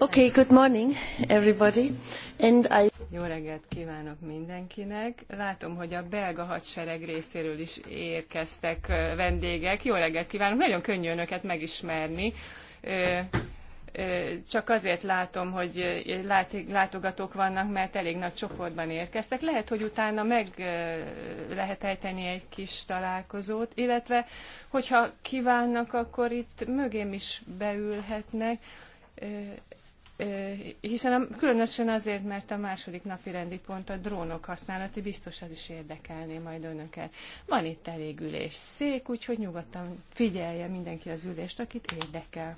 Okay, good morning everybody. And I... Jó reggelt kívánok mindenkinek. Látom, hogy a belga hadsereg részéről is érkeztek vendégek. Jó reggelt kívánok. Nagyon könnyű önöket megismerni csak azért látom, hogy látogatók vannak, mert elég nagy csoportban érkeztek. Lehet, hogy utána meg lehet ejteni egy kis találkozót, illetve hogyha kívánnak, akkor itt mögém is beülhetnek, hiszen a, különösen azért, mert a második napi rendi pont a drónok használati, biztos az is érdekelné majd önöket. Van itt elég ülés szék, úgyhogy nyugodtan figyelje mindenki az ülést, akit érdekel.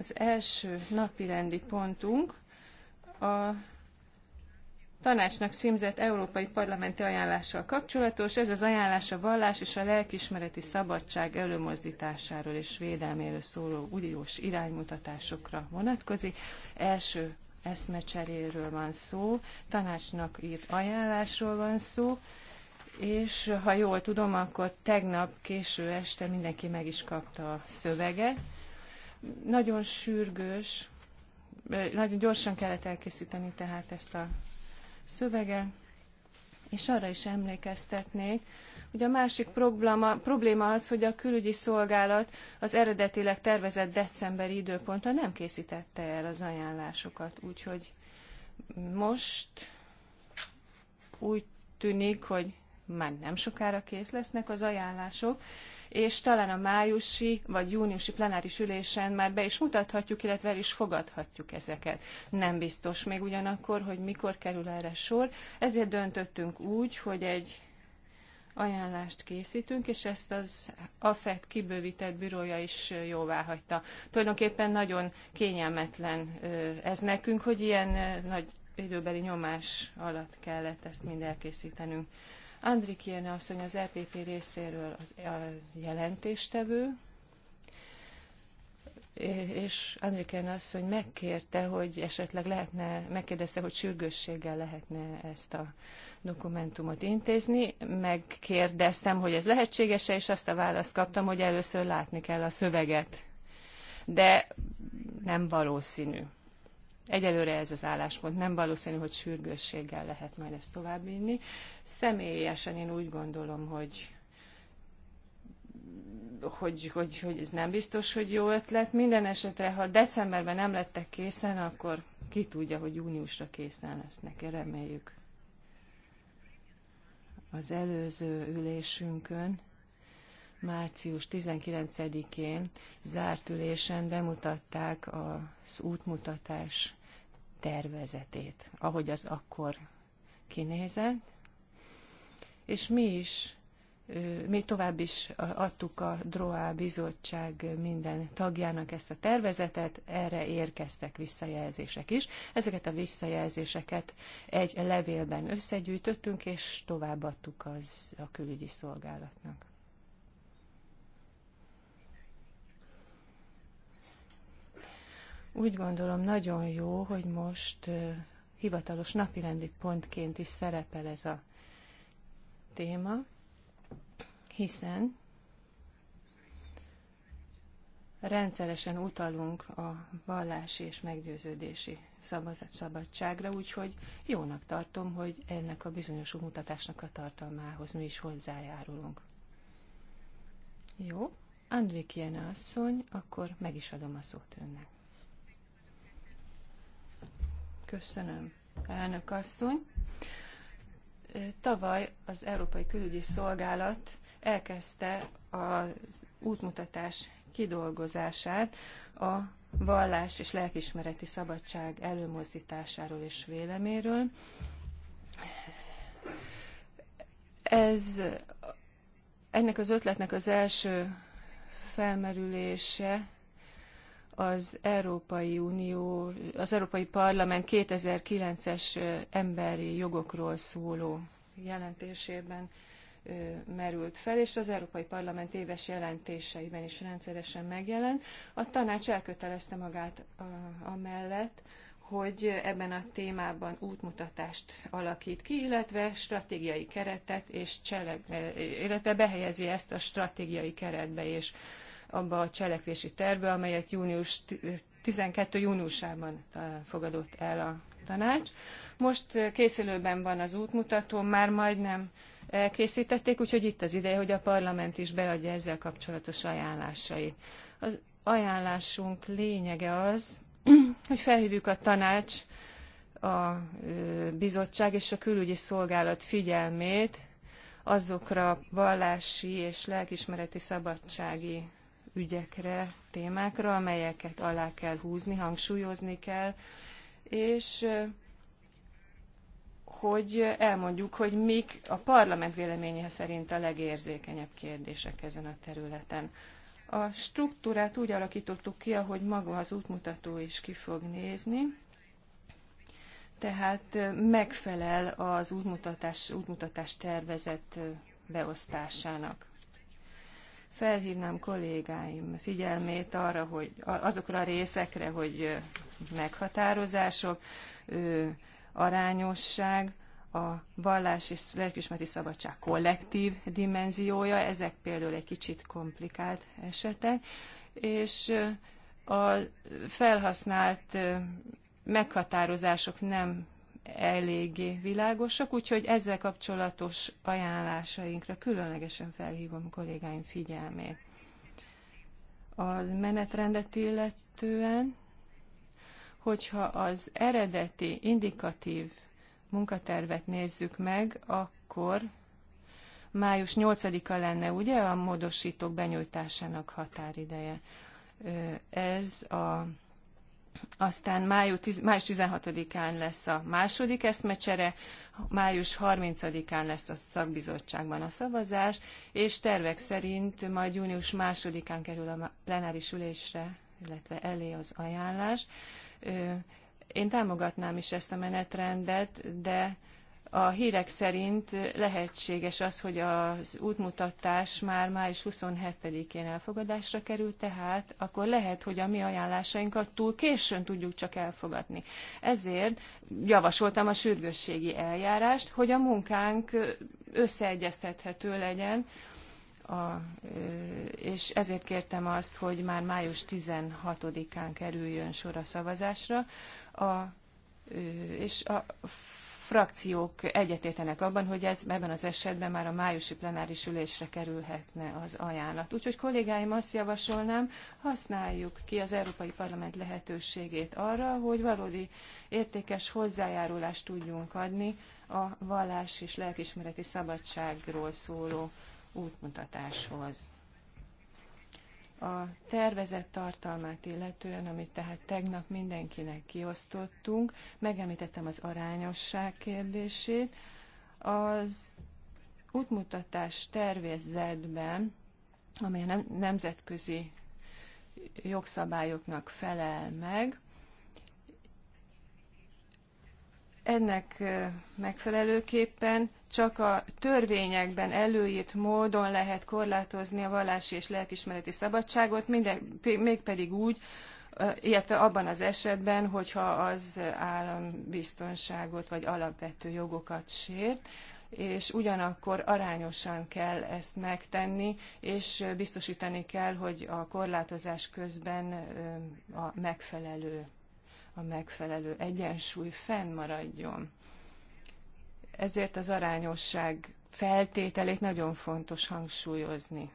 Az első napi rendi pontunk a tanácsnak címzett Európai Parlamenti ajánlással kapcsolatos. Ez az ajánlás a vallás és a lelkismereti szabadság előmozdításáról és védelméről szóló uniós iránymutatásokra vonatkozik. Első eszmecseréről van szó, tanácsnak írt ajánlásról van szó, és ha jól tudom, akkor tegnap késő este mindenki meg is kapta a szöveget, nagyon sürgős, nagyon gyorsan kellett elkészíteni tehát ezt a szöveget, és arra is emlékeztetnék, hogy a másik probléma, probléma az, hogy a külügyi szolgálat az eredetileg tervezett decemberi időpontra nem készítette el az ajánlásokat, úgyhogy most úgy tűnik, hogy már nem sokára kész lesznek az ajánlások, és talán a májusi vagy júniusi plenáris ülésen már be is mutathatjuk, illetve el is fogadhatjuk ezeket. Nem biztos még ugyanakkor, hogy mikor kerül erre sor, ezért döntöttünk úgy, hogy egy ajánlást készítünk, és ezt az AFET kibővített bürója is jóvá hagyta. Tulajdonképpen nagyon kényelmetlen ez nekünk, hogy ilyen nagy időbeli nyomás alatt kellett ezt mind elkészítenünk. Andrik asszony az EPP részéről az, a jelentéstevő, és Andriken asszony megkérte, hogy esetleg lehetne, megkérdezte, hogy sürgősséggel lehetne ezt a dokumentumot intézni. Megkérdeztem, hogy ez lehetséges-e, és azt a választ kaptam, hogy először látni kell a szöveget. De nem valószínű. Egyelőre ez az álláspont. Nem valószínű, hogy sürgősséggel lehet majd ezt továbbvinni. Személyesen én úgy gondolom, hogy hogy, hogy, hogy ez nem biztos, hogy jó ötlet. Minden esetre, ha decemberben nem lettek készen, akkor ki tudja, hogy júniusra készen lesznek, reméljük. Az előző ülésünkön, március 19-én zárt ülésen bemutatták az útmutatás tervezetét, ahogy az akkor kinézett, és mi is, mi tovább is adtuk a DROA bizottság minden tagjának ezt a tervezetet, erre érkeztek visszajelzések is. Ezeket a visszajelzéseket egy levélben összegyűjtöttünk, és továbbadtuk az a külügyi szolgálatnak. Úgy gondolom nagyon jó, hogy most hivatalos napirendi pontként is szerepel ez a téma, hiszen rendszeresen utalunk a vallási és meggyőződési szabadságra, úgyhogy jónak tartom, hogy ennek a bizonyos mutatásnak a tartalmához mi is hozzájárulunk. Jó, Andrik Jene asszony, akkor meg is adom a szót önnek. Köszönöm, elnök asszony. Tavaly az Európai Külügyi Szolgálat elkezdte az útmutatás kidolgozását a vallás és lelkismereti szabadság előmozdításáról és véleméről. Ez, ennek az ötletnek az első felmerülése az Európai Unió, az Európai Parlament 2009-es emberi jogokról szóló jelentésében merült fel, és az Európai Parlament éves jelentéseiben is rendszeresen megjelent. A tanács elkötelezte magát amellett, hogy ebben a témában útmutatást alakít ki, illetve stratégiai keretet és cseleg, illetve behelyezi ezt a stratégiai keretbe és abba a cselekvési tervbe, amelyet június 12. júniusában eh, fogadott el a tanács. Most eh, készülőben van az útmutató, már majdnem készítették, úgyhogy itt az ideje, hogy a parlament is beadja ezzel kapcsolatos ajánlásait. Az ajánlásunk lényege az, hogy felhívjuk a tanács, a bizottság és a külügyi szolgálat figyelmét azokra vallási és lelkismereti szabadsági ügyekre, témákra, amelyeket alá kell húzni, hangsúlyozni kell, és hogy elmondjuk, hogy mik a parlament véleménye szerint a legérzékenyebb kérdések ezen a területen. A struktúrát úgy alakítottuk ki, ahogy maga az útmutató is ki fog nézni, tehát megfelel az útmutatás, útmutatás tervezet beosztásának felhívnám kollégáim figyelmét arra, hogy azokra a részekre, hogy meghatározások, arányosság, a vallás és lelkismeti szabadság kollektív dimenziója, ezek például egy kicsit komplikált esetek, és a felhasznált meghatározások nem eléggé világosak, úgyhogy ezzel kapcsolatos ajánlásainkra különlegesen felhívom a kollégáim figyelmét. Az menetrendet illetően, hogyha az eredeti indikatív munkatervet nézzük meg, akkor május 8-a lenne ugye a módosítók benyújtásának határideje. Ez a aztán május 16-án lesz a második eszmecsere, május 30-án lesz a szakbizottságban a szavazás, és tervek szerint majd június 2-án kerül a plenáris ülésre, illetve elé az ajánlás. Én támogatnám is ezt a menetrendet, de a hírek szerint lehetséges az, hogy az útmutatás már május 27-én elfogadásra kerül, tehát akkor lehet, hogy a mi ajánlásainkat túl későn tudjuk csak elfogadni. Ezért javasoltam a sürgősségi eljárást, hogy a munkánk összeegyeztethető legyen, a, és ezért kértem azt, hogy már május 16-án kerüljön sor a szavazásra, a, és a frakciók egyetértenek abban, hogy ez ebben az esetben már a májusi plenáris ülésre kerülhetne az ajánlat. Úgyhogy kollégáim azt javasolnám, használjuk ki az Európai Parlament lehetőségét arra, hogy valódi értékes hozzájárulást tudjunk adni a vallás és lelkismereti szabadságról szóló útmutatáshoz a tervezett tartalmát illetően, amit tehát tegnap mindenkinek kiosztottunk, megemlítettem az arányosság kérdését. Az útmutatás tervezetben, amely a nemzetközi jogszabályoknak felel meg, ennek megfelelőképpen csak a törvényekben előírt módon lehet korlátozni a vallási és lelkismereti szabadságot, minden, mégpedig úgy, illetve abban az esetben, hogyha az állambiztonságot vagy alapvető jogokat sért, és ugyanakkor arányosan kell ezt megtenni, és biztosítani kell, hogy a korlátozás közben a megfelelő a megfelelő egyensúly fennmaradjon. Ezért az arányosság feltételét nagyon fontos hangsúlyozni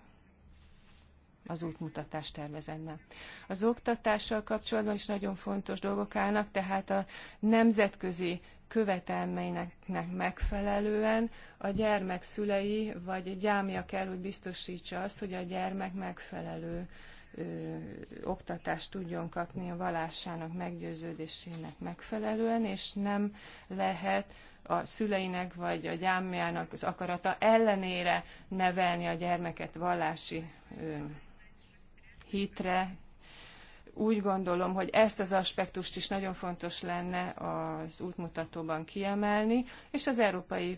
az útmutatás tervezetben. Az oktatással kapcsolatban is nagyon fontos dolgok állnak, tehát a nemzetközi követelményeknek megfelelően a gyermek szülei vagy gyámja kell, hogy biztosítsa azt, hogy a gyermek megfelelő ö, oktatást tudjon kapni a vallásának, meggyőződésének megfelelően, és nem lehet a szüleinek vagy a gyámjának az akarata ellenére nevelni a gyermeket vallási ö, hitre, úgy gondolom, hogy ezt az aspektust is nagyon fontos lenne az útmutatóban kiemelni, és az Európai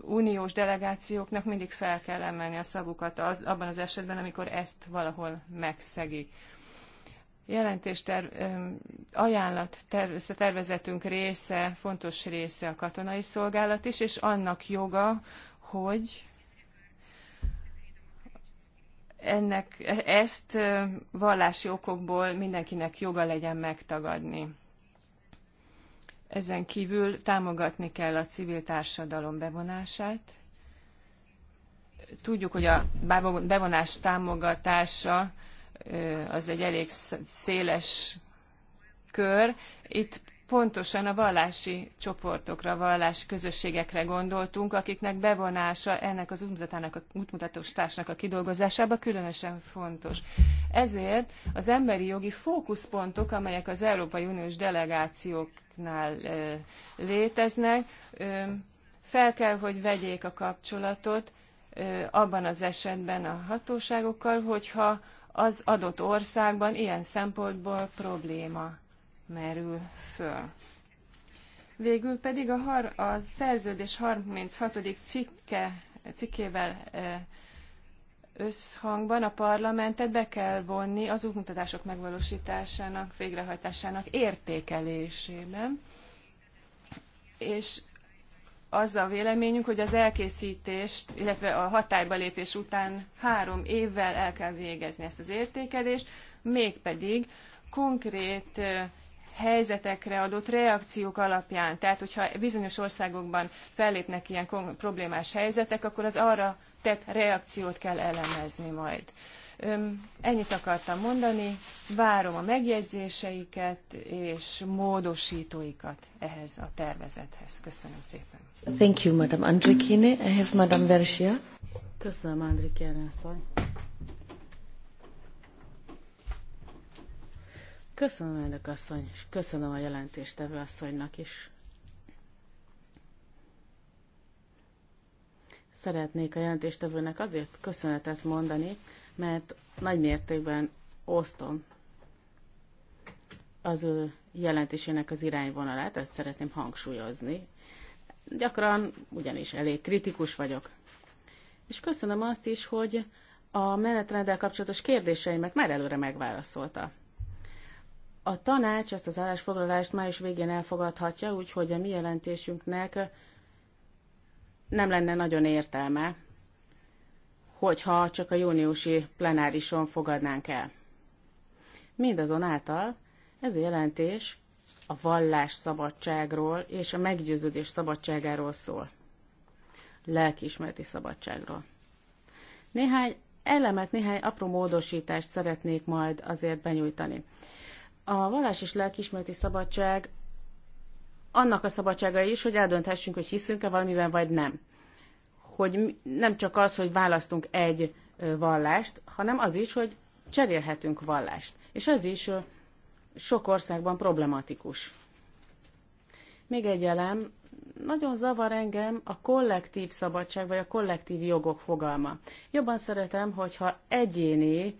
uniós delegációknak mindig fel kell emelni a szavukat az, abban az esetben, amikor ezt valahol megszegik. Jelentéster ajánlat tervezetünk része, fontos része a katonai szolgálat is, és annak joga, hogy ennek e- ezt vallási okokból mindenkinek joga legyen megtagadni. Ezen kívül támogatni kell a civil társadalom bevonását. Tudjuk, hogy a bevonás támogatása az egy elég széles kör. Itt pontosan a vallási csoportokra, a vallási közösségekre gondoltunk, akiknek bevonása ennek az útmutatának, a útmutatóstársnak a kidolgozásába különösen fontos. Ezért az emberi jogi fókuszpontok, amelyek az Európai Uniós delegációknál léteznek, fel kell, hogy vegyék a kapcsolatot abban az esetben a hatóságokkal, hogyha az adott országban ilyen szempontból probléma merül föl. Végül pedig a, har, a szerződés 36. cikke, cikkével e, összhangban a parlamentet be kell vonni az útmutatások megvalósításának, végrehajtásának értékelésében. És az a véleményünk, hogy az elkészítést, illetve a hatályba lépés után három évvel el kell végezni ezt az értékelést, mégpedig konkrét e, helyzetekre adott reakciók alapján, tehát hogyha bizonyos országokban fellépnek ilyen problémás helyzetek, akkor az arra tett reakciót kell elemezni majd. Ennyit akartam mondani, várom a megjegyzéseiket és módosítóikat ehhez a tervezethez. Köszönöm szépen. Thank you, Madam Andrikine. I have Madam Versia. Köszönöm, Andrikine. Köszönöm, elnök asszony, és köszönöm a jelentéstevő asszonynak is. Szeretnék a jelentéstevőnek azért köszönetet mondani, mert nagy mértékben osztom az ő jelentésének az irányvonalát, ezt szeretném hangsúlyozni. Gyakran ugyanis elég kritikus vagyok. És köszönöm azt is, hogy a menetrenddel kapcsolatos kérdéseimet már előre megválaszolta. A tanács ezt az állásfoglalást május végén elfogadhatja, úgyhogy a mi jelentésünknek nem lenne nagyon értelme, hogyha csak a júniusi plenárison fogadnánk el. Mindazonáltal ez a jelentés a vallás szabadságról és a meggyőződés szabadságáról szól. Lelkiismereti szabadságról. Néhány elemet, néhány apró módosítást szeretnék majd azért benyújtani. A vallás és lelkiismereti szabadság annak a szabadsága is, hogy eldönthessünk, hogy hiszünk-e valamiben, vagy nem. Hogy nem csak az, hogy választunk egy vallást, hanem az is, hogy cserélhetünk vallást. És az is sok országban problematikus. Még egy elem, nagyon zavar engem a kollektív szabadság vagy a kollektív jogok fogalma. Jobban szeretem, hogyha egyéni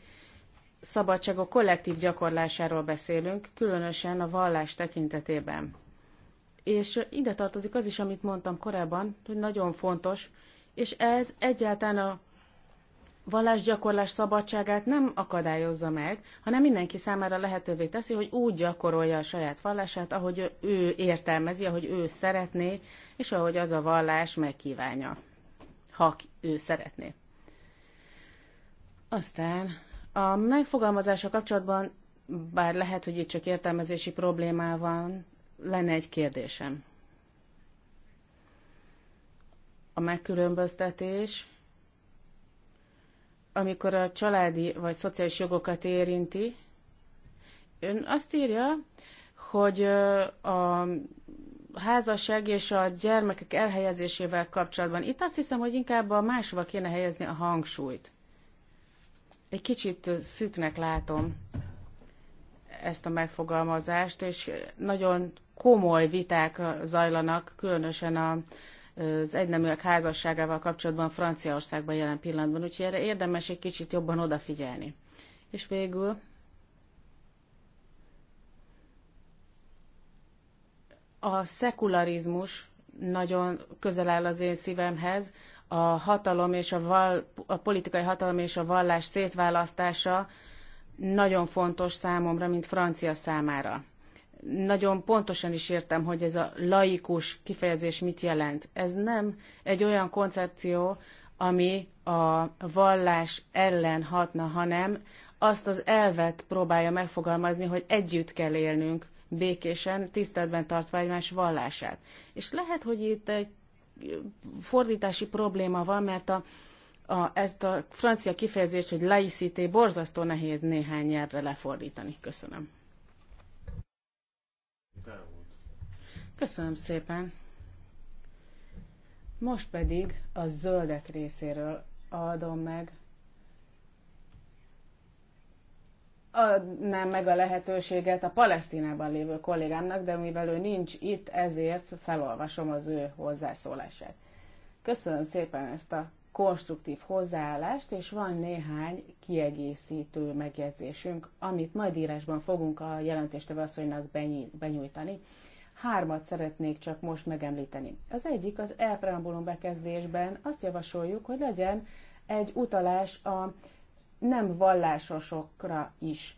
szabadságok kollektív gyakorlásáról beszélünk, különösen a vallás tekintetében. És ide tartozik az is, amit mondtam korábban, hogy nagyon fontos, és ez egyáltalán a vallásgyakorlás szabadságát nem akadályozza meg, hanem mindenki számára lehetővé teszi, hogy úgy gyakorolja a saját vallását, ahogy ő értelmezi, ahogy ő szeretné, és ahogy az a vallás megkívánja, ha ő szeretné. Aztán a megfogalmazása kapcsolatban, bár lehet, hogy itt csak értelmezési problémával lenne egy kérdésem. A megkülönböztetés, amikor a családi vagy szociális jogokat érinti, ön azt írja, hogy a házasság és a gyermekek elhelyezésével kapcsolatban. Itt azt hiszem, hogy inkább a máshova kéne helyezni a hangsúlyt. Egy kicsit szűknek látom ezt a megfogalmazást, és nagyon komoly viták zajlanak, különösen a, az egyneműek házasságával kapcsolatban Franciaországban jelen pillanatban, úgyhogy erre érdemes egy kicsit jobban odafigyelni. És végül a szekularizmus nagyon közel áll az én szívemhez, a hatalom és a, val, a politikai hatalom és a vallás szétválasztása nagyon fontos számomra, mint francia számára. Nagyon pontosan is értem, hogy ez a laikus kifejezés mit jelent. Ez nem egy olyan koncepció, ami a vallás ellen hatna, hanem azt az elvet próbálja megfogalmazni, hogy együtt kell élnünk békésen, tiszteletben tartva egymás vallását. És lehet, hogy itt egy fordítási probléma van, mert a, a, ezt a francia kifejezést, hogy laicité, borzasztó nehéz néhány nyelvre lefordítani. Köszönöm. Köszönöm szépen. Most pedig a zöldek részéről adom meg adnám meg a lehetőséget a Palesztinában lévő kollégámnak, de mivel ő nincs itt, ezért felolvasom az ő hozzászólását. Köszönöm szépen ezt a konstruktív hozzáállást, és van néhány kiegészítő megjegyzésünk, amit majd írásban fogunk a jelentéstevő asszonynak benyújtani. Hármat szeretnék csak most megemlíteni. Az egyik az elpreambulum bekezdésben azt javasoljuk, hogy legyen egy utalás a nem vallásosokra is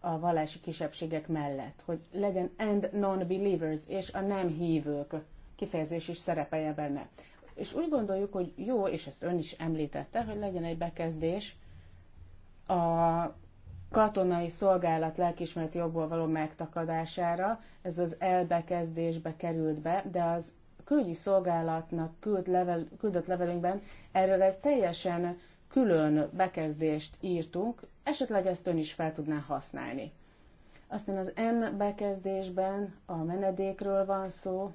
a vallási kisebbségek mellett, hogy legyen and non-believers és a nem hívők kifejezés is szerepelje benne. És úgy gondoljuk, hogy jó, és ezt ön is említette, hogy legyen egy bekezdés a katonai szolgálat lelkismereti jogból való megtakadására. Ez az elbekezdésbe került be, de az külügyi szolgálatnak küld level, küldött levelünkben erről egy teljesen külön bekezdést írtunk, esetleg ezt ön is fel tudná használni. Aztán az M bekezdésben a menedékről van szó,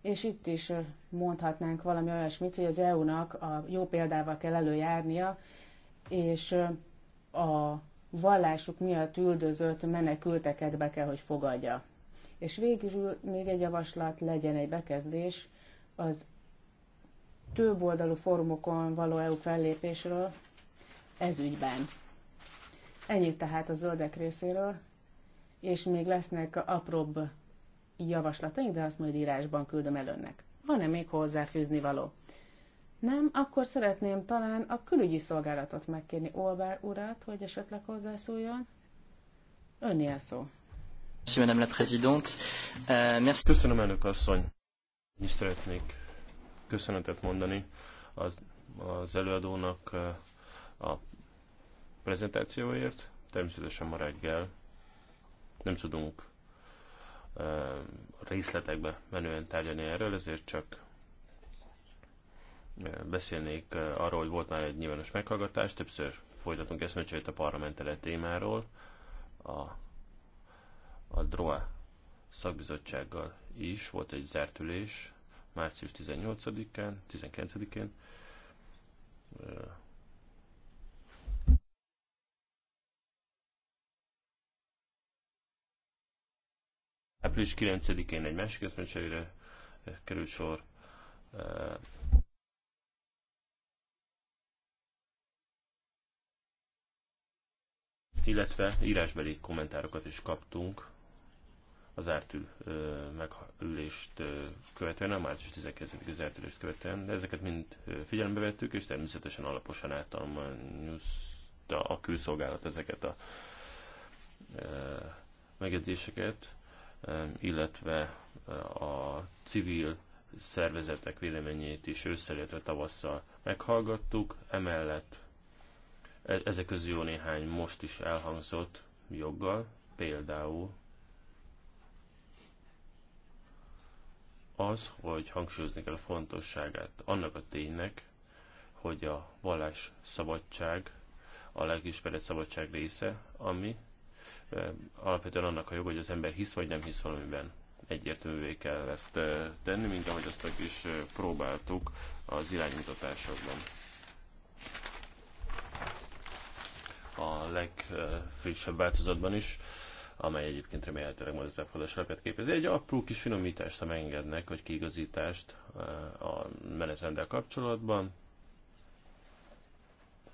és itt is mondhatnánk valami olyasmit, hogy az EU-nak a jó példával kell előjárnia, és a vallásuk miatt üldözött menekülteket be kell, hogy fogadja. És végül még egy javaslat legyen egy bekezdés az több oldalú fórumokon való EU fellépésről ez ügyben. Ennyit tehát a zöldek részéről, és még lesznek apróbb javaslataink, de azt majd írásban küldöm el önnek. Van-e még hozzáfűzni való? Nem, akkor szeretném talán a külügyi szolgálatot megkérni Olvár urat, hogy esetleg hozzászóljon. a szó. Euh, Köszönöm, elnök asszony. Én szeretnék köszönetet mondani az, az előadónak a prezentációért. Természetesen ma reggel nem tudunk részletekbe menően tárgyalni erről, ezért csak beszélnék arról, hogy volt már egy nyilvános meghallgatás, többször folytatunk eszmecserét a parlamentele témáról, a, a DROA szakbizottsággal is volt egy zárt ülés, március 18-án, 19-én. Április 9-én egy másik eszmecserére került sor. Illetve írásbeli kommentárokat is kaptunk az ártül megülést követően, a március 19-ig az ártülést követően, de ezeket mind figyelembe vettük, és természetesen alaposan áttanulmányozta a külszolgálat ezeket a megjegyzéseket, illetve a civil szervezetek véleményét is ősszel, illetve tavasszal meghallgattuk, emellett e, ezek közül jó néhány most is elhangzott joggal, például az, hogy hangsúlyozni kell a fontosságát annak a ténynek, hogy a vallás szabadság a legismerett szabadság része, ami alapvetően annak a jog, hogy az ember hisz vagy nem hisz valamiben. Egyértelművé kell ezt tenni, mint ahogy azt meg is próbáltuk az iránymutatásokban. A legfrissebb változatban is amely egyébként remélhetőleg majd az elfogadás alapját képezi. Egy apró kis finomítást, ha megengednek, hogy kiigazítást eh, a menetrenddel kapcsolatban.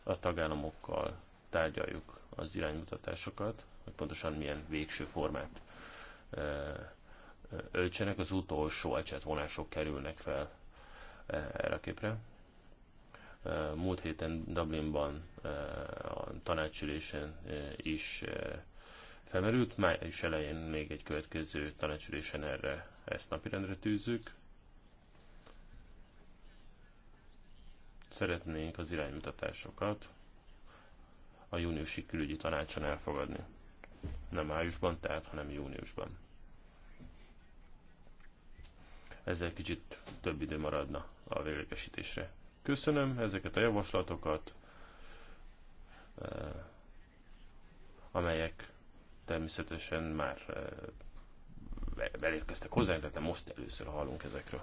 A tagállamokkal tárgyaljuk az iránymutatásokat, hogy pontosan milyen végső formát eh, öltsenek, az utolsó ecsetvonások kerülnek fel eh, erre a képre. Múlt héten Dublinban a tanácsülésen is felmerült. Május elején még egy következő tanácsülésen erre ezt napirendre tűzzük. Szeretnénk az iránymutatásokat a júniusi külügyi tanácson elfogadni. Nem májusban, tehát, hanem júniusban. Ezzel kicsit több idő maradna a véglegesítésre. Köszönöm ezeket a javaslatokat, eh, amelyek természetesen már eh, elérkeztek hozzá, de most először hallunk ezekről.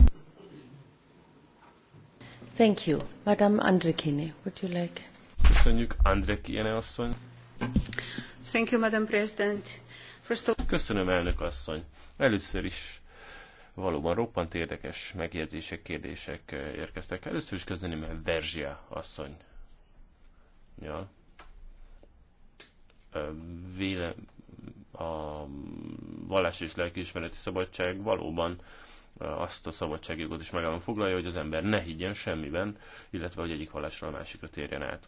Thank you. Madame Andrekine. would you like? Köszönjük, Andrekine asszony. Thank you, Madam President. First of... Köszönöm, elnök asszony. Először is valóban roppant érdekes megjegyzések, kérdések eh, érkeztek. Először is köszönöm Verzsia asszony. Ja. Eh, Vélem, a vallás és lelkiismereti szabadság valóban azt a szabadságjogot is magában foglalja, hogy az ember ne higgyen semmiben, illetve hogy egyik vallásra a másikra térjen át.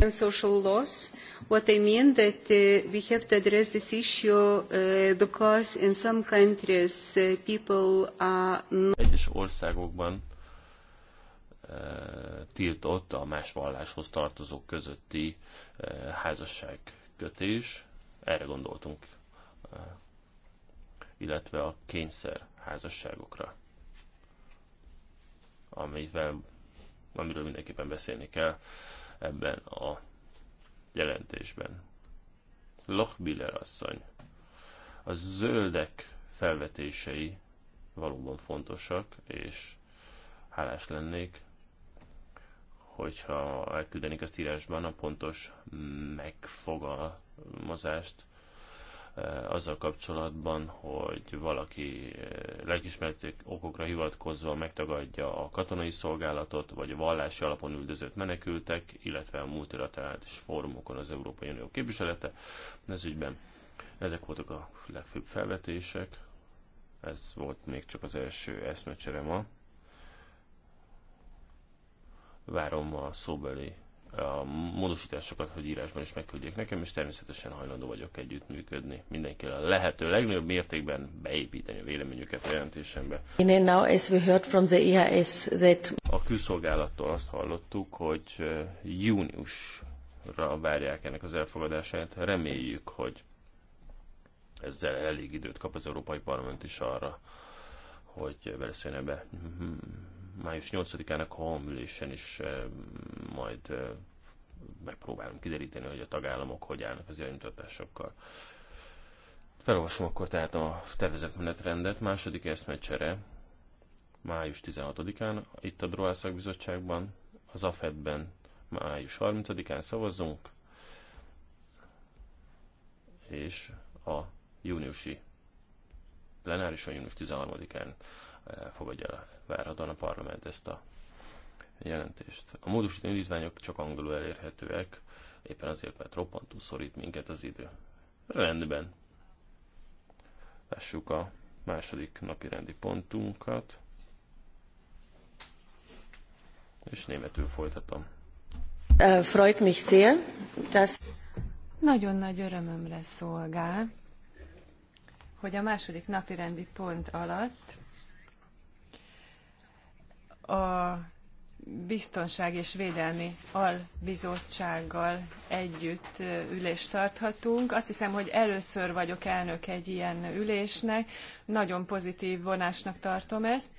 and social laws. What I mean that uh, we have to address this issue uh, because in some countries uh, people are not... Egyes országokban tiltott a más valláshoz tartozók közötti eh, házasságkötés. Erre gondoltunk, eh, illetve a kényszer házasságokra, amivel, amiről mindenképpen beszélni kell ebben a jelentésben. Lochbiller asszony. A zöldek felvetései valóban fontosak, és hálás lennék, hogyha elküldenik ezt írásban a pontos megfogalmazást azzal kapcsolatban, hogy valaki legismert okokra hivatkozva megtagadja a katonai szolgálatot, vagy a vallási alapon üldözött menekültek, illetve a multilaterális fórumokon az Európai Unió képviselete ez ügyben. Ezek voltak a legfőbb felvetések. Ez volt még csak az első eszmecsere ma várom a szóbeli a módosításokat, hogy írásban is megküldjék nekem, és természetesen hajlandó vagyok együttműködni mindenkivel a lehető legnagyobb mértékben beépíteni a véleményüket a jelentésembe. E a külszolgálattól azt hallottuk, hogy júniusra várják ennek az elfogadását. Reméljük, hogy ezzel elég időt kap az Európai Parlament is arra, hogy beleszéljen ebbe hmm május 8-ának a honmülésen is majd megpróbálunk kideríteni, hogy a tagállamok hogy állnak az iránymutatásokkal. Felolvasom akkor tehát a tervezett menetrendet. Második eszmecsere május 16-án, itt a Droászak Bizottságban, az AFED-ben május 30-án szavazzunk, és a júniusi plenárison, június 13-án fogadja várhatóan a parlament ezt a jelentést. A módosító indítványok csak angolul elérhetőek, éppen azért, mert roppantú szorít minket az idő. Rendben. Lássuk a második napi rendi pontunkat. És németül folytatom. Freut mich sehr, dass... Nagyon nagy örömömre szolgál, hogy a második napi rendi pont alatt a biztonság és védelmi albizottsággal együtt ülést tarthatunk. Azt hiszem, hogy először vagyok elnök egy ilyen ülésnek, nagyon pozitív vonásnak tartom ezt.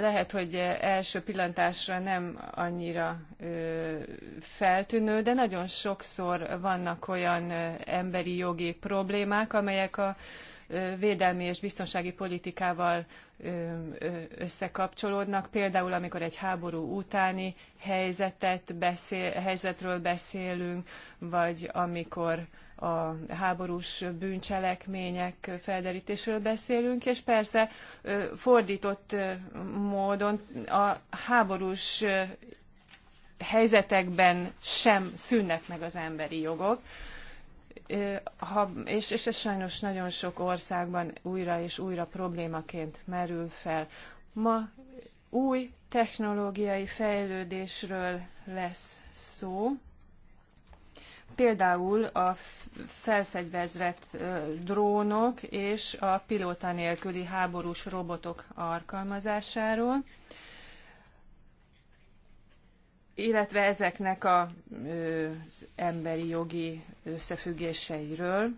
Lehet, hogy első pillantásra nem annyira feltűnő, de nagyon sokszor vannak olyan emberi jogi problémák, amelyek a védelmi és biztonsági politikával összekapcsolódnak. Például, amikor egy háború utáni helyzetet beszél, helyzetről beszélünk, vagy amikor a háborús bűncselekmények felderítésről beszélünk, és persze fordított módon a háborús helyzetekben sem szűnnek meg az emberi jogok ha, és, és ez sajnos nagyon sok országban újra és újra problémaként merül fel. Ma új technológiai fejlődésről lesz szó. Például a felfegyverzett drónok és a pilóta nélküli háborús robotok alkalmazásáról illetve ezeknek a, az emberi jogi összefüggéseiről.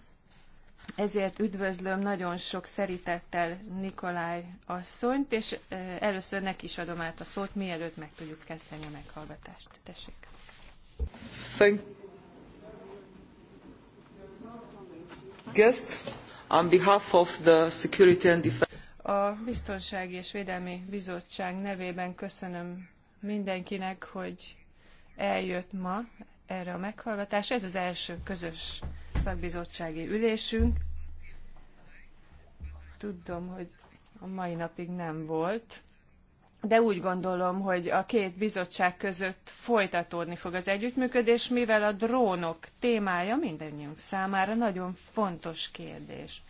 Ezért üdvözlöm nagyon sok szeritettel Nikolaj asszonyt, és először neki is adom át a szót, mielőtt meg tudjuk kezdeni a meghallgatást. Tessék! Thank Guest, on behalf of the Security and Defense. A Biztonsági és Védelmi Bizottság nevében köszönöm mindenkinek, hogy eljött ma erre a meghallgatásra. Ez az első közös szakbizottsági ülésünk. Tudom, hogy a mai napig nem volt, de úgy gondolom, hogy a két bizottság között folytatódni fog az együttműködés, mivel a drónok témája mindannyiunk számára nagyon fontos kérdés.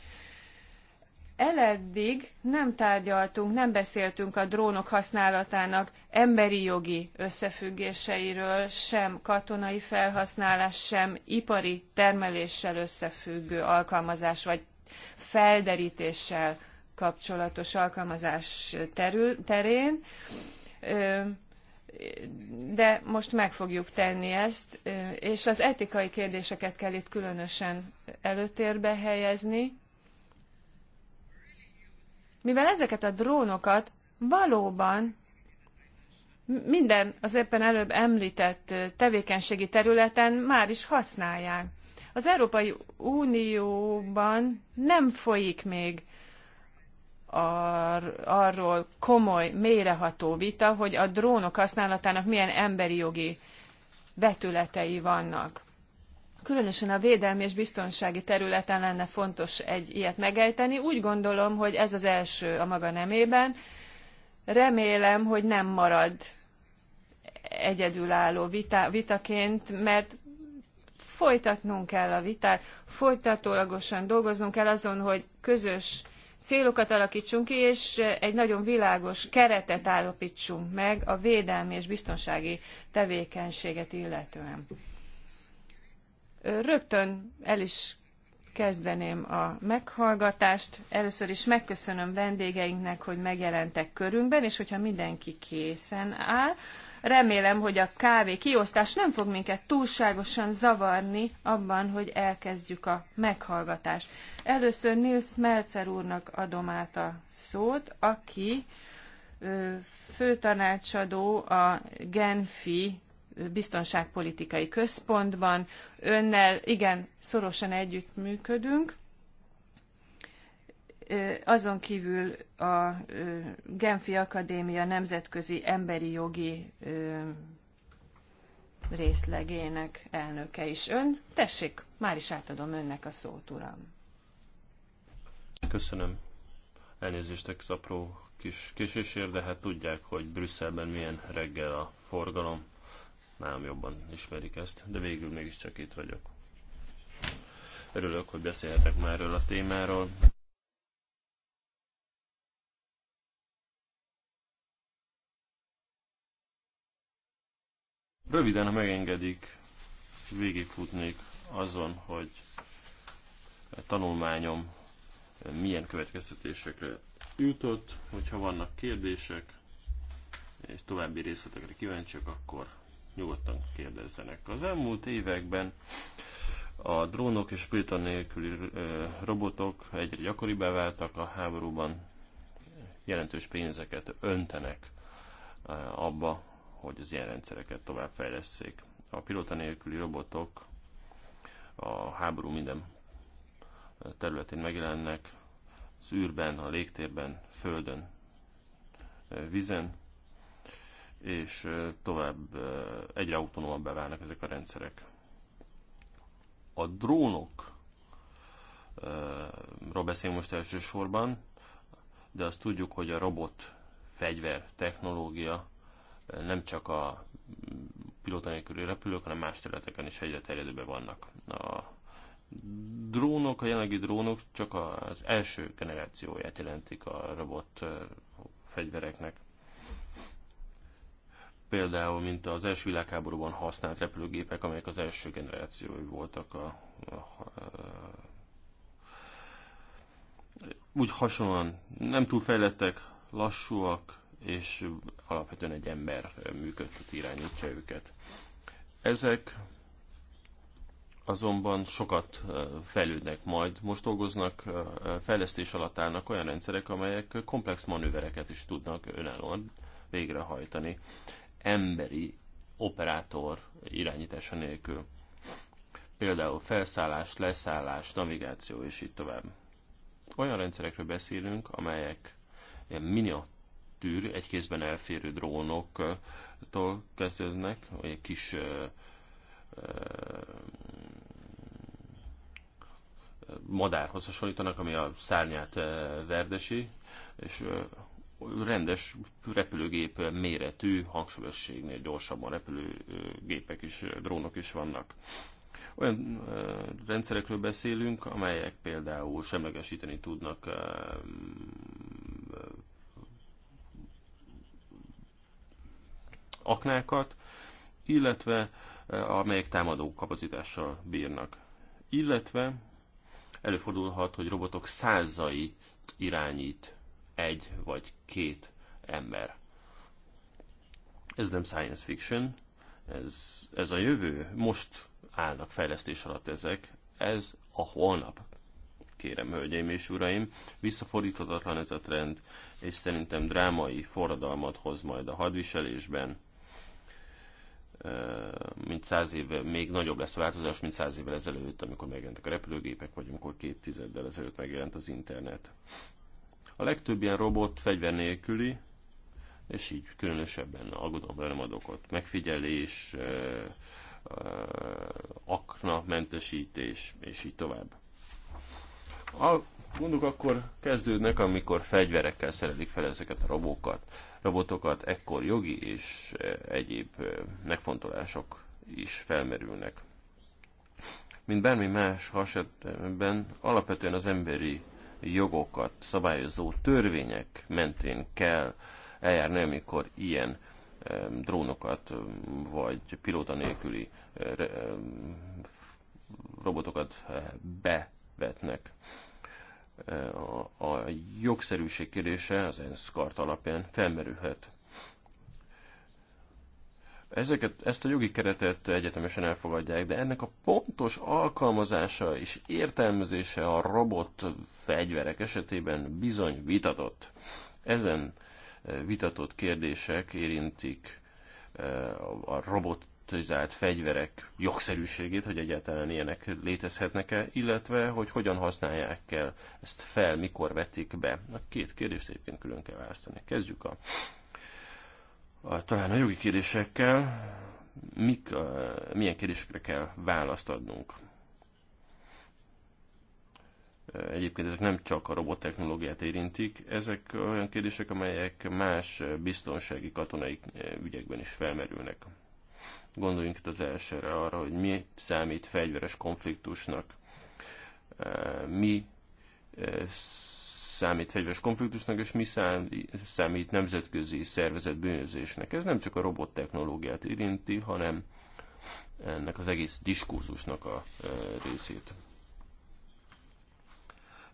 Eleddig nem tárgyaltunk, nem beszéltünk a drónok használatának emberi jogi összefüggéseiről, sem katonai felhasználás, sem ipari termeléssel összefüggő alkalmazás vagy felderítéssel kapcsolatos alkalmazás terül, terén, de most meg fogjuk tenni ezt, és az etikai kérdéseket kell itt különösen előtérbe helyezni, mivel ezeket a drónokat valóban minden az éppen előbb említett tevékenységi területen már is használják. Az Európai Unióban nem folyik még ar- arról komoly, méreható vita, hogy a drónok használatának milyen emberi jogi vetületei vannak. Különösen a védelmi és biztonsági területen lenne fontos egy ilyet megejteni. Úgy gondolom, hogy ez az első a maga nemében. Remélem, hogy nem marad egyedülálló vita, vitaként, mert folytatnunk kell a vitát, folytatólagosan dolgoznunk kell azon, hogy közös célokat alakítsunk ki, és egy nagyon világos keretet állapítsunk meg a védelmi és biztonsági tevékenységet illetően. Rögtön el is kezdeném a meghallgatást. Először is megköszönöm vendégeinknek, hogy megjelentek körünkben, és hogyha mindenki készen áll, remélem, hogy a kávé kiosztás nem fog minket túlságosan zavarni abban, hogy elkezdjük a meghallgatást. Először Nils Melzer úrnak adom át a szót, aki főtanácsadó a Genfi biztonságpolitikai központban. Önnel igen, szorosan együttműködünk. Azon kívül a Genfi Akadémia Nemzetközi Emberi Jogi részlegének elnöke is ön. Tessék, már is átadom önnek a szót, uram. Köszönöm. Elnézést az apró kis késésért, de hát tudják, hogy Brüsszelben milyen reggel a forgalom nálam jobban ismerik ezt, de végül mégiscsak itt vagyok. Örülök, hogy beszélhetek már erről a témáról. Röviden, ha megengedik, végigfutnék azon, hogy a tanulmányom milyen következtetésekre jutott, hogyha vannak kérdések, és további részletekre kíváncsiak, akkor nyugodtan kérdezzenek. Az elmúlt években a drónok és pilóta nélküli robotok egyre gyakoribbá váltak a háborúban, jelentős pénzeket öntenek abba, hogy az ilyen rendszereket továbbfejleszék. A pilóta nélküli robotok a háború minden területén megjelennek, az űrben, a légtérben, földön, vizen, és tovább egyre autonómabbá válnak ezek a rendszerek. A drónok, beszélünk most elsősorban, de azt tudjuk, hogy a robot fegyver technológia nem csak a pilóta nélküli repülők, hanem más területeken is egyre terjedőben vannak. A drónok, a jelenlegi drónok csak az első generációját jelentik a robot fegyvereknek például, mint az első világháborúban használt repülőgépek, amelyek az első generációi voltak a, a, a úgy hasonlóan nem túl fejlettek, lassúak, és alapvetően egy ember működtet irányítja őket. Ezek azonban sokat fejlődnek majd. Most dolgoznak, fejlesztés alatt állnak olyan rendszerek, amelyek komplex manővereket is tudnak önállóan végrehajtani emberi operátor irányítása nélkül. Például felszállás, leszállás, navigáció és így tovább. Olyan rendszerekről beszélünk, amelyek ilyen miniatűr, egy kézben elférő drónoktól kezdődnek, vagy egy kis ö, ö, madárhoz hasonlítanak, ami a szárnyát verdesi, és rendes repülőgép méretű, hangsúlyosségnél gyorsabban repülőgépek is, drónok is vannak. Olyan rendszerekről beszélünk, amelyek például semlegesíteni tudnak aknákat, illetve amelyek támadó kapacitással bírnak. Illetve előfordulhat, hogy robotok százait irányít egy vagy két ember. Ez nem science fiction, ez, ez a jövő, most állnak fejlesztés alatt ezek, ez a holnap. Kérem, hölgyeim és uraim, visszafordíthatatlan ez a trend, és szerintem drámai forradalmat hoz majd a hadviselésben, mint száz évvel, még nagyobb lesz a változás, mint száz évvel ezelőtt, amikor megjelentek a repülőgépek, vagy amikor két tizeddel ezelőtt megjelent az internet. A legtöbb ilyen robot fegyver nélküli, és így különösebben aggódom nem ad okot. Megfigyelés, akna, mentesítés, és így tovább. A mondjuk akkor kezdődnek, amikor fegyverekkel szerelik fel ezeket a robókat, robotokat, ekkor jogi és egyéb megfontolások is felmerülnek. Mint bármi más esetben, alapvetően az emberi jogokat szabályozó törvények mentén kell eljárni, amikor ilyen drónokat vagy pilóta nélküli robotokat bevetnek. A jogszerűség kérdése az ENSZ kart alapján felmerülhet. Ezeket, ezt a jogi keretet egyetemesen elfogadják, de ennek a pontos alkalmazása és értelmezése a robot fegyverek esetében bizony vitatott. Ezen e, vitatott kérdések érintik e, a robotizált fegyverek jogszerűségét, hogy egyáltalán ilyenek létezhetnek-e, illetve hogy hogyan használják el ezt fel, mikor vetik be. A két kérdést egyébként külön kell választani. Kezdjük a a, talán a jogi kérdésekkel, mik, a, milyen kérdésekre kell választ adnunk. Egyébként ezek nem csak a robottechnológiát érintik, ezek olyan kérdések, amelyek más biztonsági katonai ügyekben is felmerülnek. Gondoljunk itt az elsőre arra, hogy mi számít fegyveres konfliktusnak, mi számít fegyveres konfliktusnak, és mi számít nemzetközi szervezet bűnözésnek. Ez nem csak a robot technológiát érinti, hanem ennek az egész diskurzusnak a e, részét.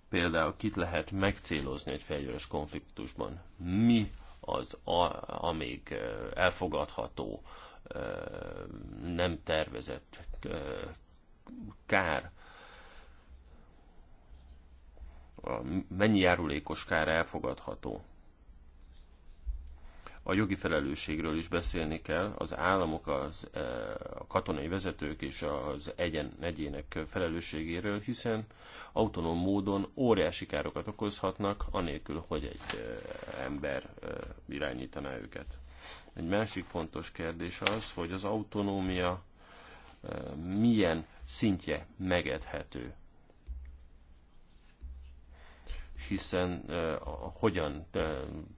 Például kit lehet megcélozni egy fegyveres konfliktusban? Mi az, a, amíg e, elfogadható, e, nem tervezett kár? a mennyi járulékos kár elfogadható. A jogi felelősségről is beszélni kell, az államok, az, e, a katonai vezetők és az egyen, egyének felelősségéről, hiszen autonóm módon óriási károkat okozhatnak, anélkül, hogy egy e, ember e, irányítaná őket. Egy másik fontos kérdés az, hogy az autonómia milyen szintje megedhető hiszen uh, hogyan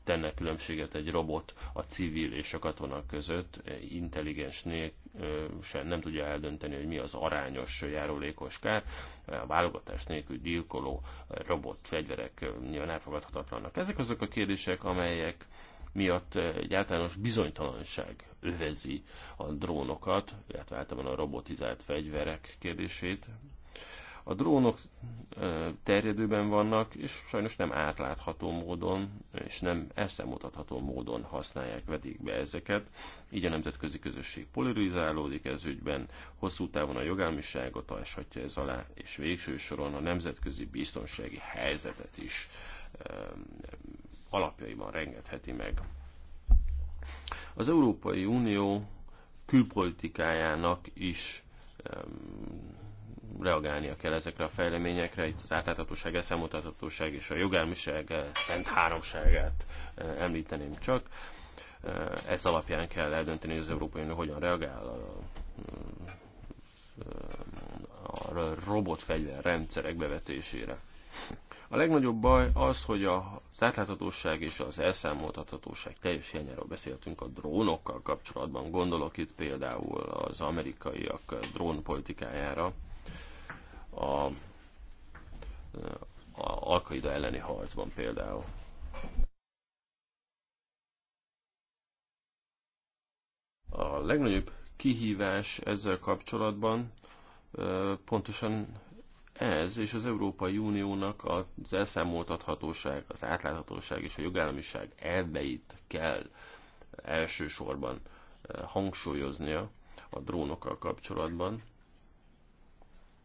tenne különbséget egy robot a civil és a katona között, e, intelligens nélkül sem nem tudja eldönteni, hogy mi az arányos járulékos kár. E, a válogatás nélkül gyilkoló e, robot fegyverek nyilván elfogadhatatlanak. Ezek azok a kérdések, amelyek miatt egy általános bizonytalanság övezi a drónokat, illetve általában a robotizált fegyverek kérdését. A drónok terjedőben vannak, és sajnos nem átlátható módon, és nem eszemutatható módon használják, vedik be ezeket. Így a nemzetközi közösség polarizálódik ez ügyben, hosszú távon a jogállamiságot alshatja ez alá, és végső soron a nemzetközi biztonsági helyzetet is alapjaiban rengetheti meg. Az Európai Unió külpolitikájának is reagálnia kell ezekre a fejleményekre, itt az átláthatóság, eszemutathatóság és a jogállamiság eh, szent háromságát eh, említeném csak. Eh, ez alapján kell eldönteni, hogy az Európai Unió hogyan reagál a, a robotfegyver rendszerek bevetésére. A legnagyobb baj az, hogy az átláthatóság és az elszámoltathatóság teljes hiányáról beszéltünk a drónokkal kapcsolatban. Gondolok itt például az amerikaiak drónpolitikájára a, a Alkaida elleni harcban például. A legnagyobb kihívás ezzel kapcsolatban pontosan ez és az Európai Uniónak az elszámoltathatóság, az átláthatóság és a jogállamiság elveit kell elsősorban hangsúlyoznia a drónokkal kapcsolatban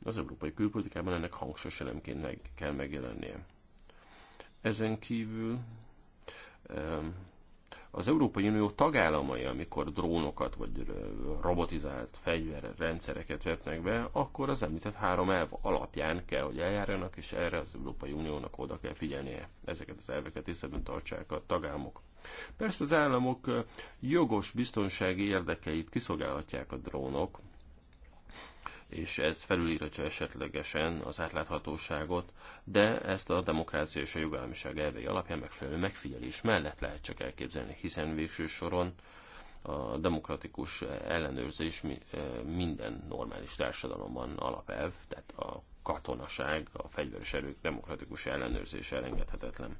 az európai külpolitikában ennek hangsúlyos elemként meg kell megjelennie. Ezen kívül az Európai Unió tagállamai, amikor drónokat vagy robotizált fegyverrendszereket vetnek be, akkor az említett három elv alapján kell, hogy eljárjanak, és erre az Európai Uniónak oda kell figyelnie. Ezeket az elveket tiszteletben tartsák a tagállamok. Persze az államok jogos biztonsági érdekeit kiszolgálhatják a drónok, és ez felülírhatja esetlegesen az átláthatóságot, de ezt a demokrácia és a jogállamiság elvei alapján megfelelő megfigyelés mellett lehet csak elképzelni, hiszen végső soron a demokratikus ellenőrzés eh, minden normális társadalomban alapelv, tehát a katonaság, a fegyveres erők demokratikus ellenőrzése elengedhetetlen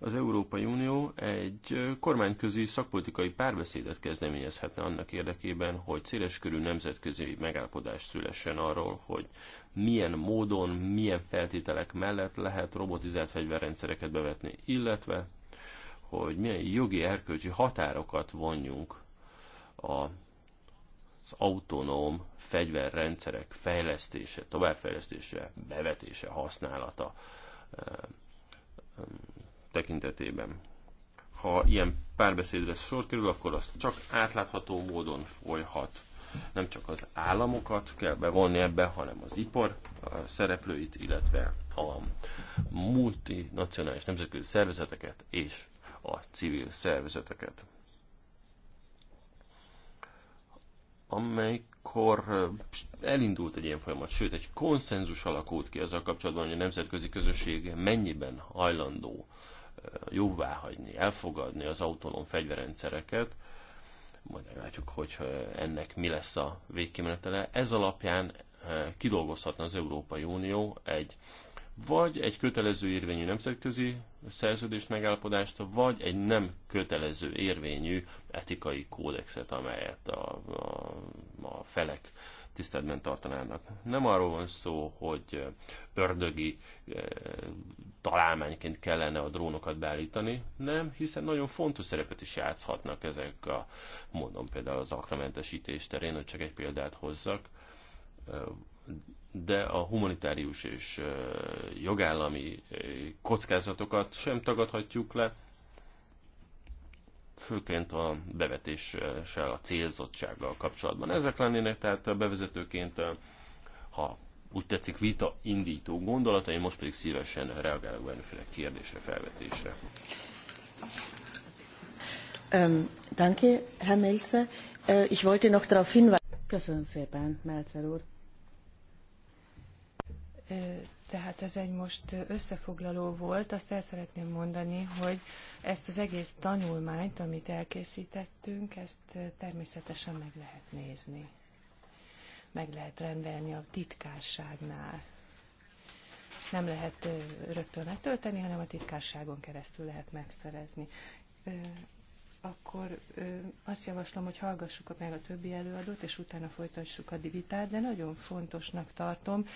az Európai Unió egy kormányközi szakpolitikai párbeszédet kezdeményezhetne annak érdekében, hogy széleskörű nemzetközi megállapodás szülessen arról, hogy milyen módon, milyen feltételek mellett lehet robotizált fegyverrendszereket bevetni, illetve hogy milyen jogi erkölcsi határokat vonjunk a az autonóm fegyverrendszerek fejlesztése, továbbfejlesztése, bevetése, használata tekintetében. Ha ilyen párbeszédre sor kerül, akkor az csak átlátható módon folyhat. Nem csak az államokat kell bevonni ebbe, hanem az ipar a szereplőit, illetve a multinacionális nemzetközi szervezeteket és a civil szervezeteket. Amikor elindult egy ilyen folyamat, sőt egy konszenzus alakult ki ezzel kapcsolatban, hogy a nemzetközi közösség mennyiben hajlandó uh, jóvá hagyni, elfogadni az autonóm fegyverrendszereket, majd meglátjuk, hogy eh, ennek mi lesz a végkimenetele. Ez alapján eh, kidolgozhatna az Európai Unió egy vagy egy kötelező érvényű nemzetközi szerződés megállapodást, vagy egy nem kötelező érvényű etikai kódexet, amelyet a, a, a felek tiszteletben tartanának. Nem arról van szó, hogy eh, ördögi eh, találmányként kellene a drónokat beállítani, nem, hiszen nagyon fontos szerepet is játszhatnak ezek a, mondom például az akramentesítés terén, hogy csak egy példát hozzak, de a humanitárius és eh, jogállami kockázatokat sem tagadhatjuk le, főként a bevetéssel, a célzottsággal kapcsolatban. Ezek lennének tehát bevezetőként, ha úgy tetszik, vita indító gondolatai, most pedig szívesen reagálok bármiféle kérdésre, felvetésre. Um, danke, Herr Melzer. Uh, ich wollte noch darauf hinweisen. Köszönöm szépen, Melzer úr tehát ez egy most összefoglaló volt. Azt el szeretném mondani, hogy ezt az egész tanulmányt, amit elkészítettünk, ezt természetesen meg lehet nézni. Meg lehet rendelni a titkárságnál. Nem lehet rögtön letölteni, hanem a titkárságon keresztül lehet megszerezni. Akkor azt javaslom, hogy hallgassuk meg a többi előadót, és utána folytassuk a vitát, de nagyon fontosnak tartom,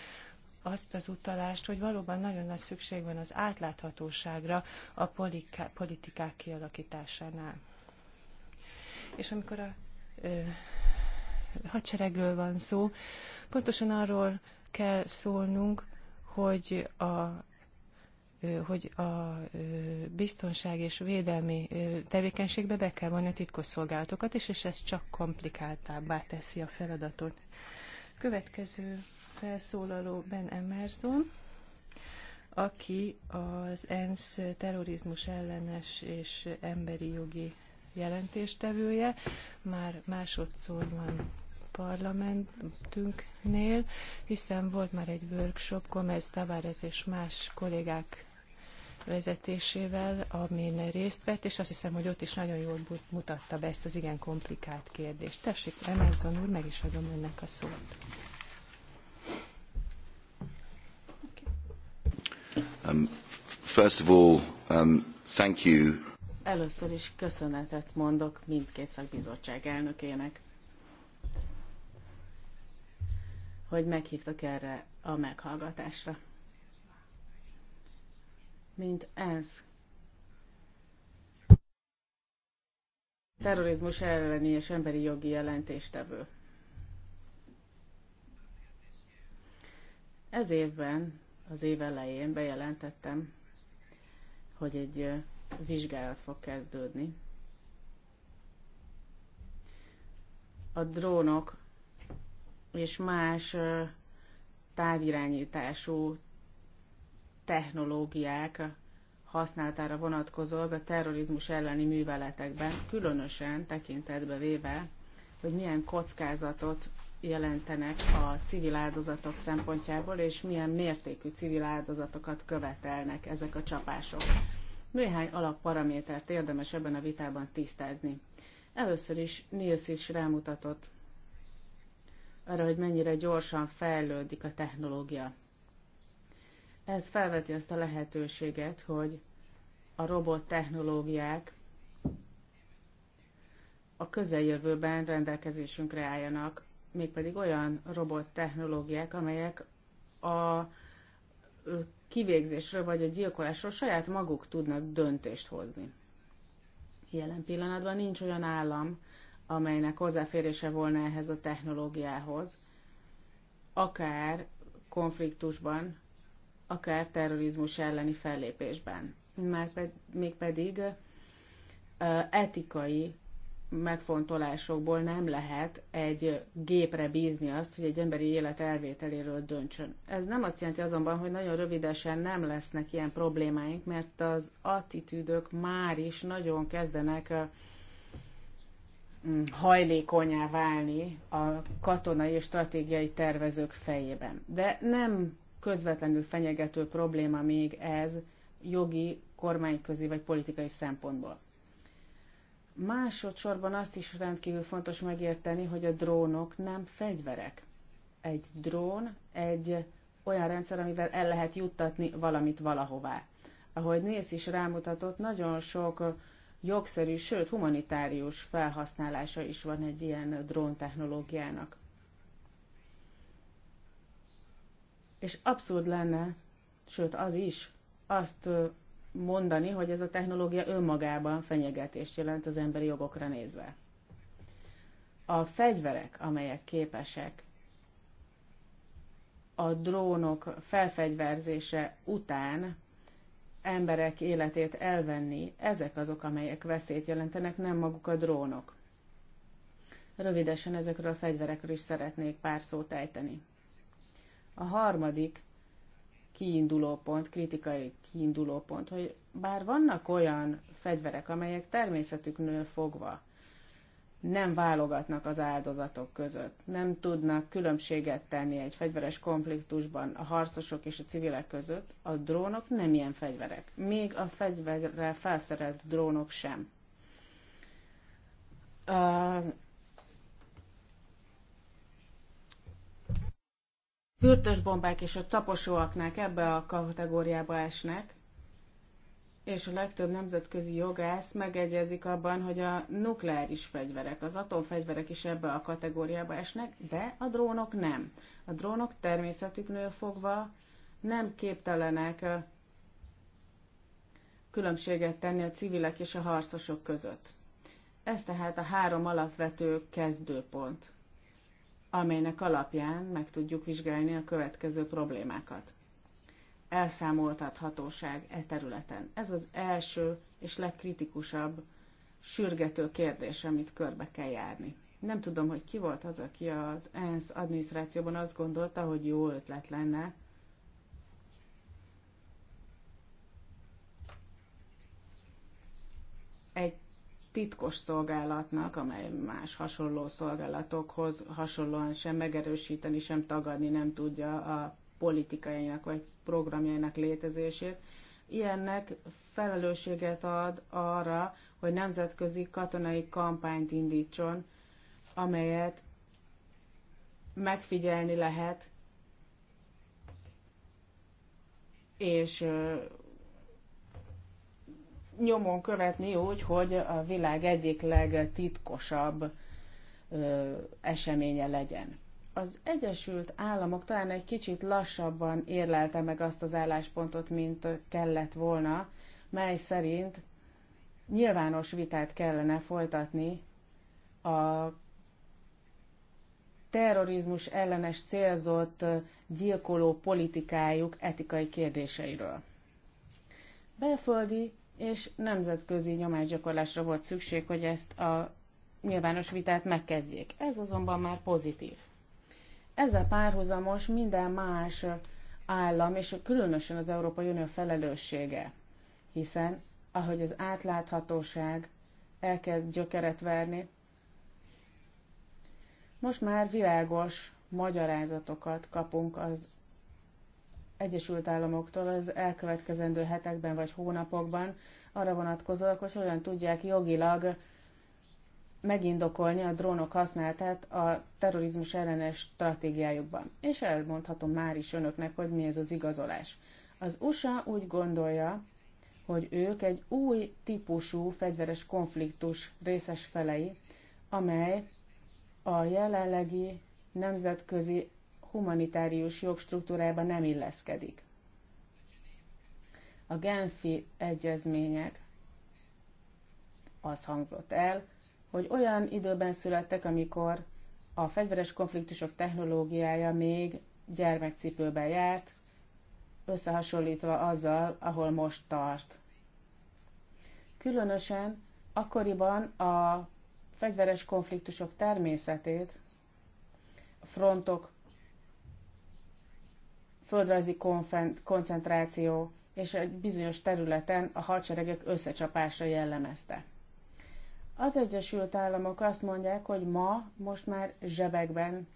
azt az utalást, hogy valóban nagyon nagy szükség van az átláthatóságra a politikák kialakításánál. És amikor a ö, hadseregről van szó, pontosan arról kell szólnunk, hogy a, hogy a biztonság és védelmi tevékenységbe be kell vonni a titkosszolgálatokat, és, és ez csak komplikáltábbá teszi a feladatot. Következő felszólaló Ben Emerson, aki az ENSZ terrorizmus ellenes és emberi jogi jelentéstevője, már másodszor van parlamentünknél, hiszen volt már egy workshop Gomez Tavares és más kollégák vezetésével, amin részt vett, és azt hiszem, hogy ott is nagyon jól mutatta be ezt az igen komplikált kérdést. Tessék, Emerson úr, meg is adom önnek a szót. Um, first of all, um, thank you. Először is köszönetet mondok mindkét szakbizottság elnökének, hogy meghívtak erre a meghallgatásra. Mint ENSZ terrorizmus elleni és emberi jogi jelentéstevő. Ez évben az év elején bejelentettem, hogy egy vizsgálat fog kezdődni. A drónok és más távirányítású technológiák használatára vonatkozóak a terrorizmus elleni műveletekben, különösen tekintetbe véve, hogy milyen kockázatot jelentenek a civil áldozatok szempontjából, és milyen mértékű civil áldozatokat követelnek ezek a csapások. Néhány alapparamétert érdemes ebben a vitában tisztázni. Először is Niels is rámutatott arra, hogy mennyire gyorsan fejlődik a technológia. Ez felveti azt a lehetőséget, hogy a robot technológiák a közeljövőben rendelkezésünkre álljanak mégpedig olyan robot technológiák, amelyek a kivégzésről vagy a gyilkolásról saját maguk tudnak döntést hozni. Jelen pillanatban nincs olyan állam, amelynek hozzáférése volna ehhez a technológiához, akár konfliktusban, akár terrorizmus elleni fellépésben. Már ped, mégpedig etikai megfontolásokból nem lehet egy gépre bízni azt, hogy egy emberi élet elvételéről döntsön. Ez nem azt jelenti azonban, hogy nagyon rövidesen nem lesznek ilyen problémáink, mert az attitűdök már is nagyon kezdenek mm, hajlékonyá válni a katonai és stratégiai tervezők fejében. De nem közvetlenül fenyegető probléma még ez jogi, kormányközi vagy politikai szempontból. Másodszorban azt is rendkívül fontos megérteni, hogy a drónok nem fegyverek. Egy drón egy olyan rendszer, amivel el lehet juttatni valamit valahová. Ahogy Nils is rámutatott, nagyon sok jogszerű, sőt humanitárius felhasználása is van egy ilyen dróntechnológiának. És abszurd lenne, sőt az is, azt mondani, hogy ez a technológia önmagában fenyegetést jelent az emberi jogokra nézve. A fegyverek, amelyek képesek a drónok felfegyverzése után emberek életét elvenni, ezek azok, amelyek veszélyt jelentenek, nem maguk a drónok. Rövidesen ezekről a fegyverekről is szeretnék pár szót ejteni. A harmadik kiinduló pont, kritikai kiinduló pont, hogy bár vannak olyan fegyverek, amelyek természetüknől fogva nem válogatnak az áldozatok között, nem tudnak különbséget tenni egy fegyveres konfliktusban a harcosok és a civilek között, a drónok nem ilyen fegyverek, még a fegyverrel felszerelt drónok sem. Az bombák és a taposóaknák ebbe a kategóriába esnek, és a legtöbb nemzetközi jogász megegyezik abban, hogy a nukleáris fegyverek, az atomfegyverek is ebbe a kategóriába esnek, de a drónok nem. A drónok természetüknél fogva nem képtelenek különbséget tenni a civilek és a harcosok között. Ez tehát a három alapvető kezdőpont amelynek alapján meg tudjuk vizsgálni a következő problémákat. Elszámoltathatóság e területen. Ez az első és legkritikusabb, sürgető kérdés, amit körbe kell járni. Nem tudom, hogy ki volt az, aki az ENSZ adminisztrációban azt gondolta, hogy jó ötlet lenne titkos szolgálatnak, amely más hasonló szolgálatokhoz hasonlóan sem megerősíteni, sem tagadni nem tudja a politikainak vagy programjainak létezését. Ilyennek felelősséget ad arra, hogy nemzetközi katonai kampányt indítson, amelyet megfigyelni lehet, és nyomon követni úgy, hogy a világ egyik legtitkosabb ö, eseménye legyen. Az Egyesült Államok talán egy kicsit lassabban érlelte meg azt az álláspontot, mint kellett volna, mely szerint nyilvános vitát kellene folytatni a terrorizmus ellenes célzott gyilkoló politikájuk etikai kérdéseiről. Belföldi és nemzetközi nyomásgyakorlásra volt szükség, hogy ezt a nyilvános vitát megkezdjék. Ez azonban már pozitív. Ezzel párhuzamos minden más állam, és különösen az Európai Unió felelőssége, hiszen ahogy az átláthatóság elkezd gyökeret verni, most már világos magyarázatokat kapunk az Egyesült Államoktól az elkövetkezendő hetekben vagy hónapokban arra vonatkozóak, hogy hogyan tudják jogilag megindokolni a drónok használatát a terrorizmus ellenes stratégiájukban. És elmondhatom már is önöknek, hogy mi ez az igazolás. Az USA úgy gondolja, hogy ők egy új típusú fegyveres konfliktus részes felei, amely a jelenlegi nemzetközi humanitárius jogstruktúrába nem illeszkedik. A Genfi egyezmények az hangzott el, hogy olyan időben születtek, amikor a fegyveres konfliktusok technológiája még gyermekcipőben járt, összehasonlítva azzal, ahol most tart. Különösen akkoriban a fegyveres konfliktusok természetét, a frontok földrajzi koncentráció és egy bizonyos területen a hadseregek összecsapása jellemezte. Az Egyesült Államok azt mondják, hogy ma most már zsebekben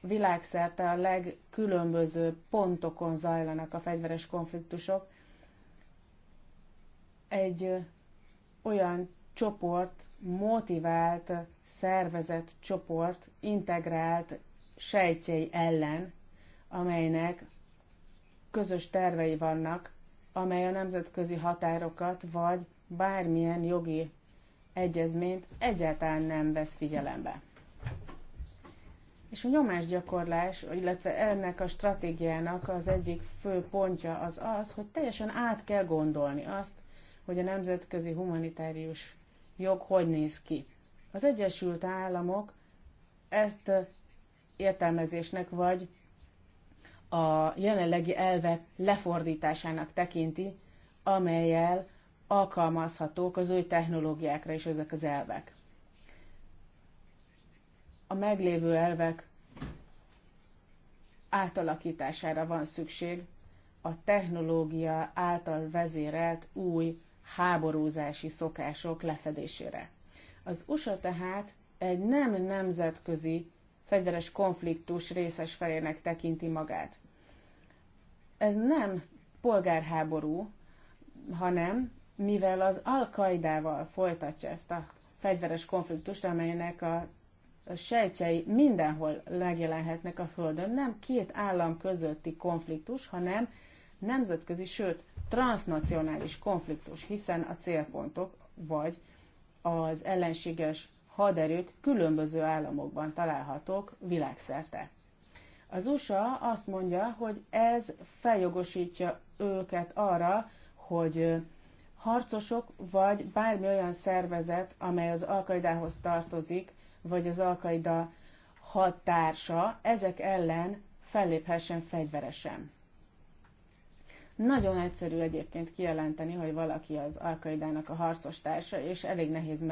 világszerte a legkülönbözőbb pontokon zajlanak a fegyveres konfliktusok. Egy olyan csoport, motivált, szervezett csoport, integrált sejtjei ellen, amelynek közös tervei vannak, amely a nemzetközi határokat vagy bármilyen jogi egyezményt egyáltalán nem vesz figyelembe. És a nyomásgyakorlás, illetve ennek a stratégiának az egyik fő pontja az az, hogy teljesen át kell gondolni azt, hogy a nemzetközi humanitárius jog hogy néz ki. Az Egyesült Államok ezt értelmezésnek vagy a jelenlegi elvek lefordításának tekinti, amelyel alkalmazhatók az új technológiákra is ezek az elvek. A meglévő elvek átalakítására van szükség a technológia által vezérelt új háborúzási szokások lefedésére. Az USA tehát egy nem nemzetközi fegyveres konfliktus részes felének tekinti magát ez nem polgárháború, hanem mivel az Al-Qaidával folytatja ezt a fegyveres konfliktust, amelynek a sejtjei mindenhol megjelenhetnek a Földön. Nem két állam közötti konfliktus, hanem nemzetközi, sőt, transnacionális konfliktus, hiszen a célpontok vagy az ellenséges haderők különböző államokban találhatók világszerte. Az USA azt mondja, hogy ez feljogosítja őket arra, hogy harcosok vagy bármi olyan szervezet, amely az alkaidához tartozik, vagy az alkaida határsa, ezek ellen felléphessen fegyveresen. Nagyon egyszerű egyébként kijelenteni, hogy valaki az alkaidának a harcos társa, és elég nehéz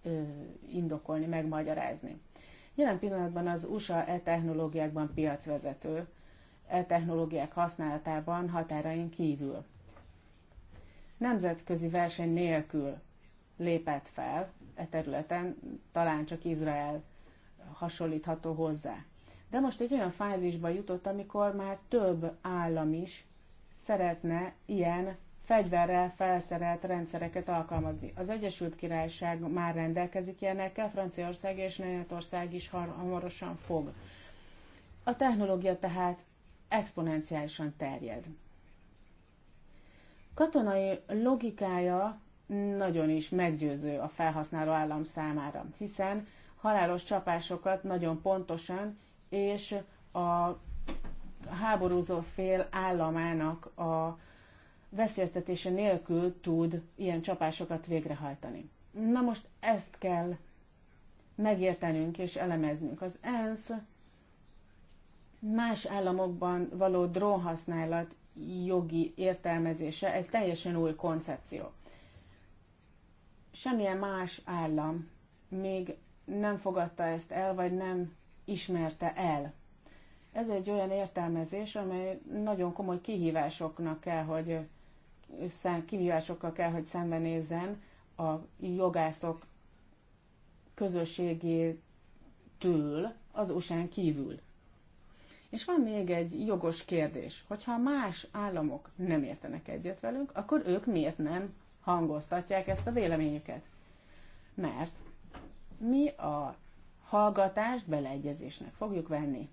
megindokolni, megmagyarázni. Jelen pillanatban az USA e-technológiákban piacvezető, e-technológiák használatában határain kívül. Nemzetközi verseny nélkül lépett fel e területen, talán csak Izrael hasonlítható hozzá. De most egy olyan fázisba jutott, amikor már több állam is szeretne ilyen fegyverrel felszerelt rendszereket alkalmazni. Az Egyesült Királyság már rendelkezik ilyenekkel, Franciaország és Németország is hamarosan fog. A technológia tehát exponenciálisan terjed. Katonai logikája nagyon is meggyőző a felhasználó állam számára, hiszen halálos csapásokat nagyon pontosan és a háborúzó fél államának a veszélyeztetése nélkül tud ilyen csapásokat végrehajtani. Na most ezt kell megértenünk és elemeznünk. Az ENSZ más államokban való drónhasználat jogi értelmezése egy teljesen új koncepció. Semmilyen más állam még nem fogadta ezt el, vagy nem ismerte el. Ez egy olyan értelmezés, amely nagyon komoly kihívásoknak kell, hogy kihívásokkal kell, hogy szembenézzen a jogászok közösségétől az usa kívül. És van még egy jogos kérdés, hogyha más államok nem értenek egyet velünk, akkor ők miért nem hangoztatják ezt a véleményüket? Mert mi a hallgatást beleegyezésnek fogjuk venni.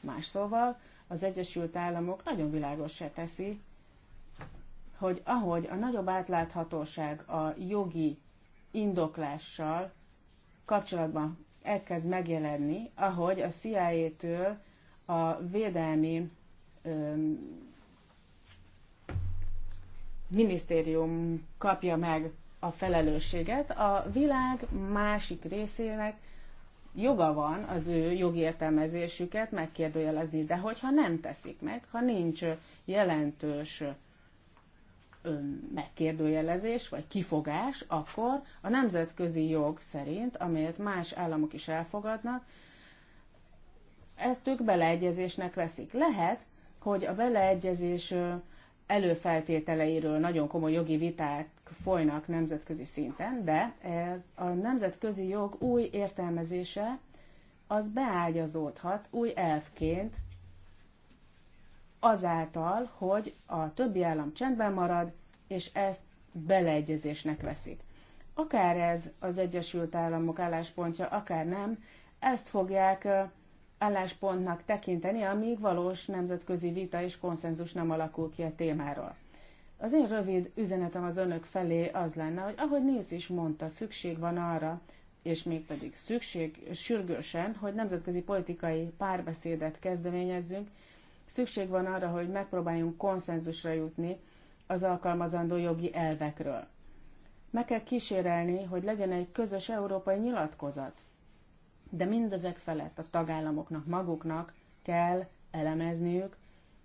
Más szóval az Egyesült Államok nagyon se teszi, hogy ahogy a nagyobb átláthatóság a jogi indoklással kapcsolatban elkezd megjelenni, ahogy a CIA-től a védelmi öm, minisztérium kapja meg a felelősséget, a világ másik részének joga van az ő jogi értelmezésüket megkérdőjelezni, de hogyha nem teszik meg, ha nincs jelentős megkérdőjelezés vagy kifogás, akkor a nemzetközi jog szerint, amelyet más államok is elfogadnak, ezt ők beleegyezésnek veszik. Lehet, hogy a beleegyezés előfeltételeiről nagyon komoly jogi viták folynak nemzetközi szinten, de ez a nemzetközi jog új értelmezése az beágyazódhat új elfként azáltal, hogy a többi állam csendben marad, és ezt beleegyezésnek veszik. Akár ez az Egyesült Államok álláspontja, akár nem, ezt fogják álláspontnak tekinteni, amíg valós nemzetközi vita és konszenzus nem alakul ki a témáról. Az én rövid üzenetem az önök felé az lenne, hogy ahogy Nils is mondta, szükség van arra, és mégpedig szükség sürgősen, hogy nemzetközi politikai párbeszédet kezdeményezzünk, Szükség van arra, hogy megpróbáljunk konszenzusra jutni az alkalmazandó jogi elvekről. Meg kell kísérelni, hogy legyen egy közös európai nyilatkozat. De mindezek felett a tagállamoknak maguknak kell elemezniük,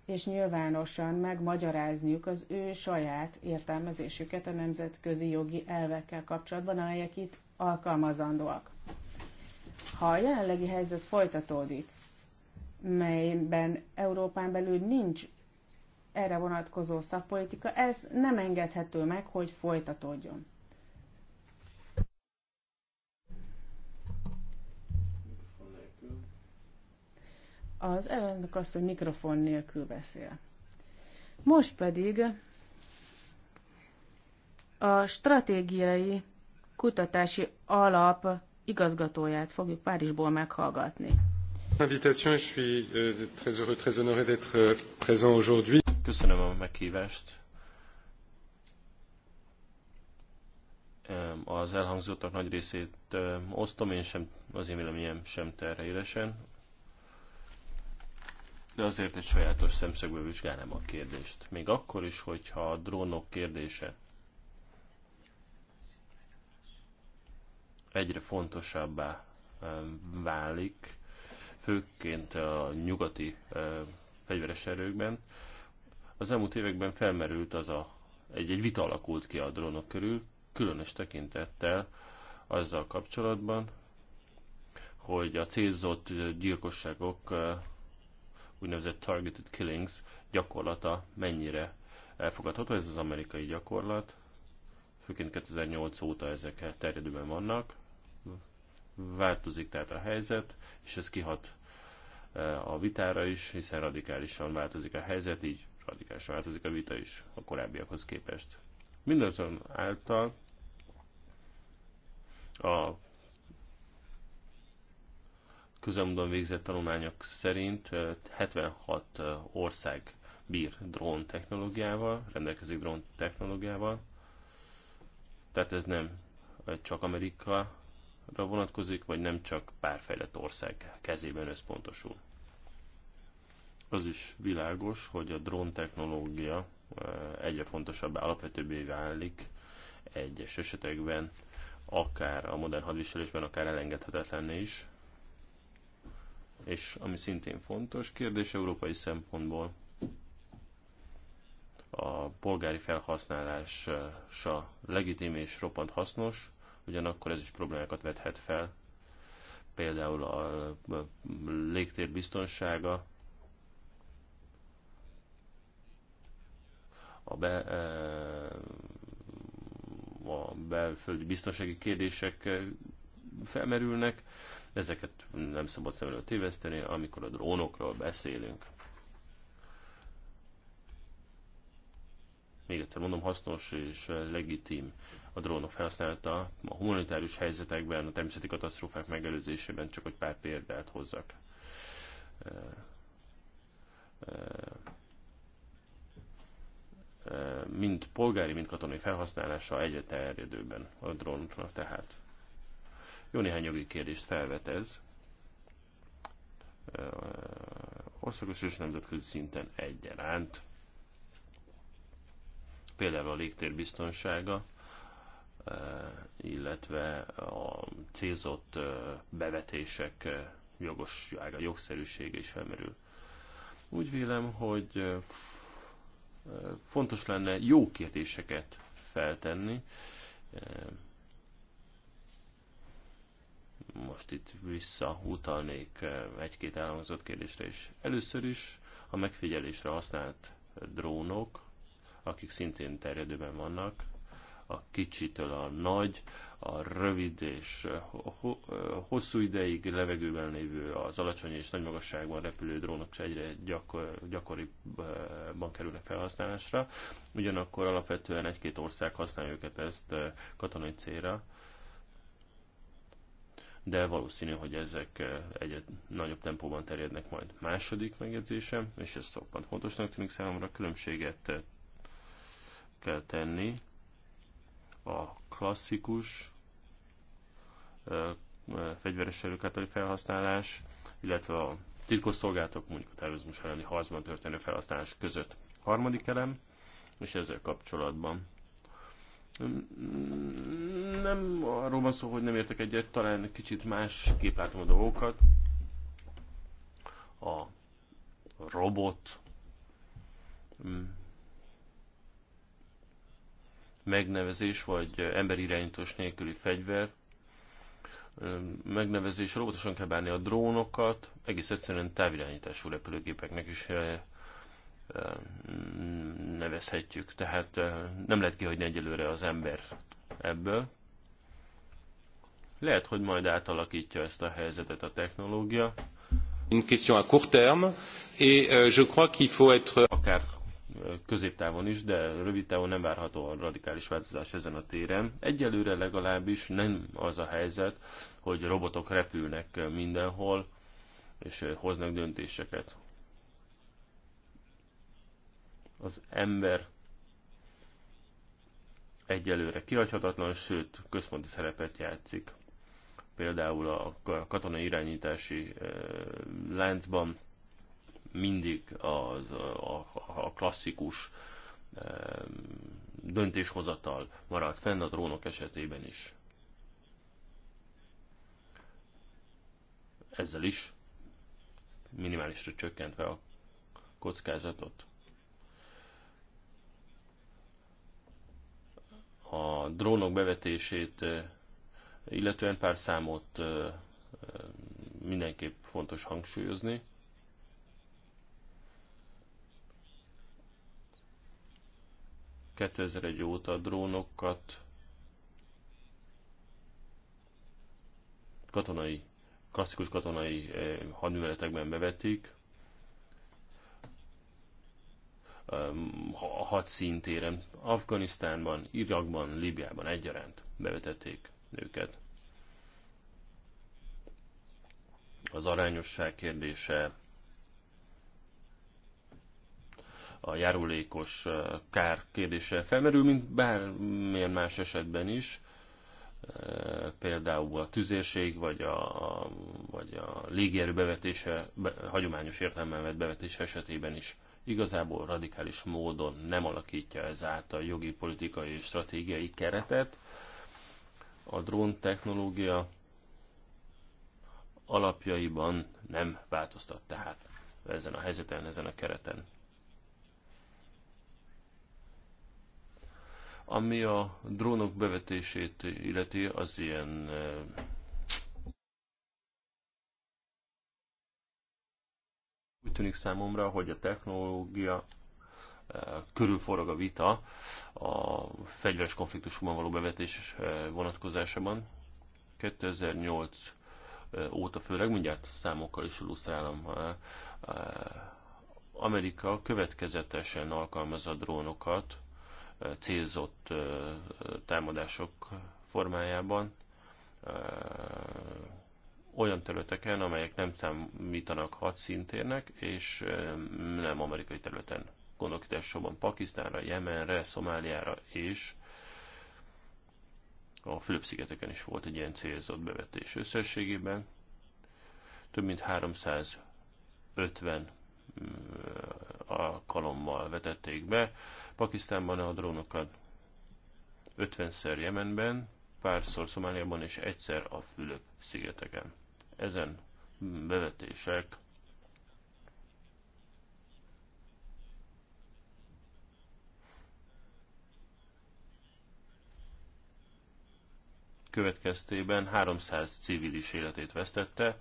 és nyilvánosan megmagyarázniuk az ő saját értelmezésüket a nemzetközi jogi elvekkel kapcsolatban, amelyek itt alkalmazandóak. Ha a jelenlegi helyzet folytatódik, melyben Európán belül nincs erre vonatkozó szakpolitika, ez nem engedhető meg, hogy folytatódjon. Az elnök azt, hogy mikrofon nélkül beszél. Most pedig a stratégiai kutatási alap igazgatóját fogjuk Párizsból meghallgatni. Invitation, je suis euh, très heureux, très honoré d'être euh, présent aujourd'hui. Köszönöm a meghívást. Az elhangzottak nagy részét osztom, én sem, az én véleményem sem terre élesen, de azért egy sajátos szemszögből vizsgálnám a kérdést. Még akkor is, hogyha a drónok kérdése egyre fontosabbá válik, főként a nyugati eh, fegyveres erőkben. Az elmúlt években felmerült az a, egy, egy vita alakult ki a drónok körül, különös tekintettel azzal kapcsolatban, hogy a célzott gyilkosságok, eh, úgynevezett targeted killings gyakorlata mennyire elfogadható. Ez az amerikai gyakorlat, főként 2008 óta ezek terjedőben vannak. Változik tehát a helyzet, és ez kihat a vitára is, hiszen radikálisan változik a helyzet, így radikálisan változik a vita is a korábbiakhoz képest. Mindazon által a közelmúltban végzett tanulmányok szerint 76 ország bír drón technológiával, rendelkezik drón technológiával, tehát ez nem csak Amerika vonatkozik, vagy nem csak pár fejlett ország kezében összpontosul. Az is világos, hogy a drón technológia eh, egyre fontosabb, alapvetőbbé válik egyes esetekben, akár a modern hadviselésben, akár elengedhetetlenné is. És ami szintén fontos kérdés európai szempontból, a polgári felhasználása legitim és roppant hasznos, ugyanakkor ez is problémákat vethet fel, például a légtér biztonsága, a, be, e, a belföldi biztonsági kérdések e, felmerülnek, ezeket nem szabad szem előtt téveszteni, amikor a drónokról beszélünk. még egyszer mondom, hasznos és legitim a drónok felhasználata a humanitárius helyzetekben, a természeti katasztrófák megelőzésében, csak hogy pár példát hozzak. Mind polgári, mind katonai felhasználása egyre terjedőben a drónoknak tehát. Jó néhány jogi kérdést felvet ez. Országos és nemzetközi szinten egyaránt például a légtér biztonsága, e, illetve a célzott e, bevetések e, jogossága, jogszerűsége is felmerül. Úgy vélem, hogy fontos lenne jó kérdéseket feltenni. Most itt visszautalnék egy-két elhangzott kérdésre is. Először is a megfigyelésre használt drónok, akik szintén terjedőben vannak, a kicsitől a nagy, a rövid és eh, eh, hosszú ideig levegőben lévő, az alacsony és nagy magasságban repülő drónok is egyre gyakor, gyakoribban kerülnek felhasználásra. Ugyanakkor alapvetően egy-két ország használja őket ezt eh, katonai célra, de valószínű, hogy ezek egyre nagyobb tempóban terjednek majd. Második megjegyzésem, és ez roppant fontosnak tűnik számomra, különbséget kell tenni. A klasszikus fegyveres erők általi felhasználás, illetve a titkosszolgálatok mondjuk a terrorizmus elleni harcban történő felhasználás között. Harmadik elem, és ezzel kapcsolatban. Nem arról van szó, hogy nem értek egyet, talán kicsit más látom a dolgokat. A robot megnevezés, vagy emberirányítós nélküli fegyver, megnevezés, robotosan kell bánni a drónokat, egész egyszerűen távirányítású repülőgépeknek is nevezhetjük. Tehát nem lehet kihagyni egyelőre az ember ebből. Lehet, hogy majd átalakítja ezt a helyzetet a technológia. Une question à court terme, et euh, je crois qu'il faut être... Akár középtávon is, de rövid távon nem várható a radikális változás ezen a téren. Egyelőre legalábbis nem az a helyzet, hogy robotok repülnek mindenhol, és hoznak döntéseket. Az ember egyelőre kihagyhatatlan, sőt, központi szerepet játszik. Például a katonai irányítási eh, láncban mindig az, a, a klasszikus eh, döntéshozatal maradt fenn a drónok esetében is. Ezzel is minimálisra csökkentve a kockázatot. A drónok bevetését, eh, illetően pár számot eh, mindenképp fontos hangsúlyozni. 2001 óta a drónokat katonai, klasszikus katonai eh, hadműveletekben bevetik, a hat szintéren, Afganisztánban, Irakban, Libiában egyaránt bevetették őket. Az arányosság kérdése, a járulékos kár kérdése felmerül, mint bármilyen más esetben is, például a tüzérség, vagy a, vagy a légierő bevetése, hagyományos értelemben vett bevetése esetében is igazából radikális módon nem alakítja ez át a jogi, politikai és stratégiai keretet. A drón technológia alapjaiban nem változtat tehát ezen a helyzeten, ezen a kereten. Ami a drónok bevetését illeti, az ilyen úgy tűnik számomra, hogy a technológia körülforog a vita a fegyveres konfliktusokban való bevetés vonatkozásában. 2008 óta főleg, mindjárt számokkal is illusztrálom, Amerika következetesen alkalmazza drónokat, célzott támadások formájában olyan területeken, amelyek nem számítanak hadszintérnek, és nem amerikai területen. Gondolok itt elsősorban Pakisztánra, Jemenre, Szomáliára és a Fülöp-szigeteken is volt egy ilyen célzott bevetés összességében. Több mint 350 alkalommal vetették be. Pakisztánban a drónokat 50-szer Jemenben, párszor Szomáliában és egyszer a Fülöp-szigeteken. Ezen bevetések következtében 300 civilis életét vesztette,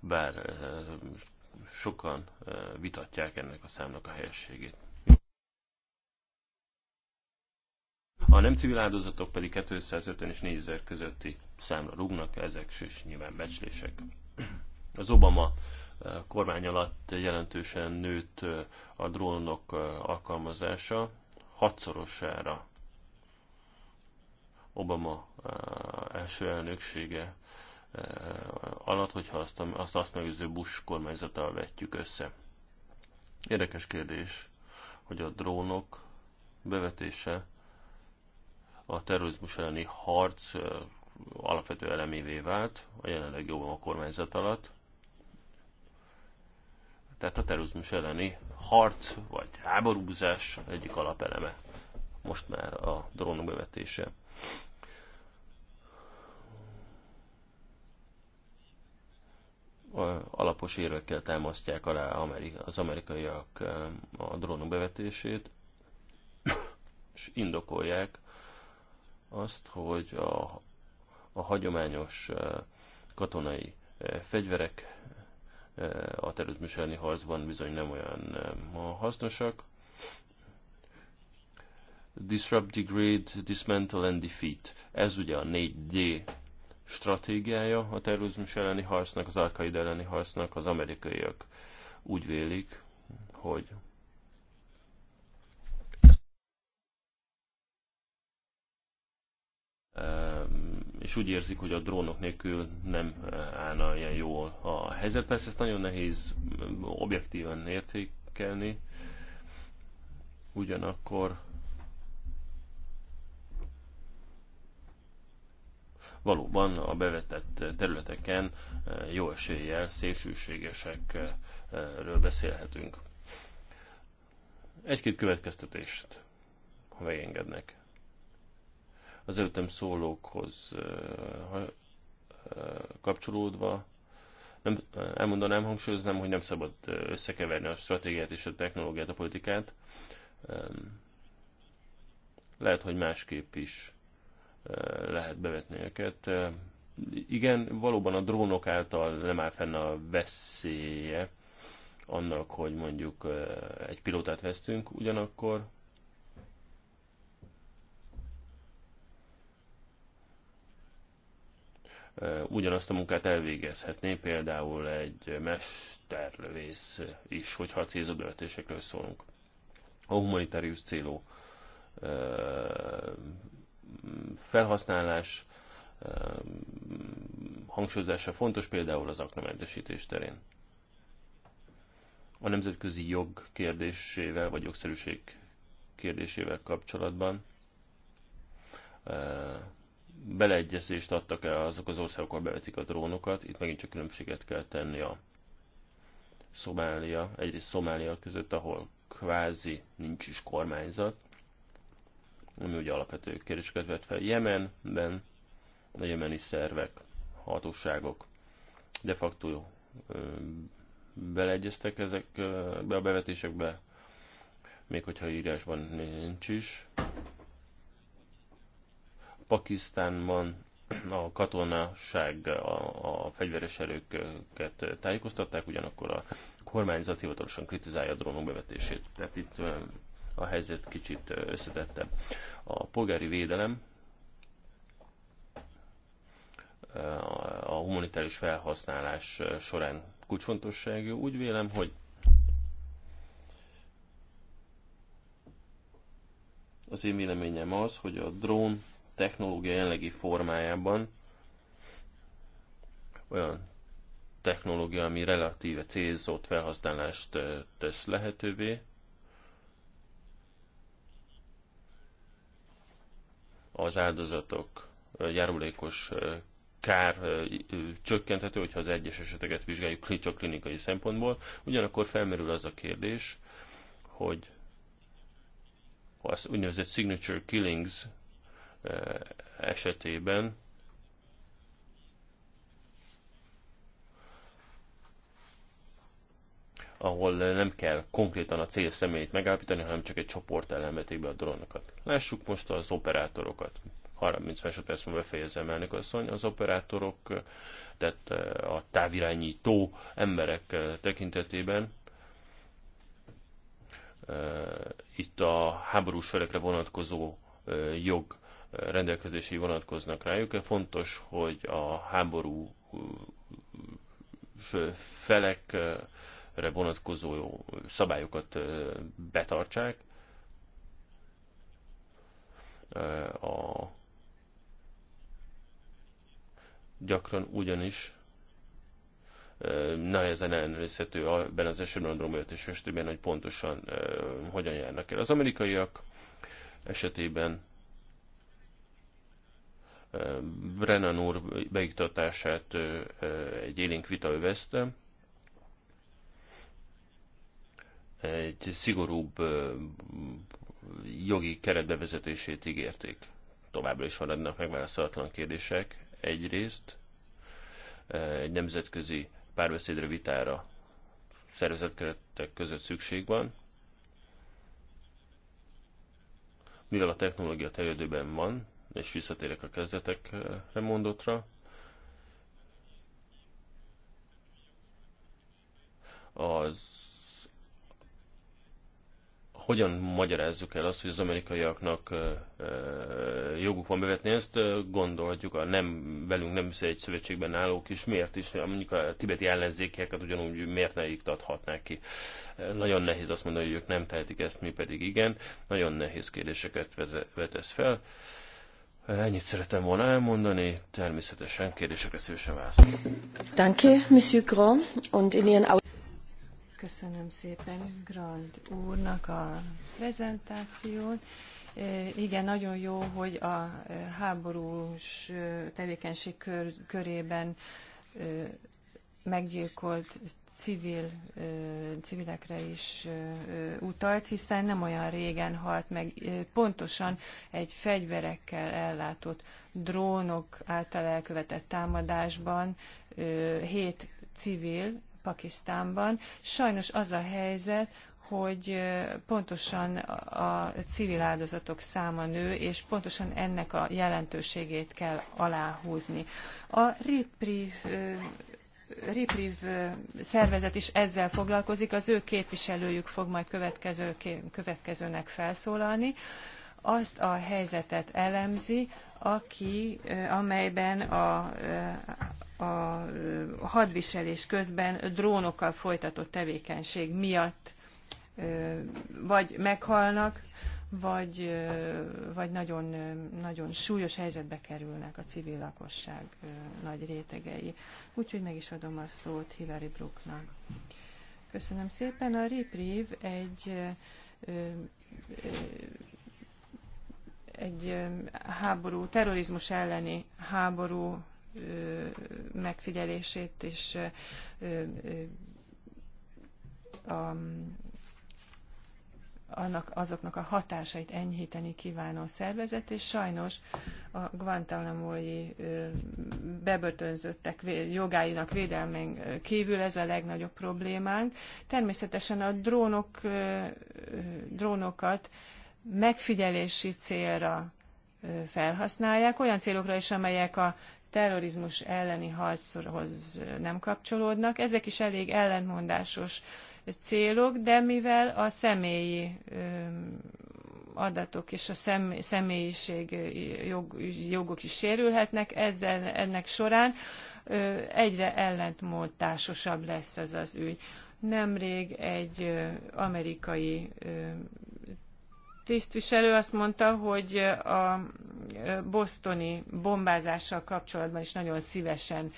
bár sokan vitatják ennek a számnak a helyességét. A nem civil áldozatok pedig 250 és 4000 közötti számra rúgnak, ezek is nyilván becslések. Az Obama kormány alatt jelentősen nőtt a drónok alkalmazása, hatszorosára Obama első elnöksége Eh, alatt, hogyha azt, azt, azt megőző Bush kormányzattal vetjük össze. Érdekes kérdés, hogy a drónok bevetése a terrorizmus elleni harc eh, alapvető elemévé vált a jelenleg jobban a kormányzat alatt. Tehát a terrorizmus elleni harc vagy háborúzás egyik alapeleme. Most már a drónok bevetése. alapos érvekkel támasztják alá az amerikaiak eh, a drónok bevetését, és indokolják azt, hogy a, a hagyományos eh, katonai eh, fegyverek a terrorizmus elleni harcban bizony nem olyan hasznosak. Disrupt, degrade, dismantle and defeat. Ez ugye a 4D stratégiája a terrorizmus elleni harcnak, az alkaid elleni harcnak, az amerikaiak úgy vélik, hogy ehm, és úgy érzik, hogy a drónok nélkül nem eh, állna ilyen jól a helyzet. Persze ezt nagyon nehéz objektíven értékelni, ugyanakkor valóban a bevetett területeken eh, jó eséllyel szélsőségesekről beszélhetünk. Egy-két következtetést, ha megengednek. Az előttem szólókhoz eh, eh, kapcsolódva nem, elmondanám, hangsúlyoznám, hogy nem szabad összekeverni a stratégiát és a technológiát, a politikát. Lehet, hogy másképp is lehet bevetni őket. Igen, valóban a drónok által nem áll fenn a veszélye annak, hogy mondjuk egy pilótát vesztünk, ugyanakkor ugyanazt a munkát elvégezhetné például egy mesterlövész is, hogyha a célzott döntésekről szólunk. A humanitárius célú felhasználás hangsúlyozása fontos, például az aknamentesítés terén. A nemzetközi jog kérdésével, vagy jogszerűség kérdésével kapcsolatban beleegyezést adtak-e azok az országok, ahol bevetik a drónokat. Itt megint csak különbséget kell tenni a Szomália, egyrészt Szomália között, ahol kvázi nincs is kormányzat, ami ugye alapvető kérdéseket vett fel Jemenben, a jemeni szervek, hatóságok de facto beleegyeztek ezekbe a bevetésekbe, még hogyha írásban nincs is. Pakisztánban a katonaság, a, a fegyveres erőket tájékoztatták, ugyanakkor a kormányzat hivatalosan kritizálja a drónok bevetését. Tehát itt a helyzet kicsit összetettebb. A polgári védelem a humanitárius felhasználás során kulcsfontosságú. Úgy vélem, hogy az én véleményem az, hogy a drón technológia jelenlegi formájában olyan technológia, ami relatíve célzott felhasználást tesz lehetővé, az áldozatok járulékos kár csökkenthető, hogyha az egyes eseteket vizsgáljuk csak klinikai szempontból. Ugyanakkor felmerül az a kérdés, hogy az úgynevezett signature killings esetében ahol nem kell konkrétan a cél személyét megállapítani, hanem csak egy csoport ellenvetik be a drónokat. Lássuk most az operátorokat. 30 másodperc múlva befejezem elnök asszony, az operátorok, tehát eh, a távirányító emberek eh, tekintetében eh, itt a háborús felekre vonatkozó jog rendelkezései vonatkoznak rájuk. Fontos, hogy a háború felek vonatkozó szabályokat betartsák. A gyakran ugyanis nehezen ellenőrizhető ebben az esetben a és esetében, hogy pontosan hogyan járnak el. Az amerikaiak esetében Brennan úr beiktatását egy élénk vita övezte, egy szigorúbb jogi keretbevezetését ígérték. Továbbra is vannak megválaszolatlan kérdések. Egyrészt egy nemzetközi párbeszédre vitára keretek között szükség van, mivel a technológia terjedőben van, és visszatérek a kezdetekre mondottra, az hogyan magyarázzuk el azt, hogy az amerikaiaknak joguk van bevetni ezt, gondolhatjuk a nem, velünk nem egy szövetségben állók is, miért is, mondjuk a tibeti ellenzékeket ugyanúgy miért ne iktathatnák ki. Nagyon nehéz azt mondani, hogy ők nem tehetik ezt, mi pedig igen. Nagyon nehéz kérdéseket vetesz fel. Ennyit szeretem volna elmondani, természetesen kérdésekre szívesen válaszolok. Danke, Monsieur Grand, und in Köszönöm szépen Grand úrnak a prezentációt. E, igen, nagyon jó, hogy a e, háborús e, tevékenység kör, körében meggyilkolt civil, civilekre is utalt, hiszen nem olyan régen halt meg, pontosan egy fegyverekkel ellátott drónok által elkövetett támadásban hét civil Pakisztánban. Sajnos az a helyzet, hogy pontosan a civil áldozatok száma nő, és pontosan ennek a jelentőségét kell aláhúzni. A RIPRIV szervezet is ezzel foglalkozik, az ő képviselőjük fog majd következő, következőnek felszólalni azt a helyzetet elemzi, aki, amelyben a, a hadviselés közben drónokkal folytatott tevékenység miatt vagy meghalnak, vagy, vagy nagyon, nagyon súlyos helyzetbe kerülnek a civil lakosság nagy rétegei. Úgyhogy meg is adom a szót Hilary Brooknak. Köszönöm szépen. A Reprieve egy egy háború, terrorizmus elleni háború megfigyelését és a, annak, azoknak a hatásait enyhíteni kívánó szervezet, és sajnos a guantanamo-i bebörtönzöttek jogáinak védelmen kívül ez a legnagyobb problémánk. Természetesen a drónok, drónokat megfigyelési célra felhasználják, olyan célokra is, amelyek a terrorizmus elleni harchoz nem kapcsolódnak. Ezek is elég ellentmondásos célok, de mivel a személyi adatok és a személyiség jog, jogok is sérülhetnek, ezzel, ennek során egyre ellentmondásosabb lesz ez az ügy. Nemrég egy amerikai tisztviselő azt mondta, hogy a e, bosztoni bombázással kapcsolatban is nagyon szívesen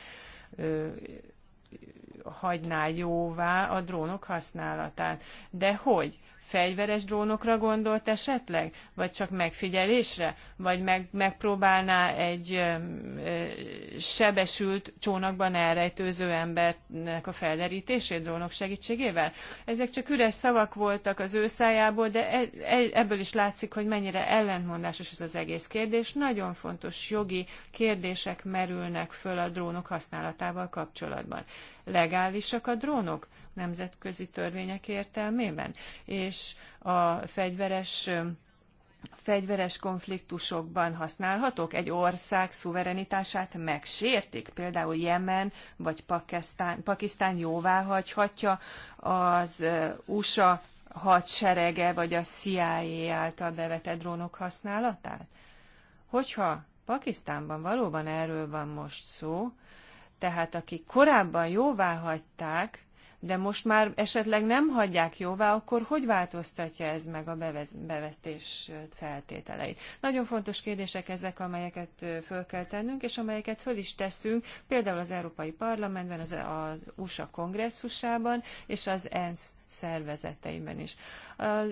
hagyná jóvá a drónok használatát. De hogy? Fegyveres drónokra gondolt esetleg? Vagy csak megfigyelésre? Vagy meg, megpróbálná egy ö, ö, sebesült csónakban elrejtőző embernek a felderítését drónok segítségével? Ezek csak üres szavak voltak az ő szájából, de e, e, ebből is látszik, hogy mennyire ellentmondásos ez az egész kérdés. Nagyon fontos jogi kérdések merülnek föl a drónok használatával kapcsolatban legálisak a drónok nemzetközi törvények értelmében, és a fegyveres fegyveres konfliktusokban használhatók, egy ország szuverenitását megsértik, például Jemen vagy Pakisztán, Pakisztán jóvá hagyhatja az USA hadserege vagy a CIA által bevetett drónok használatát? Hogyha Pakisztánban valóban erről van most szó, tehát akik korábban jóvá hagyták de most már esetleg nem hagyják jóvá, akkor hogy változtatja ez meg a bevetés feltételeit? Nagyon fontos kérdések ezek, amelyeket föl kell tennünk, és amelyeket föl is teszünk, például az Európai Parlamentben, az, az USA kongresszusában, és az ENSZ szervezeteiben is. A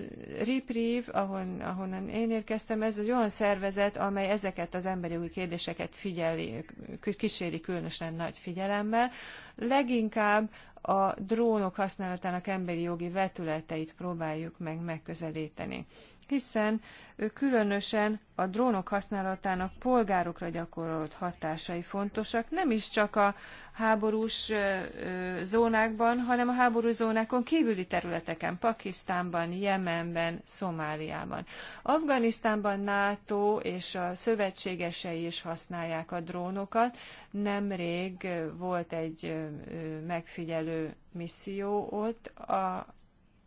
Reprieve, ahon, ahonnan én érkeztem, ez az olyan szervezet, amely ezeket az emberi jogi kérdéseket figyeli, kíséri különösen nagy figyelemmel. Leginkább a drónok használatának emberi jogi vetületeit próbáljuk meg megközelíteni hiszen különösen a drónok használatának polgárokra gyakorolt hatásai fontosak, nem is csak a háborús zónákban, hanem a háborús zónákon kívüli területeken, Pakisztánban, Jemenben, Szomáliában. Afganisztánban NATO és a szövetségesei is használják a drónokat. Nemrég volt egy megfigyelő misszió ott, a,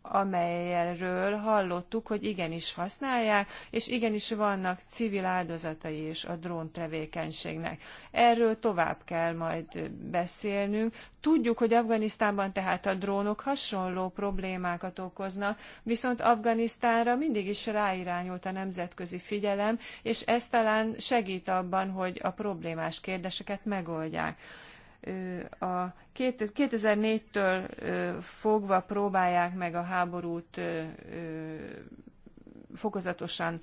amelyről hallottuk, hogy igenis használják, és igenis vannak civil áldozatai is a drón tevékenységnek. Erről tovább kell majd beszélnünk. Tudjuk, hogy Afganisztánban tehát a drónok hasonló problémákat okoznak, viszont Afganisztánra mindig is ráirányult a nemzetközi figyelem, és ez talán segít abban, hogy a problémás kérdéseket megoldják a 2004-től fogva próbálják meg a háborút fokozatosan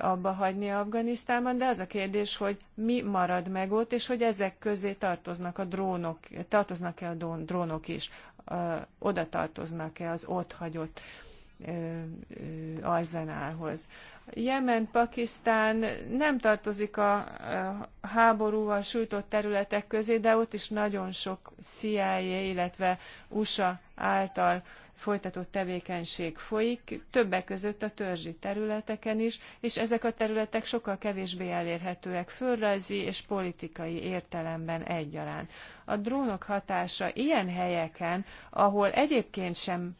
abba hagyni Afganisztánban, de az a kérdés, hogy mi marad meg ott, és hogy ezek közé tartoznak a drónok, tartoznak-e a drónok is, oda tartoznak-e az ott hagyott arzenálhoz. Jemen, Pakisztán nem tartozik a háborúval sújtott területek közé, de ott is nagyon sok CIA, illetve USA által folytatott tevékenység folyik, többek között a törzsi területeken is, és ezek a területek sokkal kevésbé elérhetőek földrajzi és politikai értelemben egyaránt. A drónok hatása ilyen helyeken, ahol egyébként sem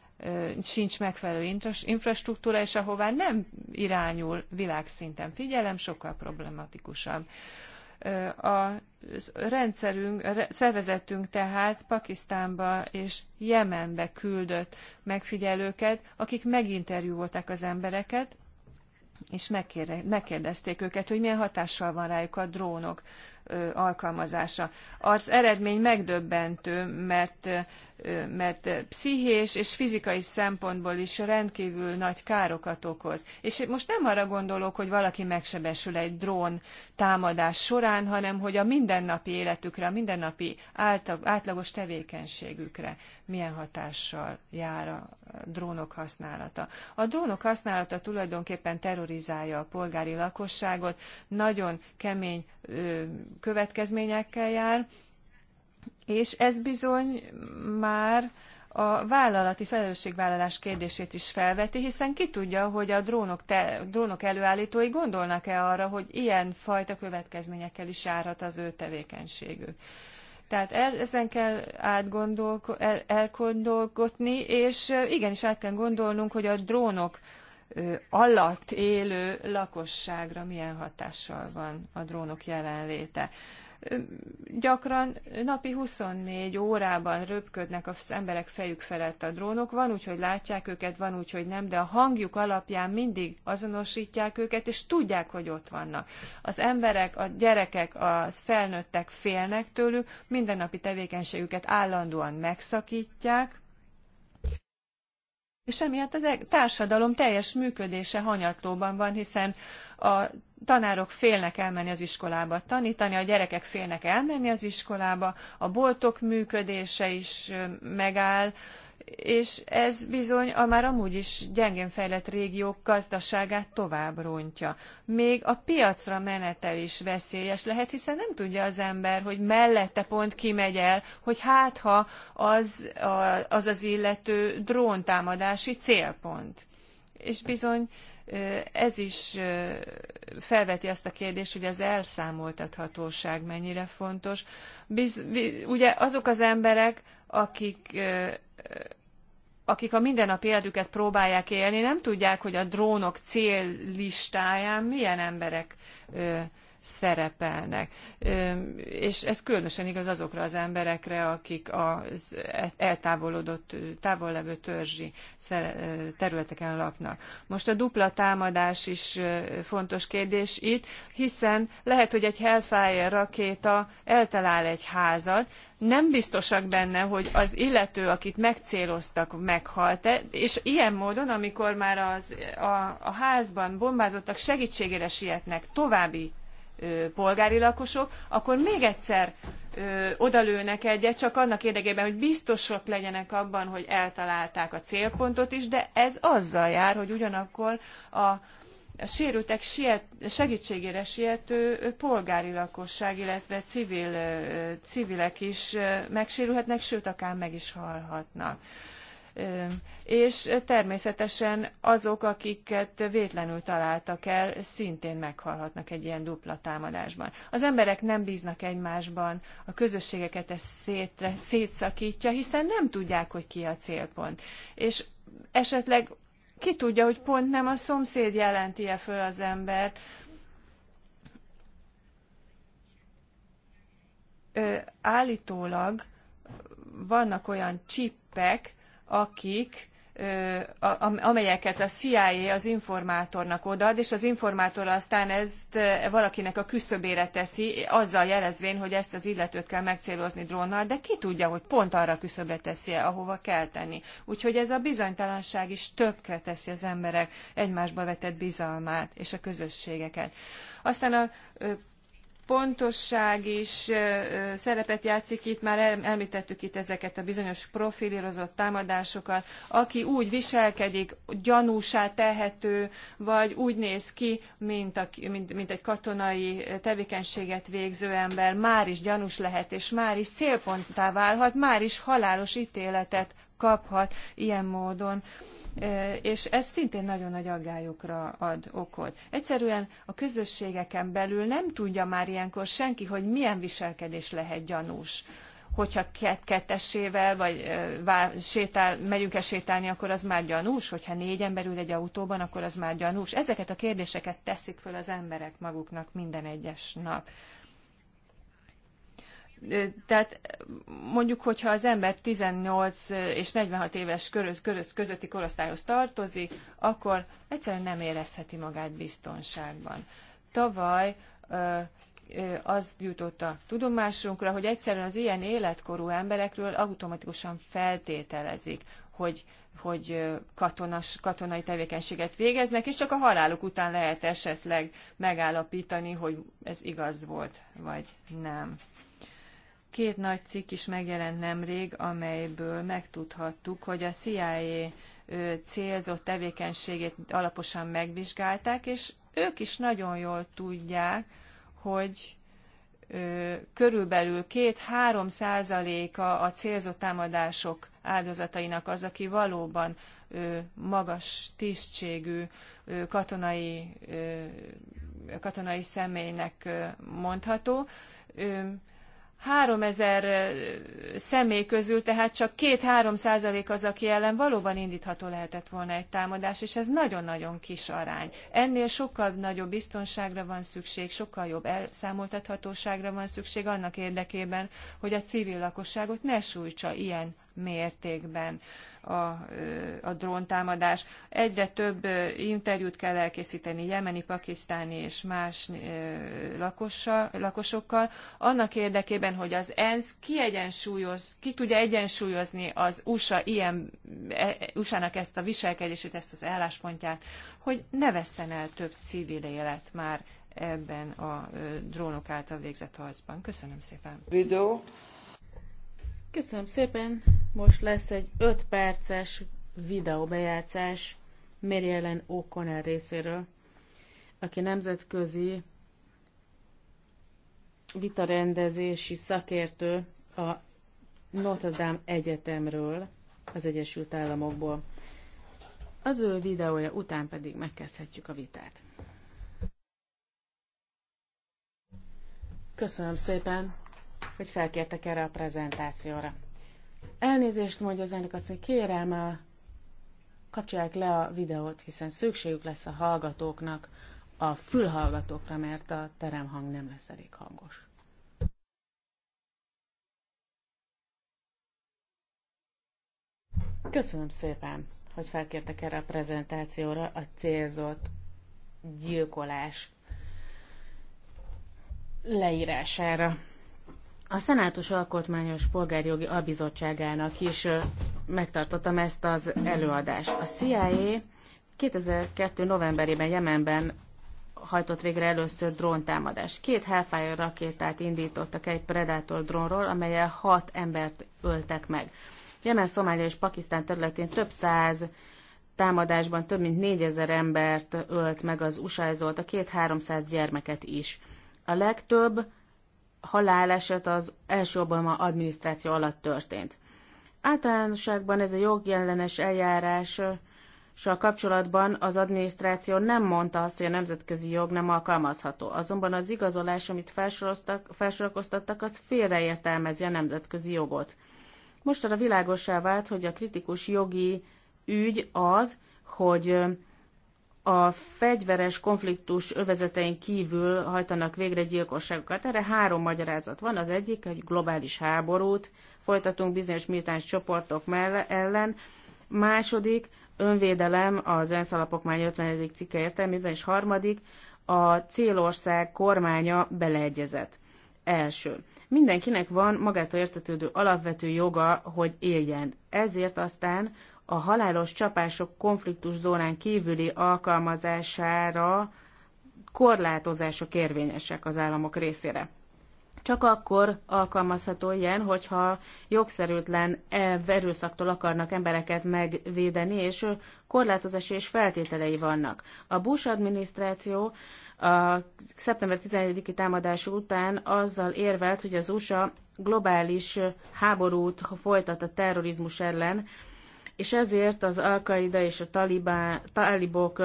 sincs megfelelő infrastruktúra, és ahová nem irányul világszinten figyelem, sokkal problematikusabb. A rendszerünk, a szervezetünk tehát Pakisztánba és Jemenbe küldött megfigyelőket, akik meginterjúolták az embereket, és megkérdezték őket, hogy milyen hatással van rájuk a drónok alkalmazása. Az eredmény megdöbbentő, mert mert pszichés és fizikai szempontból is rendkívül nagy károkat okoz. És most nem arra gondolok, hogy valaki megsebesül egy drón támadás során, hanem hogy a mindennapi életükre, a mindennapi átlagos tevékenységükre milyen hatással jár a drónok használata. A drónok használata tulajdonképpen terrorizálja a polgári lakosságot, nagyon kemény következményekkel jár, és ez bizony már a vállalati felelősségvállalás kérdését is felveti, hiszen ki tudja, hogy a drónok, te, drónok előállítói gondolnak-e arra, hogy ilyen fajta következményekkel is járhat az ő tevékenységük. Tehát el, ezen kell átgondolko, el, elgondolkodni, és igenis át kell gondolnunk, hogy a drónok ö, alatt élő lakosságra milyen hatással van a drónok jelenléte. Ö, gyakran napi 24 órában röpködnek az emberek fejük felett a drónok. Van úgy, hogy látják őket, van úgy, hogy nem, de a hangjuk alapján mindig azonosítják őket, és tudják, hogy ott vannak. Az emberek, a gyerekek, a felnőttek félnek tőlük, mindennapi tevékenységüket állandóan megszakítják, és emiatt az e- társadalom teljes működése hanyatlóban van, hiszen a tanárok félnek elmenni az iskolába tanítani, a gyerekek félnek elmenni az iskolába, a boltok működése is megáll, és ez bizony a már amúgy is gyengén fejlett régiók gazdaságát tovább rontja. Még a piacra menetel is veszélyes lehet, hiszen nem tudja az ember, hogy mellette pont kimegy el, hogy hát ha az az, az illető dróntámadási célpont. És bizony ez is felveti azt a kérdést, hogy az elszámoltathatóság mennyire fontos. Biz, ugye azok az emberek, akik akik a mindennapi életüket próbálják élni, nem tudják, hogy a drónok céllistáján milyen emberek szerepelnek. És ez különösen igaz azokra az emberekre, akik az eltávolodott, távol levő törzsi területeken laknak. Most a dupla támadás is fontos kérdés itt, hiszen lehet, hogy egy Hellfire rakéta eltalál egy házat, nem biztosak benne, hogy az illető, akit megcéloztak, meghalt-e, és ilyen módon, amikor már az, a, a házban bombázottak segítségére sietnek további polgári lakosok, akkor még egyszer ö, odalőnek egyet, csak annak érdekében, hogy biztosak legyenek abban, hogy eltalálták a célpontot is, de ez azzal jár, hogy ugyanakkor a a sérültek siet, segítségére siető polgári lakosság, illetve civil, civilek is megsérülhetnek, sőt, akár meg is halhatnak és természetesen azok, akiket vétlenül találtak el, szintén meghalhatnak egy ilyen dupla támadásban. Az emberek nem bíznak egymásban, a közösségeket ez szétre, szétszakítja, hiszen nem tudják, hogy ki a célpont. És esetleg ki tudja, hogy pont nem a szomszéd jelenti-e föl az embert. Ö, állítólag vannak olyan csippek, akik amelyeket a CIA az informátornak odaad, és az informátor aztán ezt valakinek a küszöbére teszi, azzal jelezvén, hogy ezt az illetőt kell megcélozni drónnal, de ki tudja, hogy pont arra küszöbre teszi -e, ahova kell tenni. Úgyhogy ez a bizonytalanság is tökre teszi az emberek egymásba vetett bizalmát és a közösségeket. Aztán a pontosság is szerepet játszik itt, már említettük itt ezeket a bizonyos profilírozott támadásokat, aki úgy viselkedik, gyanúsá tehető, vagy úgy néz ki, mint, a, mint, mint egy katonai tevékenységet végző ember, már is gyanús lehet, és már is célponttá válhat, már is halálos ítéletet kaphat ilyen módon és ez szintén nagyon nagy aggályokra ad okot. Egyszerűen a közösségeken belül nem tudja már ilyenkor senki, hogy milyen viselkedés lehet gyanús hogyha két kettesével, vagy sétál, megyünk-e sétálni, akkor az már gyanús, hogyha négy ember ül egy autóban, akkor az már gyanús. Ezeket a kérdéseket teszik föl az emberek maguknak minden egyes nap tehát mondjuk, hogyha az ember 18 és 46 éves közötti korosztályhoz tartozik, akkor egyszerűen nem érezheti magát biztonságban. Tavaly az jutott a tudomásunkra, hogy egyszerűen az ilyen életkorú emberekről automatikusan feltételezik, hogy, hogy katonas, katonai tevékenységet végeznek, és csak a haláluk után lehet esetleg megállapítani, hogy ez igaz volt, vagy nem. Két nagy cikk is megjelent nemrég, amelyből megtudhattuk, hogy a CIA célzott tevékenységét alaposan megvizsgálták, és ők is nagyon jól tudják, hogy körülbelül 2-3 százaléka a célzott támadások áldozatainak az, aki valóban magas tisztségű katonai, katonai személynek mondható. 3000 személy közül, tehát csak 2-3 százalék az, aki ellen valóban indítható lehetett volna egy támadás, és ez nagyon-nagyon kis arány. Ennél sokkal nagyobb biztonságra van szükség, sokkal jobb elszámoltathatóságra van szükség annak érdekében, hogy a civil lakosságot ne sújtsa ilyen mértékben a, a dróntámadás. Egyre több interjút kell elkészíteni jemeni, pakisztáni és más lakossal, lakosokkal, annak érdekében, hogy az ENSZ kiegyensúlyoz, ki tudja egyensúlyozni az USA ilyen, e, USA-nak ezt a viselkedését, ezt az álláspontját, hogy ne vesszen el több civil élet már ebben a drónok által végzett harcban. Köszönöm szépen. Video. Köszönöm szépen. Most lesz egy 5 perces videóbejátszás Mary Ellen O'Connell részéről, aki nemzetközi vitarendezési szakértő a Notre Dame Egyetemről az Egyesült Államokból. Az ő videója után pedig megkezdhetjük a vitát. Köszönöm szépen! hogy felkértek erre a prezentációra. Elnézést mondja az elnök azt, hogy kérem, a... kapcsolják le a videót, hiszen szükségük lesz a hallgatóknak a fülhallgatókra, mert a teremhang nem lesz elég hangos. Köszönöm szépen, hogy felkértek erre a prezentációra a célzott gyilkolás leírására. A Szenátus Alkotmányos Polgárjogi Albizottságának is megtartottam ezt az előadást. A CIA 2002. novemberében Jemenben hajtott végre először dróntámadást. Két Hellfire rakétát indítottak egy Predator drónról, amelyel hat embert öltek meg. Jemen, Szomália és Pakisztán területén több száz támadásban több mint négyezer embert ölt meg az usa a két-háromszáz gyermeket is. A legtöbb haláleset az első Obama adminisztráció alatt történt. Általánosságban ez a jogjellenes eljárás és a kapcsolatban az adminisztráció nem mondta azt, hogy a nemzetközi jog nem alkalmazható. Azonban az igazolás, amit felsorakoztattak, az félreértelmezi a nemzetközi jogot. Most arra világosá vált, hogy a kritikus jogi ügy az, hogy a fegyveres konfliktus övezetein kívül hajtanak végre gyilkosságokat. Erre három magyarázat van. Az egyik, hogy globális háborút folytatunk bizonyos militáns csoportok mell- ellen. Második, önvédelem az ENSZ alapokmány 50. cikke értelmében, és harmadik, a célország kormánya beleegyezett. Első. Mindenkinek van magától értetődő alapvető joga, hogy éljen. Ezért aztán a halálos csapások konfliktus zónán kívüli alkalmazására korlátozások érvényesek az államok részére. Csak akkor alkalmazható ilyen, hogyha jogszerűtlen erőszaktól akarnak embereket megvédeni, és korlátozási és feltételei vannak. A Bush adminisztráció a szeptember 11-i támadás után azzal érvelt, hogy az USA globális háborút folytat a terrorizmus ellen, és ezért az Al-Qaida és a talibá, talibok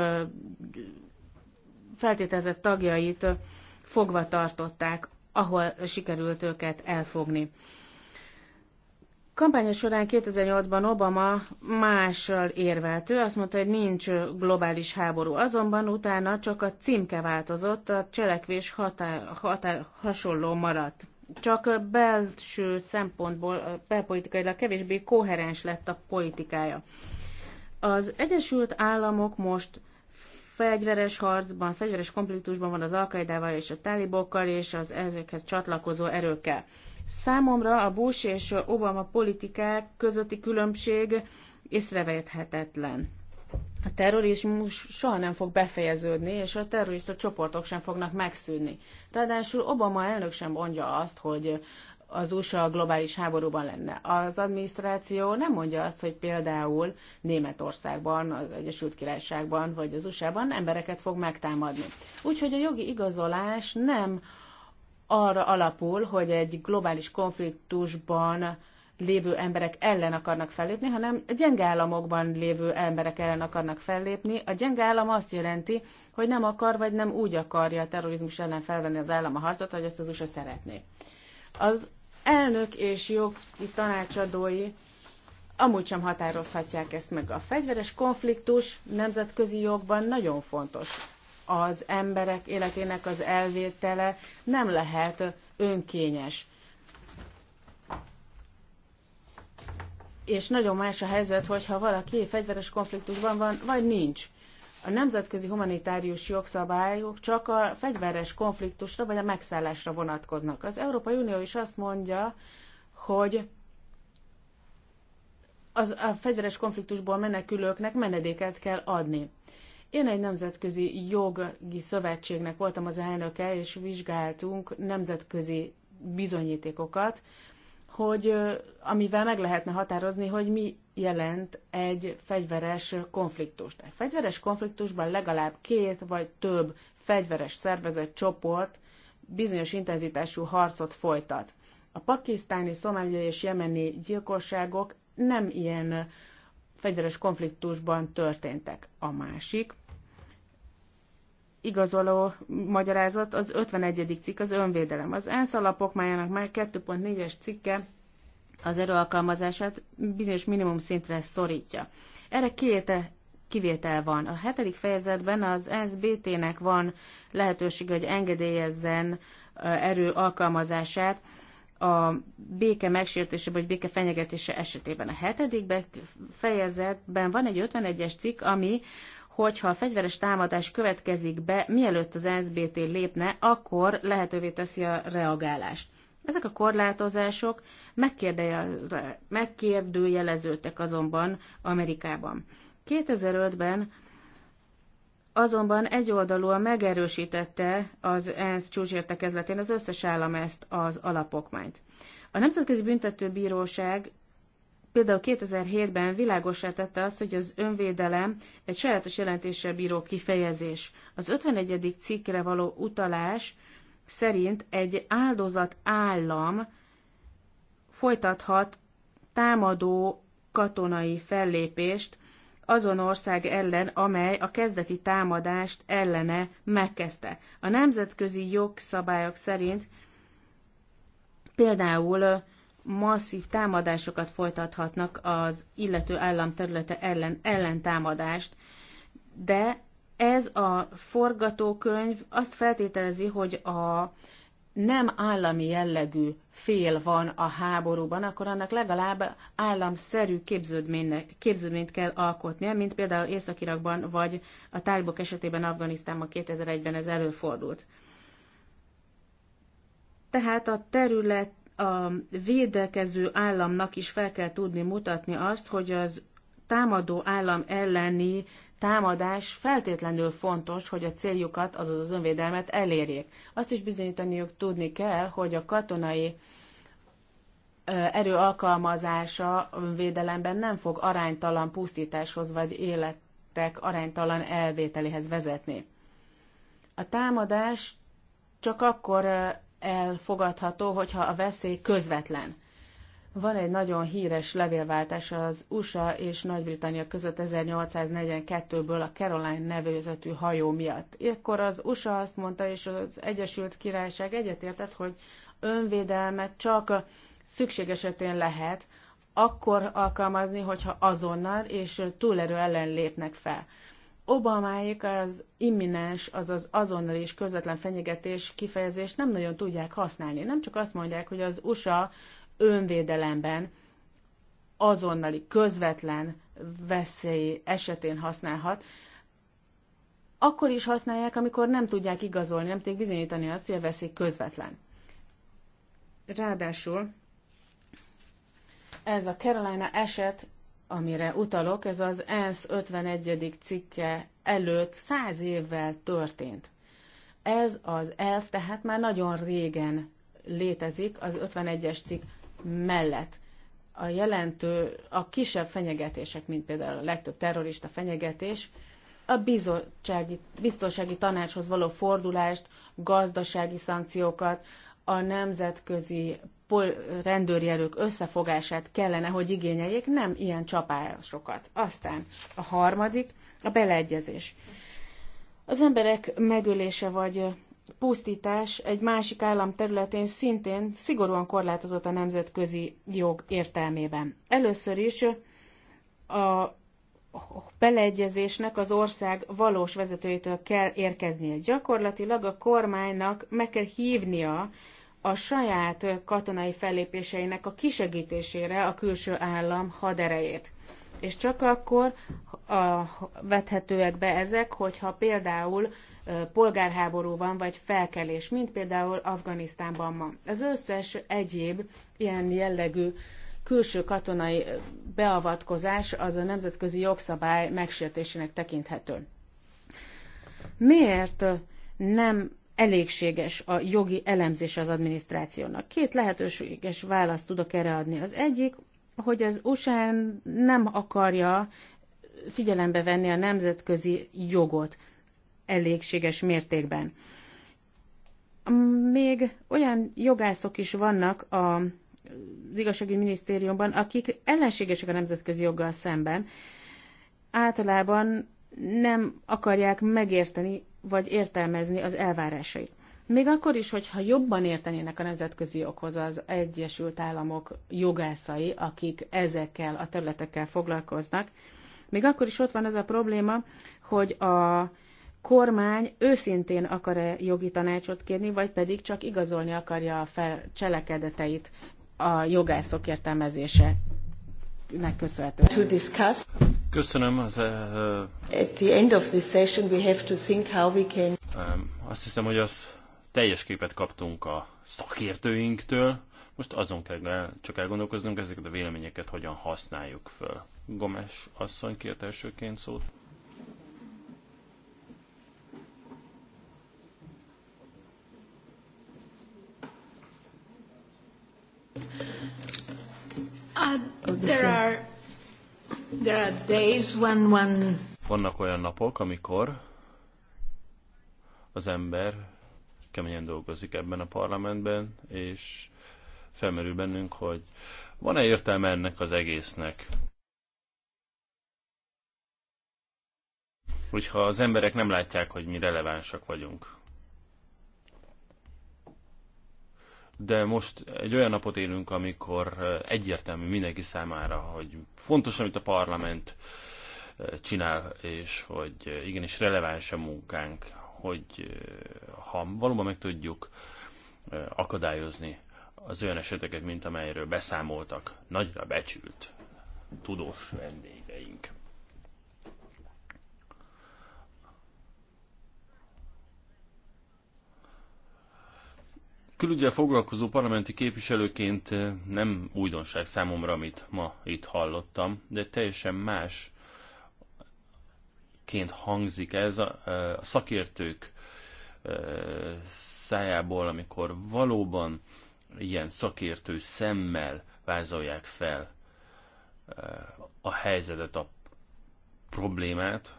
feltételezett tagjait fogva tartották, ahol sikerült őket elfogni. Kampánya során 2008-ban Obama mással érvelt. Ő azt mondta, hogy nincs globális háború, azonban utána csak a címke változott, a cselekvés határ, határ, hasonló maradt csak belső szempontból, belpolitikailag kevésbé koherens lett a politikája. Az Egyesült Államok most fegyveres harcban, fegyveres konfliktusban van az Alkaidával és a tálibokkal és az ezekhez csatlakozó erőkkel. Számomra a Bush és Obama politikák közötti különbség észrevehetetlen a terrorizmus soha nem fog befejeződni, és a terrorista csoportok sem fognak megszűnni. Ráadásul Obama elnök sem mondja azt, hogy az USA globális háborúban lenne. Az adminisztráció nem mondja azt, hogy például Németországban, az Egyesült Királyságban vagy az USA-ban embereket fog megtámadni. Úgyhogy a jogi igazolás nem arra alapul, hogy egy globális konfliktusban lévő emberek ellen akarnak fellépni, hanem gyenge államokban lévő emberek ellen akarnak fellépni. A gyenge állam azt jelenti, hogy nem akar vagy nem úgy akarja a terrorizmus ellen felvenni az állam a harcot, hogy ezt az USA szeretné. Az elnök és jogi tanácsadói amúgy sem határozhatják ezt meg. A fegyveres konfliktus nemzetközi jogban nagyon fontos. Az emberek életének az elvétele nem lehet önkényes és nagyon más a helyzet, hogyha valaki fegyveres konfliktusban van, vagy nincs. A nemzetközi humanitárius jogszabályok csak a fegyveres konfliktusra vagy a megszállásra vonatkoznak. Az Európai Unió is azt mondja, hogy az, a fegyveres konfliktusból menekülőknek menedéket kell adni. Én egy nemzetközi jogi szövetségnek voltam az elnöke, és vizsgáltunk nemzetközi bizonyítékokat, hogy amivel meg lehetne határozni, hogy mi jelent egy fegyveres konfliktust. Egy fegyveres konfliktusban legalább két vagy több fegyveres szervezet csoport bizonyos intenzitású harcot folytat. A pakisztáni, szomáliai és jemeni gyilkosságok nem ilyen fegyveres konfliktusban történtek. A másik igazoló magyarázat az 51. cikk, az önvédelem. Az ENSZ alapokmájának már 2.4-es cikke az erőalkalmazását bizonyos minimum szintre szorítja. Erre két kivétel van. A hetedik fejezetben az SBT-nek van lehetőség, hogy engedélyezzen erő alkalmazását a béke megsértése vagy béke fenyegetése esetében. A hetedik fejezetben van egy 51-es cikk, ami hogyha a fegyveres támadás következik be, mielőtt az SBT lépne, akkor lehetővé teszi a reagálást. Ezek a korlátozások megkérdőjeleződtek azonban Amerikában. 2005-ben azonban egyoldalúan megerősítette az ENSZ csúcsértekezletén az összes állam ezt az alapokmányt. A Nemzetközi Büntetőbíróság például 2007-ben világosá tette azt, hogy az önvédelem egy sajátos jelentéssel bíró kifejezés. Az 51. cikkre való utalás szerint egy áldozat állam folytathat támadó katonai fellépést azon ország ellen, amely a kezdeti támadást ellene megkezdte. A nemzetközi jogszabályok szerint például masszív támadásokat folytathatnak az illető állam területe ellen, ellentámadást, de ez a forgatókönyv azt feltételezi, hogy a nem állami jellegű fél van a háborúban, akkor annak legalább államszerű képződményt kell alkotnia, mint például Észak-Irakban vagy a tálibok esetében Afganisztánban 2001-ben ez előfordult. Tehát a terület a védekező államnak is fel kell tudni mutatni azt, hogy az támadó állam elleni támadás feltétlenül fontos, hogy a céljukat, azaz az önvédelmet elérjék. Azt is bizonyítaniuk tudni kell, hogy a katonai erő alkalmazása védelemben nem fog aránytalan pusztításhoz vagy életek aránytalan elvételéhez vezetni. A támadás csak akkor elfogadható, hogyha a veszély közvetlen. Van egy nagyon híres levélváltás az USA és Nagy-Britannia között 1842-ből a Caroline nevezetű hajó miatt. Ekkor az USA azt mondta, és az Egyesült Királyság egyetértett, hogy önvédelmet csak szükség esetén lehet akkor alkalmazni, hogyha azonnal és túlerő ellen lépnek fel. Obamáik az imminens, azaz azonnal és közvetlen fenyegetés kifejezést nem nagyon tudják használni. Nem csak azt mondják, hogy az USA önvédelemben azonnali, közvetlen veszély esetén használhat, akkor is használják, amikor nem tudják igazolni, nem tudják bizonyítani azt, hogy a veszély közvetlen. Ráadásul ez a Carolina eset amire utalok, ez az ENSZ 51. cikke előtt száz évvel történt. Ez az elf tehát már nagyon régen létezik az 51-es cikk mellett. A jelentő, a kisebb fenyegetések, mint például a legtöbb terrorista fenyegetés, a bizottsági, biztonsági tanácshoz való fordulást, gazdasági szankciókat, a nemzetközi pol- rendőri erők összefogását kellene, hogy igényeljék, nem ilyen csapásokat. Aztán a harmadik, a beleegyezés. Az emberek megölése vagy pusztítás egy másik állam területén szintén szigorúan korlátozott a nemzetközi jog értelmében. Először is a beleegyezésnek az ország valós vezetőjétől kell érkeznie. Gyakorlatilag a kormánynak meg kell hívnia a saját katonai fellépéseinek a kisegítésére a külső állam haderejét. És csak akkor a, vethetőek be ezek, hogyha például polgárháború van, vagy felkelés, mint például Afganisztánban ma. Az összes egyéb ilyen jellegű külső katonai beavatkozás az a nemzetközi jogszabály megsértésének tekinthető. Miért nem elégséges a jogi elemzés az adminisztrációnak. Két lehetőséges választ tudok erre adni. Az egyik, hogy az usa nem akarja figyelembe venni a nemzetközi jogot elégséges mértékben. Még olyan jogászok is vannak a, az igazságügyi minisztériumban, akik ellenségesek a nemzetközi joggal szemben. Általában nem akarják megérteni vagy értelmezni az elvárásait. Még akkor is, hogyha jobban értenének a nemzetközi joghoz az Egyesült Államok jogászai, akik ezekkel a területekkel foglalkoznak, még akkor is ott van ez a probléma, hogy a kormány őszintén akar-e jogi tanácsot kérni, vagy pedig csak igazolni akarja a fel cselekedeteit a jogászok értelmezése nek köszönhető. To discuss. Köszönöm. Az, uh, At the end of this session we have to think how we can... Um, azt hiszem, hogy az teljes képet kaptunk a szakértőinktől. Most azon kell csak elgondolkoznunk, ezeket a véleményeket hogyan használjuk föl. Gomes asszony kért elsőként szót. Vannak olyan napok, amikor az ember keményen dolgozik ebben a parlamentben, és felmerül bennünk, hogy van-e értelme ennek az egésznek? Hogyha az emberek nem látják, hogy mi relevánsak vagyunk. de most egy olyan napot élünk, amikor egyértelmű mindenki számára, hogy fontos, amit a parlament csinál, és hogy igenis releváns a munkánk, hogy ha valóban meg tudjuk akadályozni az olyan eseteket, mint amelyről beszámoltak nagyra becsült tudós vendégeink. Külügyel foglalkozó parlamenti képviselőként eh, nem újdonság számomra, amit ma itt hallottam, de teljesen más ként hangzik ez a, eh, a szakértők eh, szájából, amikor valóban ilyen szakértő szemmel vázolják fel a helyzetet, a problémát,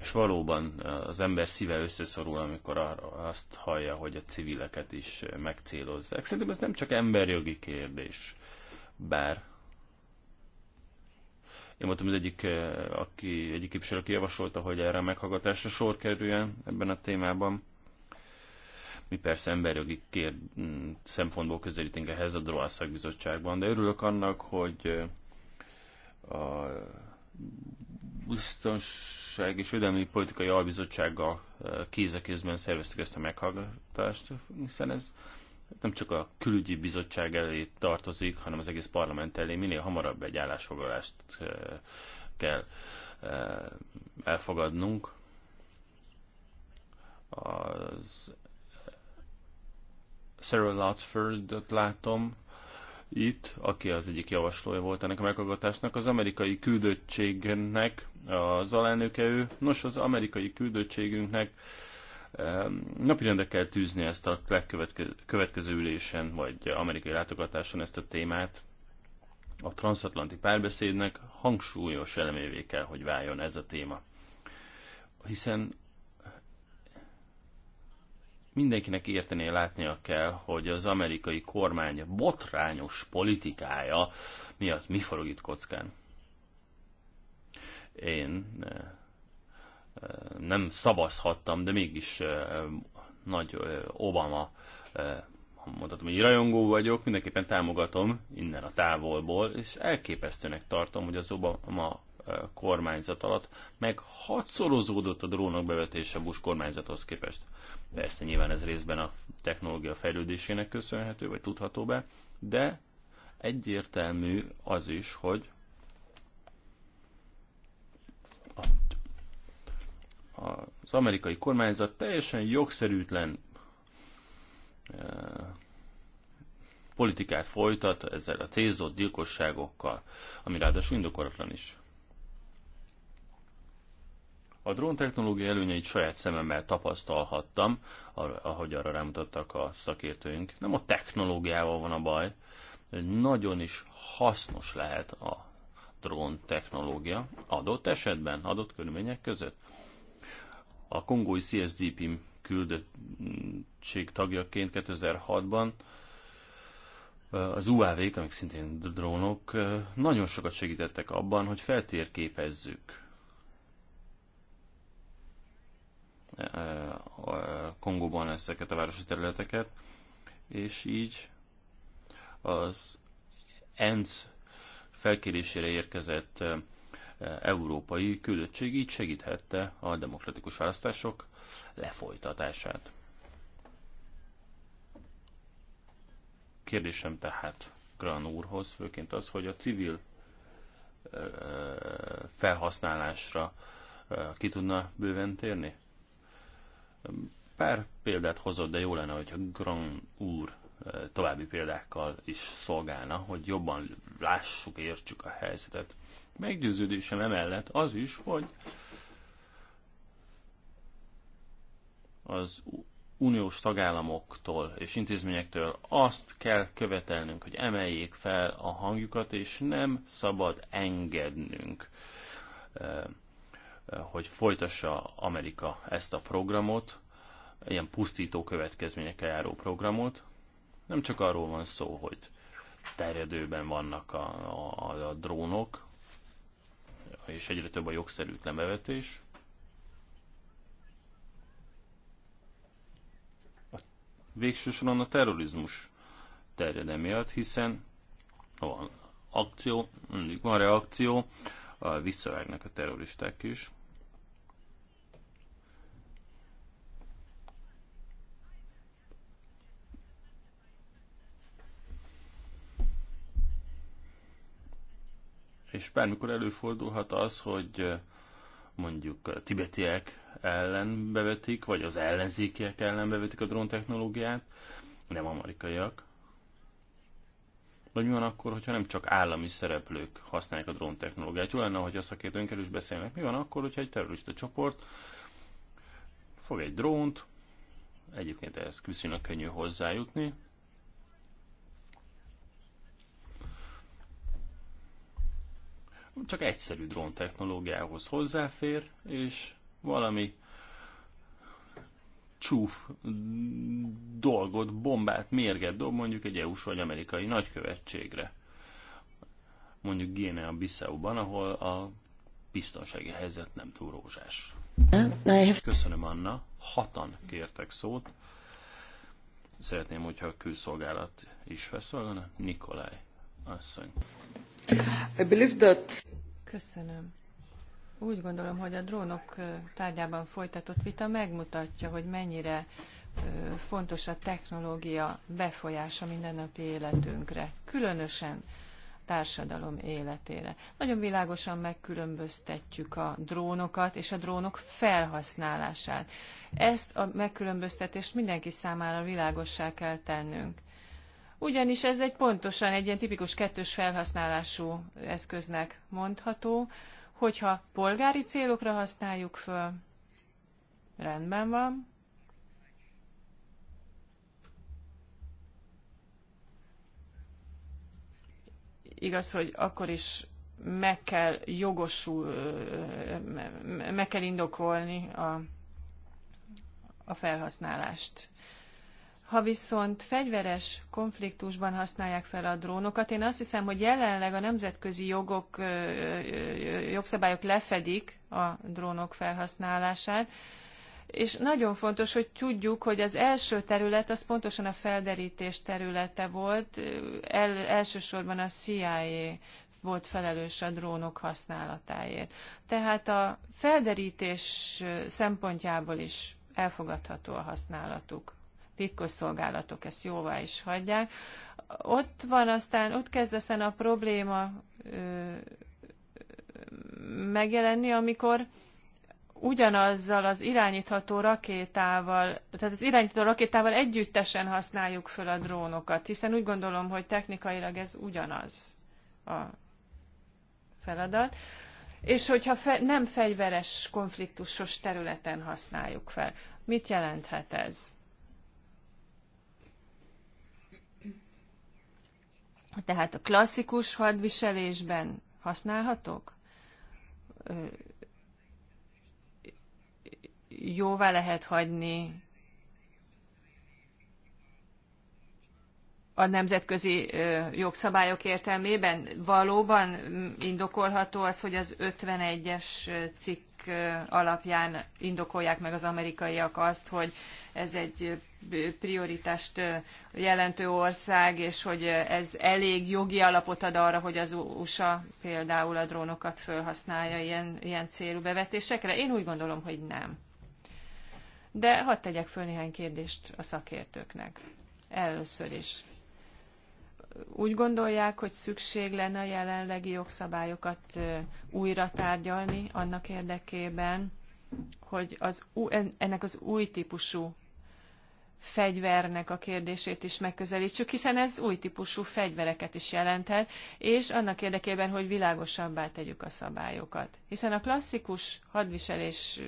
és valóban eh, az ember szíve összeszorul, amikor azt hallja, hogy a civileket is eh, megcélozzák. Szerintem ez nem csak emberjogi kérdés, bár én voltam az egyik, eh, aki, egyik képviselő, aki javasolta, hogy erre a meghallgatásra sor kerüljön ebben a témában. Mi persze emberjogi kér, mm, szempontból közelítünk ehhez a Droászak Bizottságban, de örülök annak, hogy a biztonság és védelmi politikai albizottsággal eh, kéz a kézben szerveztük ezt a meghallgatást, hiszen ez nem csak a külügyi bizottság elé tartozik, hanem az egész parlament elé minél hamarabb egy állásfoglalást eh, kell eh, elfogadnunk. Az Sarah Lutford-ot látom, itt, aki az egyik javaslója volt ennek a meghallgatásnak, az amerikai küldöttségnek az alelnöke ő. Nos, az amerikai küldöttségünknek napirendre kell tűzni ezt a következő ülésen, vagy amerikai látogatáson ezt a témát. A transatlanti párbeszédnek hangsúlyos elemévé kell, hogy váljon ez a téma. Hiszen Mindenkinek értenie, látnia kell, hogy az amerikai kormány botrányos politikája miatt mi forog itt kockán. Én eh, eh, nem szavazhattam, de mégis eh, nagy Obama mondhatom, hogy rajongó vagyok, mindenképpen támogatom innen a távolból, és elképesztőnek tartom, hogy az Obama kormányzat alatt meg hatszorozódott a drónok bevetése Bush kormányzathoz képest. Persze nyilván ez részben a technológia fejlődésének köszönhető, vagy tudható be, de egyértelmű az is, hogy az amerikai kormányzat teljesen jogszerűtlen politikát folytat ezzel a célzott gyilkosságokkal, ami ráadásul indokolatlan is. A drón technológia előnyeit saját szememmel tapasztalhattam, ahogy arra rámutattak a szakértőink. Nem a technológiával van a baj, nagyon is hasznos lehet a drón technológia adott esetben, adott körülmények között. A kongói CSDP küldöttség tagjaként 2006-ban az UAV-k, amik szintén drónok, nagyon sokat segítettek abban, hogy feltérképezzük Kongóban ezeket a városi területeket, és így az ENSZ felkérésére érkezett európai küldöttség így segíthette a demokratikus választások lefolytatását. Kérdésem tehát Gran úrhoz főként az, hogy a civil felhasználásra ki tudna bőven térni? Pár példát hozott, de jó lenne, hogyha Grand úr e, további példákkal is szolgálna, hogy jobban lássuk, értsük a helyzetet. Meggyőződésem emellett az is, hogy az uniós tagállamoktól és intézményektől azt kell követelnünk, hogy emeljék fel a hangjukat, és nem szabad engednünk e, hogy folytassa Amerika ezt a programot, ilyen pusztító következményekkel járó programot. Nem csak arról van szó, hogy terjedőben vannak a, a, a drónok, és egyre több a jogszerűtlen bevetés. A végső a terrorizmus terjed emiatt, hiszen van akció, mindig van reakció, visszavágnak a terroristák is. és bármikor előfordulhat az, hogy mondjuk tibetiek ellen bevetik, vagy az ellenzékiek ellen bevetik a drón technológiát, nem amerikaiak. Vagy mi van akkor, hogyha nem csak állami szereplők használják a drón technológiát? Jó lenne, hogy a szakértőnkkel is beszélnek. Mi van akkor, hogyha egy terrorista csoport fog egy drónt, egyébként ehhez viszonylag könnyű hozzájutni, csak egyszerű drón technológiához hozzáfér, és valami csúf dolgot, bombát, mérget dob mondjuk egy EU-s vagy amerikai nagykövetségre. Mondjuk Guinea Bissau-ban, ahol a biztonsági helyzet nem túl rózsás. Köszönöm, Anna. Hatan kértek szót. Szeretném, hogyha a külszolgálat is felszolgálna. Nikolaj asszony. Köszönöm. Úgy gondolom, hogy a drónok tárgyában folytatott vita megmutatja, hogy mennyire fontos a technológia befolyása mindennapi életünkre, különösen társadalom életére. Nagyon világosan megkülönböztetjük a drónokat és a drónok felhasználását. Ezt a megkülönböztetést mindenki számára világossá kell tennünk ugyanis ez egy pontosan egy ilyen tipikus kettős felhasználású eszköznek mondható, hogyha polgári célokra használjuk föl, rendben van, igaz, hogy akkor is meg kell jogosul, meg kell indokolni a, a felhasználást. Ha viszont fegyveres konfliktusban használják fel a drónokat, én azt hiszem, hogy jelenleg a nemzetközi jogok, jogszabályok lefedik a drónok felhasználását, és nagyon fontos, hogy tudjuk, hogy az első terület az pontosan a felderítés területe volt, el, elsősorban a CIA volt felelős a drónok használatáért. Tehát a felderítés szempontjából is elfogadható a használatuk titkosszolgálatok ezt jóvá is hagyják. Ott van aztán, ott kezd aztán a probléma ö, megjelenni, amikor ugyanazzal az irányítható rakétával, tehát az irányítható rakétával együttesen használjuk föl a drónokat, hiszen úgy gondolom, hogy technikailag ez ugyanaz a feladat. És hogyha fe, nem fegyveres konfliktusos területen használjuk fel, mit jelenthet ez? Tehát a klasszikus hadviselésben használhatok? Jóvá lehet hagyni a nemzetközi jogszabályok értelmében valóban indokolható az, hogy az 51-es cikk alapján indokolják meg az amerikaiak azt, hogy ez egy prioritást jelentő ország, és hogy ez elég jogi alapot ad arra, hogy az USA például a drónokat felhasználja ilyen, ilyen célú bevetésekre? Én úgy gondolom, hogy nem. De hadd tegyek föl néhány kérdést a szakértőknek. Először is úgy gondolják, hogy szükség lenne a jelenlegi jogszabályokat újra tárgyalni annak érdekében, hogy az, ennek az új típusú fegyvernek a kérdését is megközelítsük, hiszen ez új típusú fegyvereket is jelenthet, és annak érdekében, hogy világosabbá tegyük a szabályokat. Hiszen a klasszikus hadviselés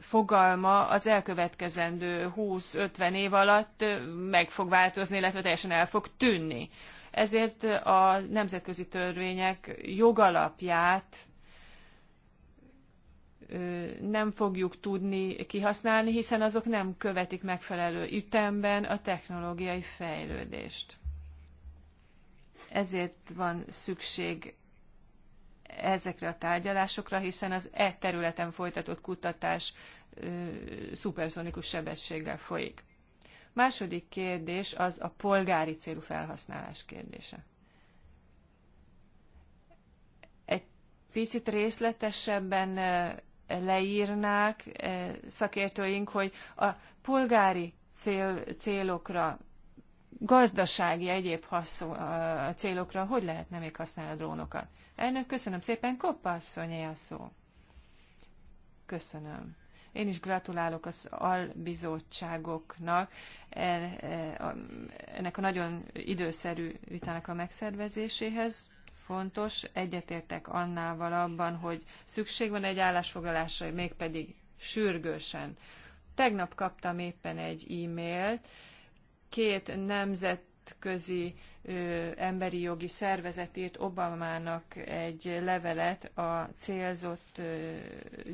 fogalma az elkövetkezendő 20-50 év alatt meg fog változni, illetve teljesen el fog tűnni. Ezért a nemzetközi törvények jogalapját nem fogjuk tudni kihasználni, hiszen azok nem követik megfelelő ütemben a technológiai fejlődést. Ezért van szükség ezekre a tárgyalásokra, hiszen az e területen folytatott kutatás szuperszonikus sebességgel folyik. Második kérdés az a polgári célú felhasználás kérdése. Egy picit részletesebben leírnák szakértőink, hogy a polgári cél, célokra, gazdasági egyéb haszon, célokra hogy lehetne még használni a drónokat? Elnök, köszönöm szépen, kopasszonyé a szó. Köszönöm. Én is gratulálok az albizottságoknak e, e, ennek a nagyon időszerű vitának a megszervezéséhez. Fontos, egyetértek annával abban, hogy szükség van egy állásfoglalásra, mégpedig sürgősen. Tegnap kaptam éppen egy e-mailt, két nemzet nemzetközi emberi jogi szervezet írt Obamának egy levelet a célzott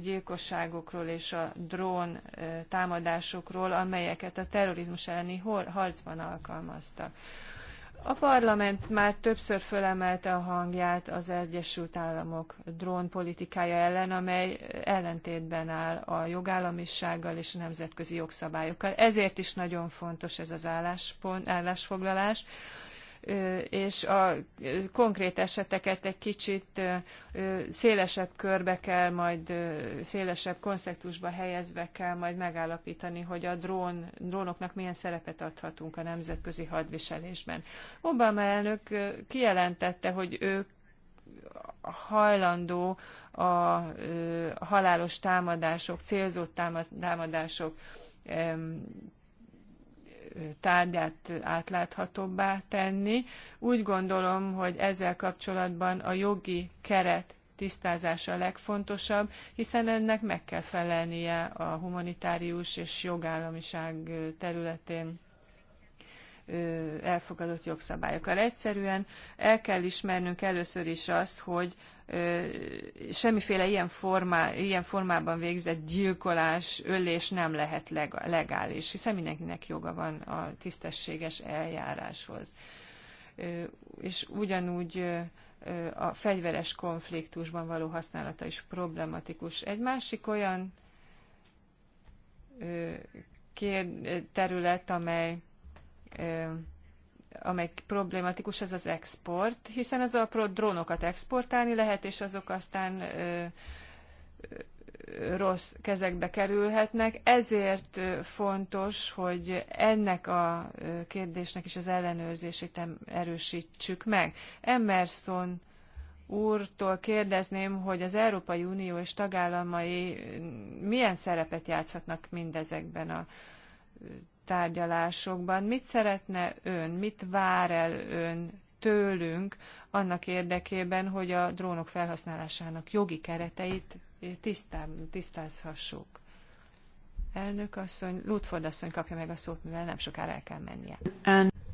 gyilkosságokról és a drón támadásokról, amelyeket a terrorizmus elleni harcban alkalmaztak. A parlament már többször fölemelte a hangját az Egyesült Államok drónpolitikája ellen, amely ellentétben áll a jogállamisággal és a nemzetközi jogszabályokkal. Ezért is nagyon fontos ez az álláspont, állásfoglalás és a konkrét eseteket egy kicsit szélesebb körbe kell, majd szélesebb konszektusba helyezve kell majd megállapítani, hogy a drón, drónoknak milyen szerepet adhatunk a nemzetközi hadviselésben. Obama elnök kijelentette, hogy ő hajlandó a halálos támadások, célzott támadások tárgyát átláthatóbbá tenni. Úgy gondolom, hogy ezzel kapcsolatban a jogi keret tisztázása a legfontosabb, hiszen ennek meg kell felelnie a humanitárius és jogállamiság területén elfogadott jogszabályokkal. Egyszerűen el kell ismernünk először is azt, hogy semmiféle ilyen, formá, ilyen formában végzett gyilkolás, öllés nem lehet legális, hiszen mindenkinek joga van a tisztességes eljáráshoz. És ugyanúgy a fegyveres konfliktusban való használata is problematikus. Egy másik olyan terület, amely amely problématikus, az az export, hiszen az a drónokat exportálni lehet, és azok aztán ö, rossz kezekbe kerülhetnek. Ezért fontos, hogy ennek a kérdésnek is az ellenőrzését erősítsük meg. Emerson úrtól kérdezném, hogy az Európai Unió és tagállamai milyen szerepet játszhatnak mindezekben a tárgyalásokban. Mit szeretne ön, mit vár el ön tőlünk annak érdekében, hogy a drónok felhasználásának jogi kereteit tisztán, tisztázhassuk? Elnök asszony, Lutford asszony kapja meg a szót, mivel nem sokára el kell mennie.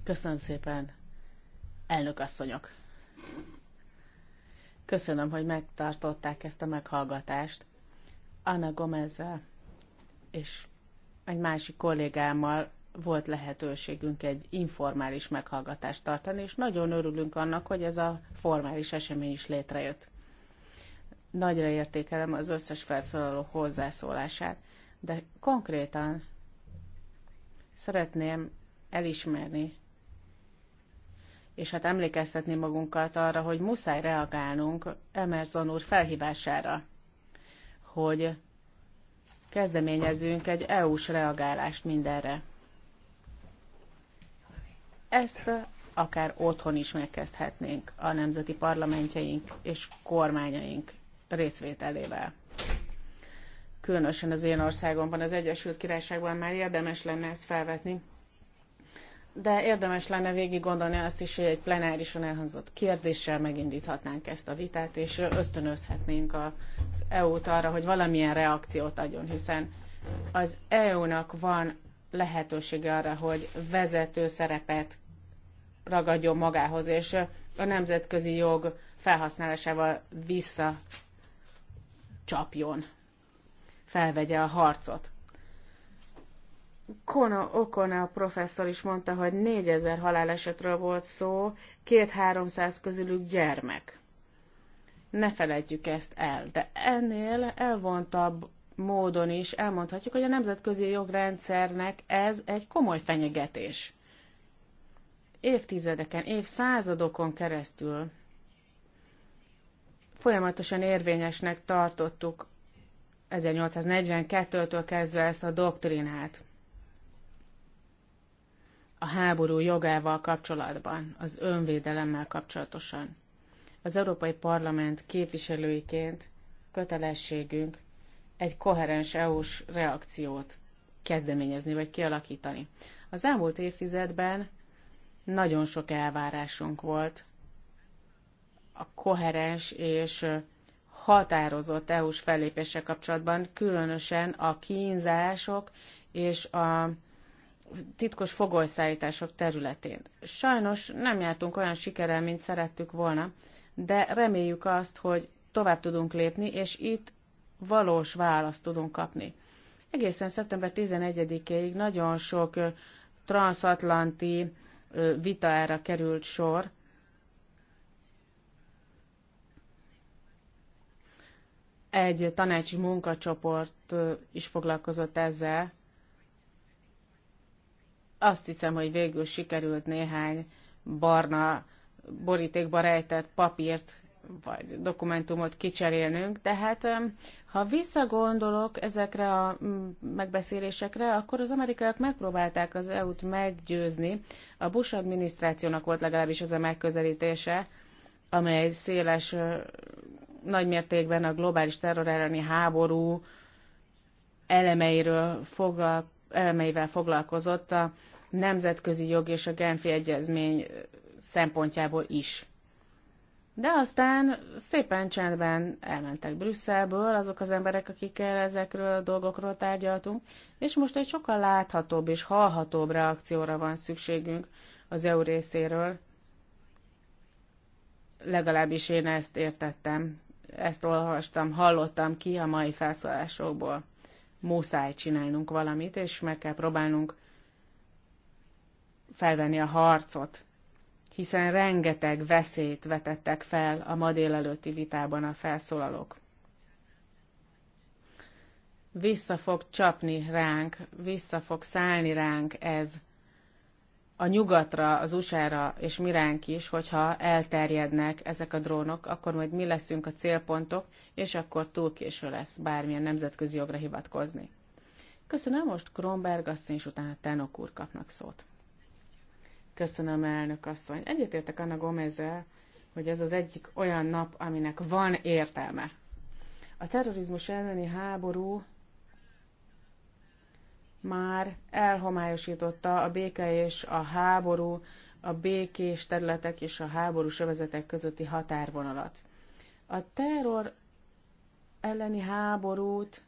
Köszönöm szépen, elnök asszonyok. Köszönöm, hogy megtartották ezt a meghallgatást. Anna gomez és egy másik kollégámmal volt lehetőségünk egy informális meghallgatást tartani, és nagyon örülünk annak, hogy ez a formális esemény is létrejött. Nagyra értékelem az összes felszólaló hozzászólását, de konkrétan szeretném elismerni, és hát emlékeztetni magunkat arra, hogy muszáj reagálnunk Emerson úr felhívására, hogy kezdeményezünk egy EU-s reagálást mindenre. Ezt akár otthon is megkezdhetnénk a nemzeti parlamentjeink és kormányaink részvételével. Különösen az én országomban, az Egyesült Királyságban már érdemes lenne ezt felvetni, de érdemes lenne végig gondolni azt is, hogy egy plenárison elhangzott kérdéssel megindíthatnánk ezt a vitát, és ösztönözhetnénk az EU-t arra, hogy valamilyen reakciót adjon, hiszen az EU-nak van lehetősége arra, hogy vezető szerepet ragadjon magához, és a nemzetközi jog felhasználásával visszacsapjon, felvegye a harcot. Kona, Okona professzor is mondta, hogy 4000 halálesetről volt szó, két-háromszáz közülük gyermek. Ne felejtjük ezt el, de ennél elvontabb módon is elmondhatjuk, hogy a nemzetközi jogrendszernek ez egy komoly fenyegetés. Évtizedeken, évszázadokon keresztül folyamatosan érvényesnek tartottuk 1842-től kezdve ezt a doktrinát a háború jogával kapcsolatban, az önvédelemmel kapcsolatosan. Az Európai Parlament képviselőiként kötelességünk egy koherens EU-s reakciót kezdeményezni vagy kialakítani. Az elmúlt évtizedben nagyon sok elvárásunk volt a koherens és határozott EU-s fellépéssel kapcsolatban, különösen a kínzások és a titkos fogolyszállítások területén. Sajnos nem jártunk olyan sikerrel, mint szerettük volna, de reméljük azt, hogy tovább tudunk lépni, és itt valós választ tudunk kapni. Egészen szeptember 11-ig nagyon sok transatlanti vitára került sor. Egy tanácsi munkacsoport is foglalkozott ezzel, azt hiszem, hogy végül sikerült néhány barna borítékba rejtett papírt vagy dokumentumot kicserélnünk, de hát ha visszagondolok ezekre a megbeszélésekre, akkor az amerikaiak megpróbálták az EU-t meggyőzni. A Bush adminisztrációnak volt legalábbis az a megközelítése, amely széles nagymértékben a globális terror elleni háború elemeiről foglal, elemeivel foglalkozott a nemzetközi jog és a Genfi Egyezmény szempontjából is. De aztán szépen csendben elmentek Brüsszelből azok az emberek, akikkel ezekről a dolgokról tárgyaltunk, és most egy sokkal láthatóbb és hallhatóbb reakcióra van szükségünk az EU részéről. Legalábbis én ezt értettem, ezt olvastam, hallottam ki a mai felszólásokból muszáj csinálnunk valamit, és meg kell próbálnunk felvenni a harcot, hiszen rengeteg veszélyt vetettek fel a ma délelőtti vitában a felszólalók. Vissza fog csapni ránk, vissza fog szállni ránk ez – a nyugatra, az USA-ra és miránk is, hogyha elterjednek ezek a drónok, akkor majd mi leszünk a célpontok, és akkor túl késő lesz bármilyen nemzetközi jogra hivatkozni. Köszönöm, most Kronberg asszony, és utána Tenok úr kapnak szót. Köszönöm, elnök asszony. Egyetértek Anna gomez hogy ez az egyik olyan nap, aminek van értelme. A terrorizmus elleni háború már elhomályosította a béke és a háború, a békés területek és a háborús övezetek közötti határvonalat. A terror elleni háborút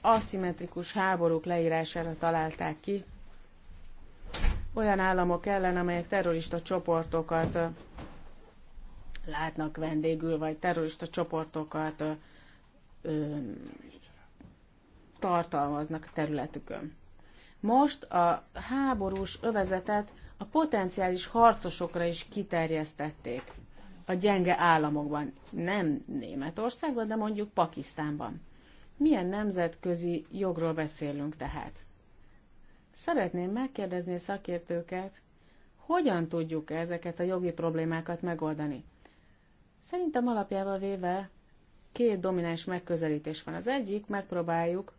aszimmetrikus háborúk leírására találták ki, olyan államok ellen, amelyek terrorista csoportokat látnak vendégül, vagy terrorista csoportokat ö, ö, tartalmaznak a területükön. Most a háborús övezetet a potenciális harcosokra is kiterjesztették a gyenge államokban, nem Németországban, de mondjuk Pakisztánban. Milyen nemzetközi jogról beszélünk tehát? Szeretném megkérdezni a szakértőket, hogyan tudjuk ezeket a jogi problémákat megoldani. Szerintem alapjával véve két domináns megközelítés van. Az egyik, megpróbáljuk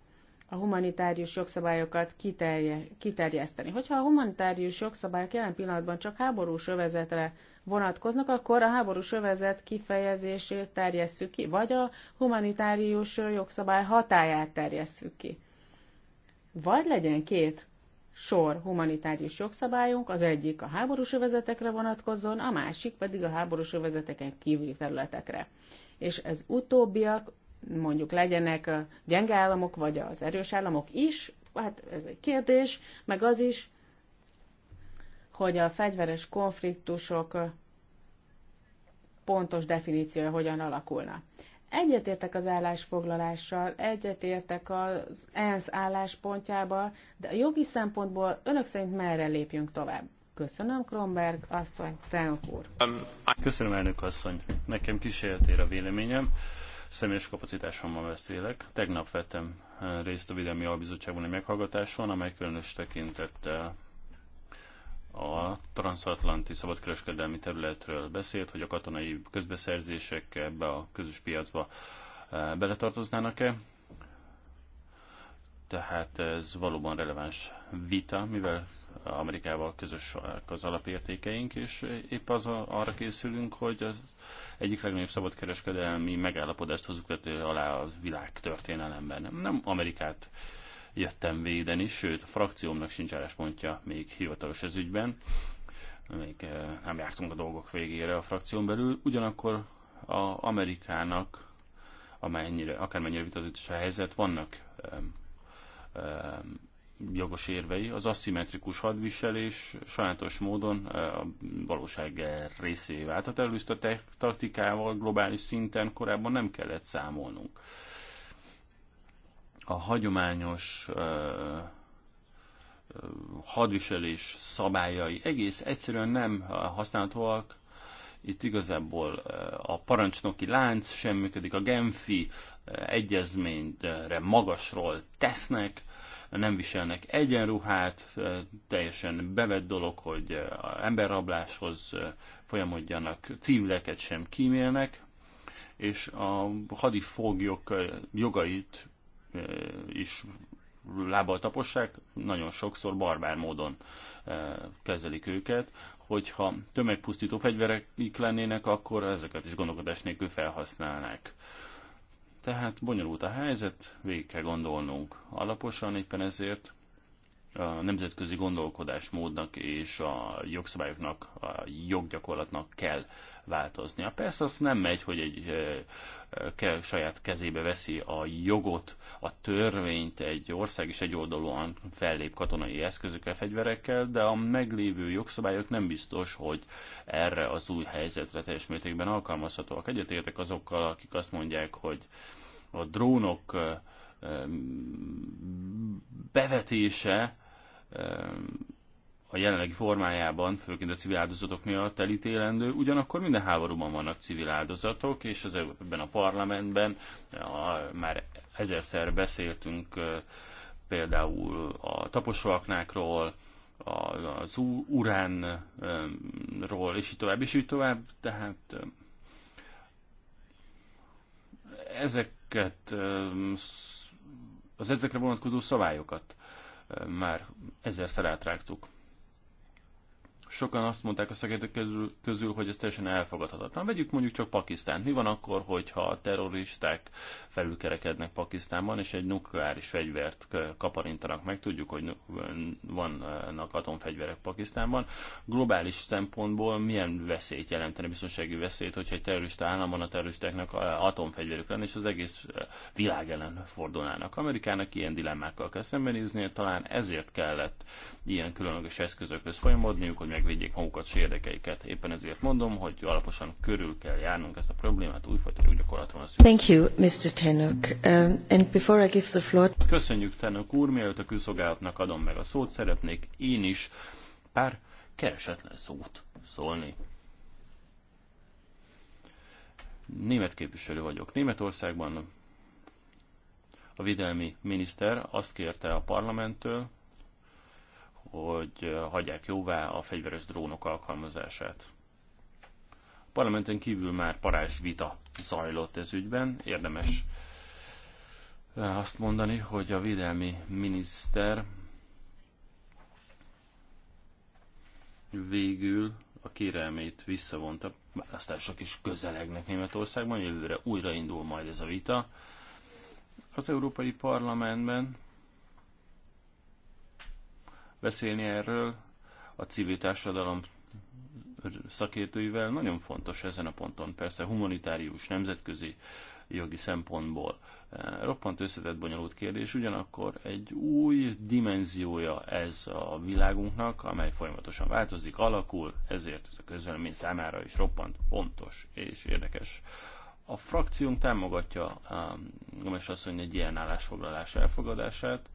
a humanitárius jogszabályokat kiterje, kiterjeszteni. Hogyha a humanitárius jogszabályok jelen pillanatban csak háborús övezetre vonatkoznak, akkor a háborús övezet kifejezését terjesszük ki, vagy a humanitárius jogszabály hatáját terjesszük ki. Vagy legyen két sor humanitárius jogszabályunk, az egyik a háborús övezetekre vonatkozzon, a másik pedig a háborús övezeteken kívüli területekre. És ez utóbbiak mondjuk legyenek a gyenge államok, vagy az erős államok is, hát ez egy kérdés, meg az is, hogy a fegyveres konfliktusok pontos definíciója hogyan alakulna. Egyetértek az állásfoglalással, egyetértek az ENSZ álláspontjával, de a jogi szempontból önök szerint merre lépjünk tovább? Köszönöm, Kronberg asszony, Tenok úr. Um, Köszönöm, elnök asszony. Nekem kísérletére a véleményem. Személyes kapacitásommal beszélek. Tegnap vettem eh, részt a Védelmi Albizottságban egy meghallgatáson, amely különös tekintettel a transatlanti szabadkereskedelmi területről beszélt, hogy a katonai közbeszerzések ebbe a közös piacba eh, beletartoznának-e. Tehát ez valóban releváns vita, mivel Amerikával közös eh, az alapértékeink, és épp az arra készülünk, hogy az egyik legnagyobb szabadkereskedelmi megállapodást hozzuk tehát, alá a világ történelemben. Nem Amerikát jöttem védeni, sőt a frakciómnak sincs álláspontja még hivatalos ez ügyben, még eh, nem jártunk a dolgok végére a frakción belül, ugyanakkor a Amerikának amennyire, akármennyire vitatott is a helyzet, vannak um, um, jogos érvei. Az aszimmetrikus hadviselés sajátos módon eh, a valóság részévé vált. A terrorista taktikával globális szinten korábban nem kellett számolnunk. A hagyományos eh, eh, hadviselés szabályai egész egyszerűen nem használhatóak. Itt igazából a parancsnoki lánc sem működik, a Genfi egyezményre magasról tesznek, nem viselnek egyenruhát, teljesen bevett dolog, hogy emberrabláshoz folyamodjanak, civileket sem kímélnek, és a hadifoglyok jogait is lábbal tapossák, nagyon sokszor barbár módon kezelik őket. Hogyha tömegpusztító fegyverek lennének, akkor ezeket is gondolkodás nélkül felhasználnák. Tehát bonyolult a helyzet, végig kell gondolnunk alaposan, éppen ezért a nemzetközi gondolkodásmódnak és a jogszabályoknak, a joggyakorlatnak kell változnia. Persze az nem megy, hogy egy kell saját kezébe veszi a jogot, a törvényt egy ország is egyoldalúan fellép katonai eszközökkel, fegyverekkel, de a meglévő jogszabályok nem biztos, hogy erre az új helyzetre teljes mértékben alkalmazhatóak. Egyetértek azokkal, akik azt mondják, hogy a drónok bevetése a jelenlegi formájában, főként a civil áldozatok miatt elítélendő, ugyanakkor minden háborúban vannak civil áldozatok, és az ebben a parlamentben a, már ezerszer beszéltünk például a taposóaknákról, az uránról, és így tovább, és így tovább, tehát ezeket az ezekre vonatkozó szabályokat már ezerszer átrágtuk. Sokan azt mondták a szakértők közül, közül, hogy ez teljesen elfogadhatatlan. Vegyük mondjuk csak Pakisztánt. Mi van akkor, hogyha a terroristák felülkerekednek Pakisztánban, és egy nukleáris fegyvert kaparintanak meg? Tudjuk, hogy vannak atomfegyverek Pakisztánban. Globális szempontból milyen veszélyt jelentene, biztonsági veszélyt, hogyha egy terrorista államban a terroristáknak atomfegyverük lenne, és az egész világ ellen fordulnának. Amerikának ilyen dilemmákkal kell szembenéznie, talán ezért kellett ilyen különleges eszközökhöz folyamodniuk, hogy megvédjék magukat és érdekeiket. Éppen ezért mondom, hogy alaposan körül kell járnunk ezt a problémát, újfajta gyakorlatra van szükség. Thank you, Mr. Tenok. Um, and before I give the floor... Köszönjük, Tenok úr, mielőtt a külszolgálatnak adom meg a szót, szeretnék én is pár keresetlen szót szólni. Német képviselő vagyok. Németországban a védelmi miniszter azt kérte a parlamenttől, hogy hagyják jóvá a fegyveres drónok alkalmazását. A parlamenten kívül már parázs vita zajlott ez ügyben, érdemes azt mondani, hogy a védelmi miniszter végül a kérelmét visszavonta, választások is közelegnek Németországban, jövőre újraindul majd ez a vita. Az Európai Parlamentben beszélni erről a civil társadalom szakértőivel. Nagyon fontos ezen a ponton, persze humanitárius, nemzetközi jogi szempontból. E, roppant összetett bonyolult kérdés, ugyanakkor egy új dimenziója ez a világunknak, amely folyamatosan változik, alakul, ezért ez a közvélemény számára is roppant fontos és érdekes. A frakciónk támogatja Gomes asszony egy ilyen állásfoglalás elfogadását,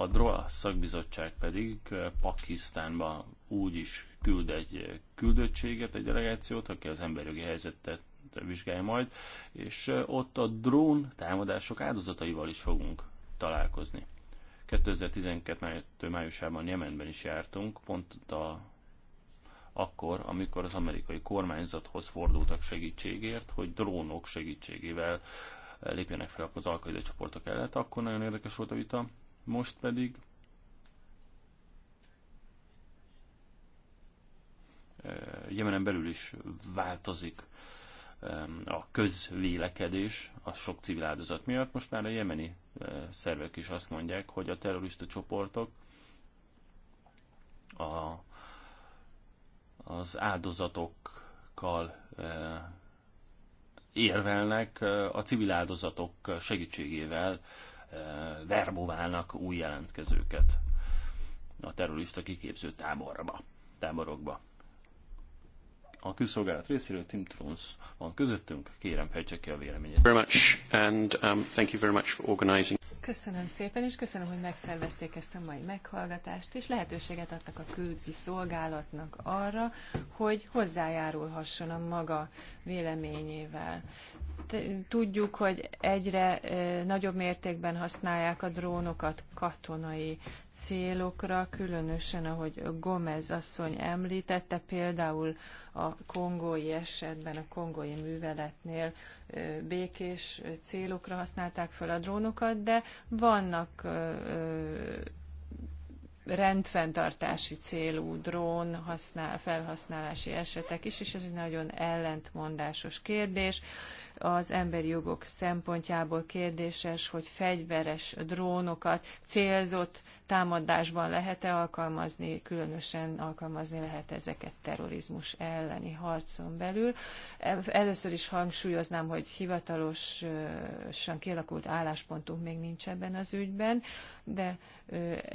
a DROA szakbizottság pedig eh, Pakisztánba úgy is küld egy eh, küldöttséget, egy delegációt, aki az emberjogi helyzetet vizsgálja majd, és eh, ott a drón támadások áldozataival is fogunk találkozni. 2012. májusában Jemenben is jártunk, pont a, akkor, amikor az amerikai kormányzathoz fordultak segítségért, hogy drónok segítségével lépjenek fel az alkaida csoportok ellen, hát akkor nagyon érdekes volt a vita. Most pedig eh, Jemenen belül is változik eh, a közvélekedés a sok civil áldozat miatt. Most már a jemeni eh, szervek is azt mondják, hogy a terrorista csoportok a, az áldozatokkal érvelnek, a civil áldozatok segítségével verboválnak új jelentkezőket a terrorista kiképző táborba, táborokba. A külszolgálat részéről Tim Truns van közöttünk, kérem fejtse ki a véleményét. Very much, and, um, thank you very much for organizing. Köszönöm szépen, és köszönöm, hogy megszervezték ezt a mai meghallgatást, és lehetőséget adtak a külügyi szolgálatnak arra, hogy hozzájárulhasson a maga véleményével tudjuk, hogy egyre nagyobb mértékben használják a drónokat katonai célokra, különösen, ahogy Gomez asszony említette, például a kongói esetben, a kongói műveletnél békés célokra használták fel a drónokat, de vannak rendfenntartási célú drón használ, felhasználási esetek is, és ez egy nagyon ellentmondásos kérdés az emberi jogok szempontjából kérdéses, hogy fegyveres drónokat célzott támadásban lehet-e alkalmazni, különösen alkalmazni lehet ezeket terrorizmus elleni harcon belül. Először is hangsúlyoznám, hogy hivatalosan kialakult álláspontunk még nincs ebben az ügyben, de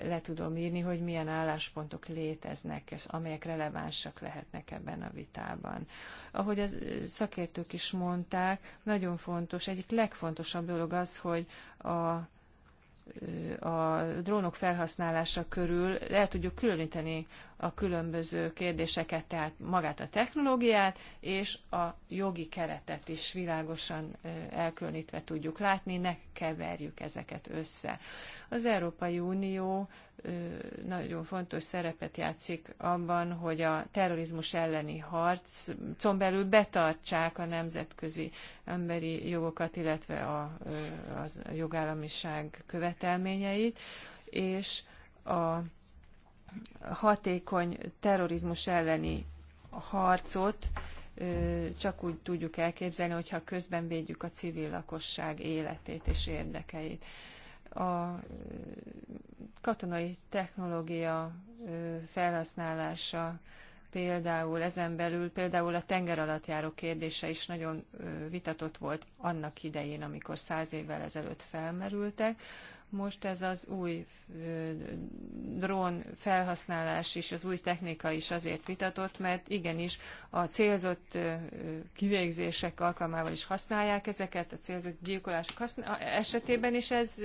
le tudom írni, hogy milyen álláspontok léteznek, és amelyek relevánsak lehetnek ebben a vitában. Ahogy a szakértők is mondták, nagyon fontos, egyik legfontosabb dolog az, hogy a a drónok felhasználása körül el tudjuk különíteni a különböző kérdéseket, tehát magát a technológiát és a jogi keretet is világosan elkülönítve tudjuk látni, ne keverjük ezeket össze. Az Európai Unió nagyon fontos szerepet játszik abban, hogy a terrorizmus elleni harcon belül betartsák a nemzetközi emberi jogokat, illetve a, a jogállamiság követelményeit, és a hatékony terrorizmus elleni harcot csak úgy tudjuk elképzelni, hogyha közben védjük a civil lakosság életét és érdekeit. A katonai technológia felhasználása például ezen belül például a járó kérdése is nagyon vitatott volt annak idején, amikor száz évvel ezelőtt felmerültek most ez az új drón felhasználás is, az új technika is azért vitatott, mert igenis a célzott kivégzések alkalmával is használják ezeket, a célzott gyilkolások esetében is ez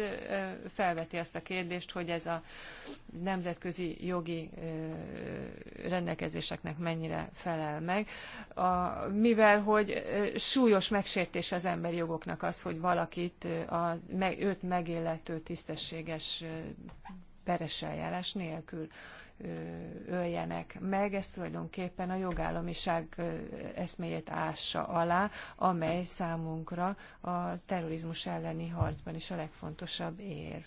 felveti azt a kérdést, hogy ez a nemzetközi jogi rendelkezéseknek mennyire felel meg. A, mivel, hogy súlyos megsértés az emberi jogoknak az, hogy valakit, az, őt megillető tisztességes peres eljárás nélkül öljenek meg. Ez tulajdonképpen a jogállamiság eszméjét ássa alá, amely számunkra a terrorizmus elleni harcban is a legfontosabb ér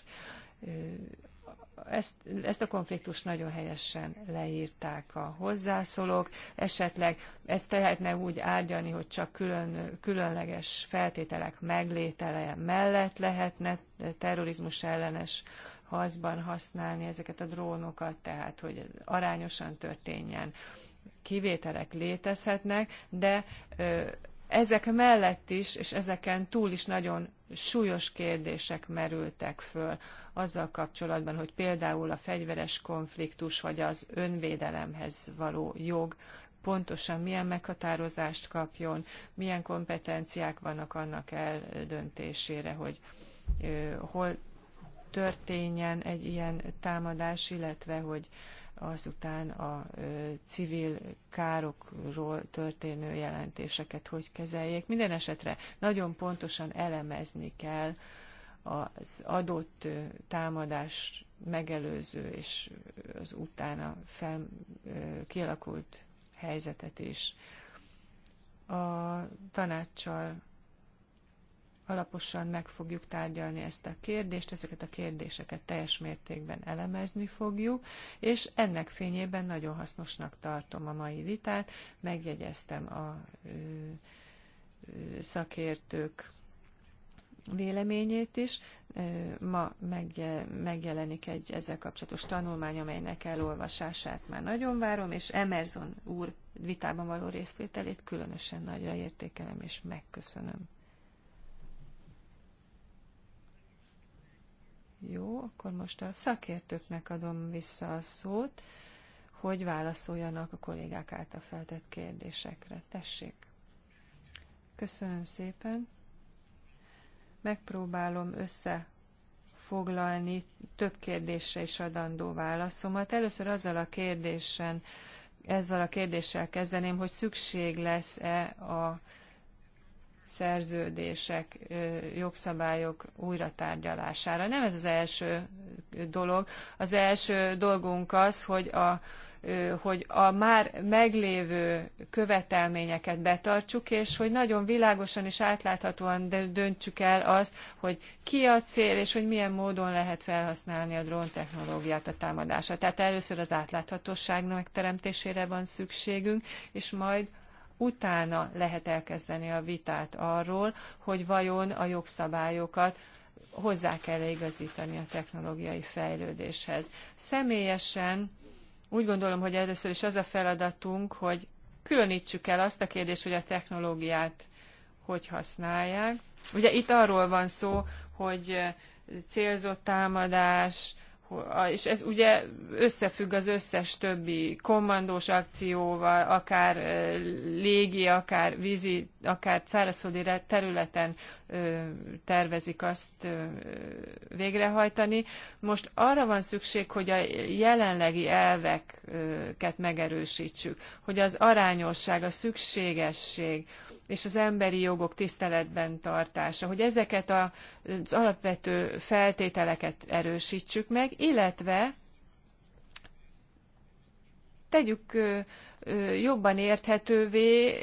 ezt, ezt a konfliktust nagyon helyesen leírták a hozzászólók. Esetleg ezt lehetne úgy árgyalni, hogy csak külön, különleges feltételek meglétele mellett lehetne terrorizmus ellenes harcban használni ezeket a drónokat, tehát hogy arányosan történjen. Kivételek létezhetnek, de ezek mellett is, és ezeken túl is nagyon súlyos kérdések merültek föl azzal kapcsolatban, hogy például a fegyveres konfliktus vagy az önvédelemhez való jog pontosan milyen meghatározást kapjon, milyen kompetenciák vannak annak eldöntésére, hogy hol történjen egy ilyen támadás, illetve hogy azután a civil károkról történő jelentéseket hogy kezeljék. Minden esetre nagyon pontosan elemezni kell az adott támadás megelőző és az utána fel, kialakult helyzetet is. A tanácssal Alaposan meg fogjuk tárgyalni ezt a kérdést, ezeket a kérdéseket teljes mértékben elemezni fogjuk, és ennek fényében nagyon hasznosnak tartom a mai vitát. Megjegyeztem a ö, ö, szakértők véleményét is. Ma megjelenik egy ezzel kapcsolatos tanulmány, amelynek elolvasását már nagyon várom, és Emerson úr vitában való részvételét különösen nagyra értékelem és megköszönöm. Jó, akkor most a szakértőknek adom vissza a szót, hogy válaszoljanak a kollégák által feltett kérdésekre. Tessék! Köszönöm szépen! Megpróbálom összefoglalni több kérdésre is adandó válaszomat. Először azzal a kérdésen, ezzel a kérdéssel kezdeném, hogy szükség lesz-e a szerződések, jogszabályok újra tárgyalására. Nem ez az első dolog. Az első dolgunk az, hogy a, hogy a már meglévő követelményeket betartsuk, és hogy nagyon világosan és átláthatóan döntsük el azt, hogy ki a cél, és hogy milyen módon lehet felhasználni a drón technológiát a támadásra. Tehát először az átláthatóságnak megteremtésére van szükségünk, és majd utána lehet elkezdeni a vitát arról, hogy vajon a jogszabályokat hozzá kell -e igazítani a technológiai fejlődéshez. Személyesen úgy gondolom, hogy először is az a feladatunk, hogy különítsük el azt a kérdést, hogy a technológiát hogy használják. Ugye itt arról van szó, hogy célzott támadás, és ez ugye összefügg az összes többi kommandós akcióval, akár légi, akár vízi, akár szárazföldi területen tervezik azt végrehajtani. Most arra van szükség, hogy a jelenlegi elveket megerősítsük, hogy az arányosság, a szükségesség, és az emberi jogok tiszteletben tartása, hogy ezeket az alapvető feltételeket erősítsük meg, illetve tegyük jobban érthetővé,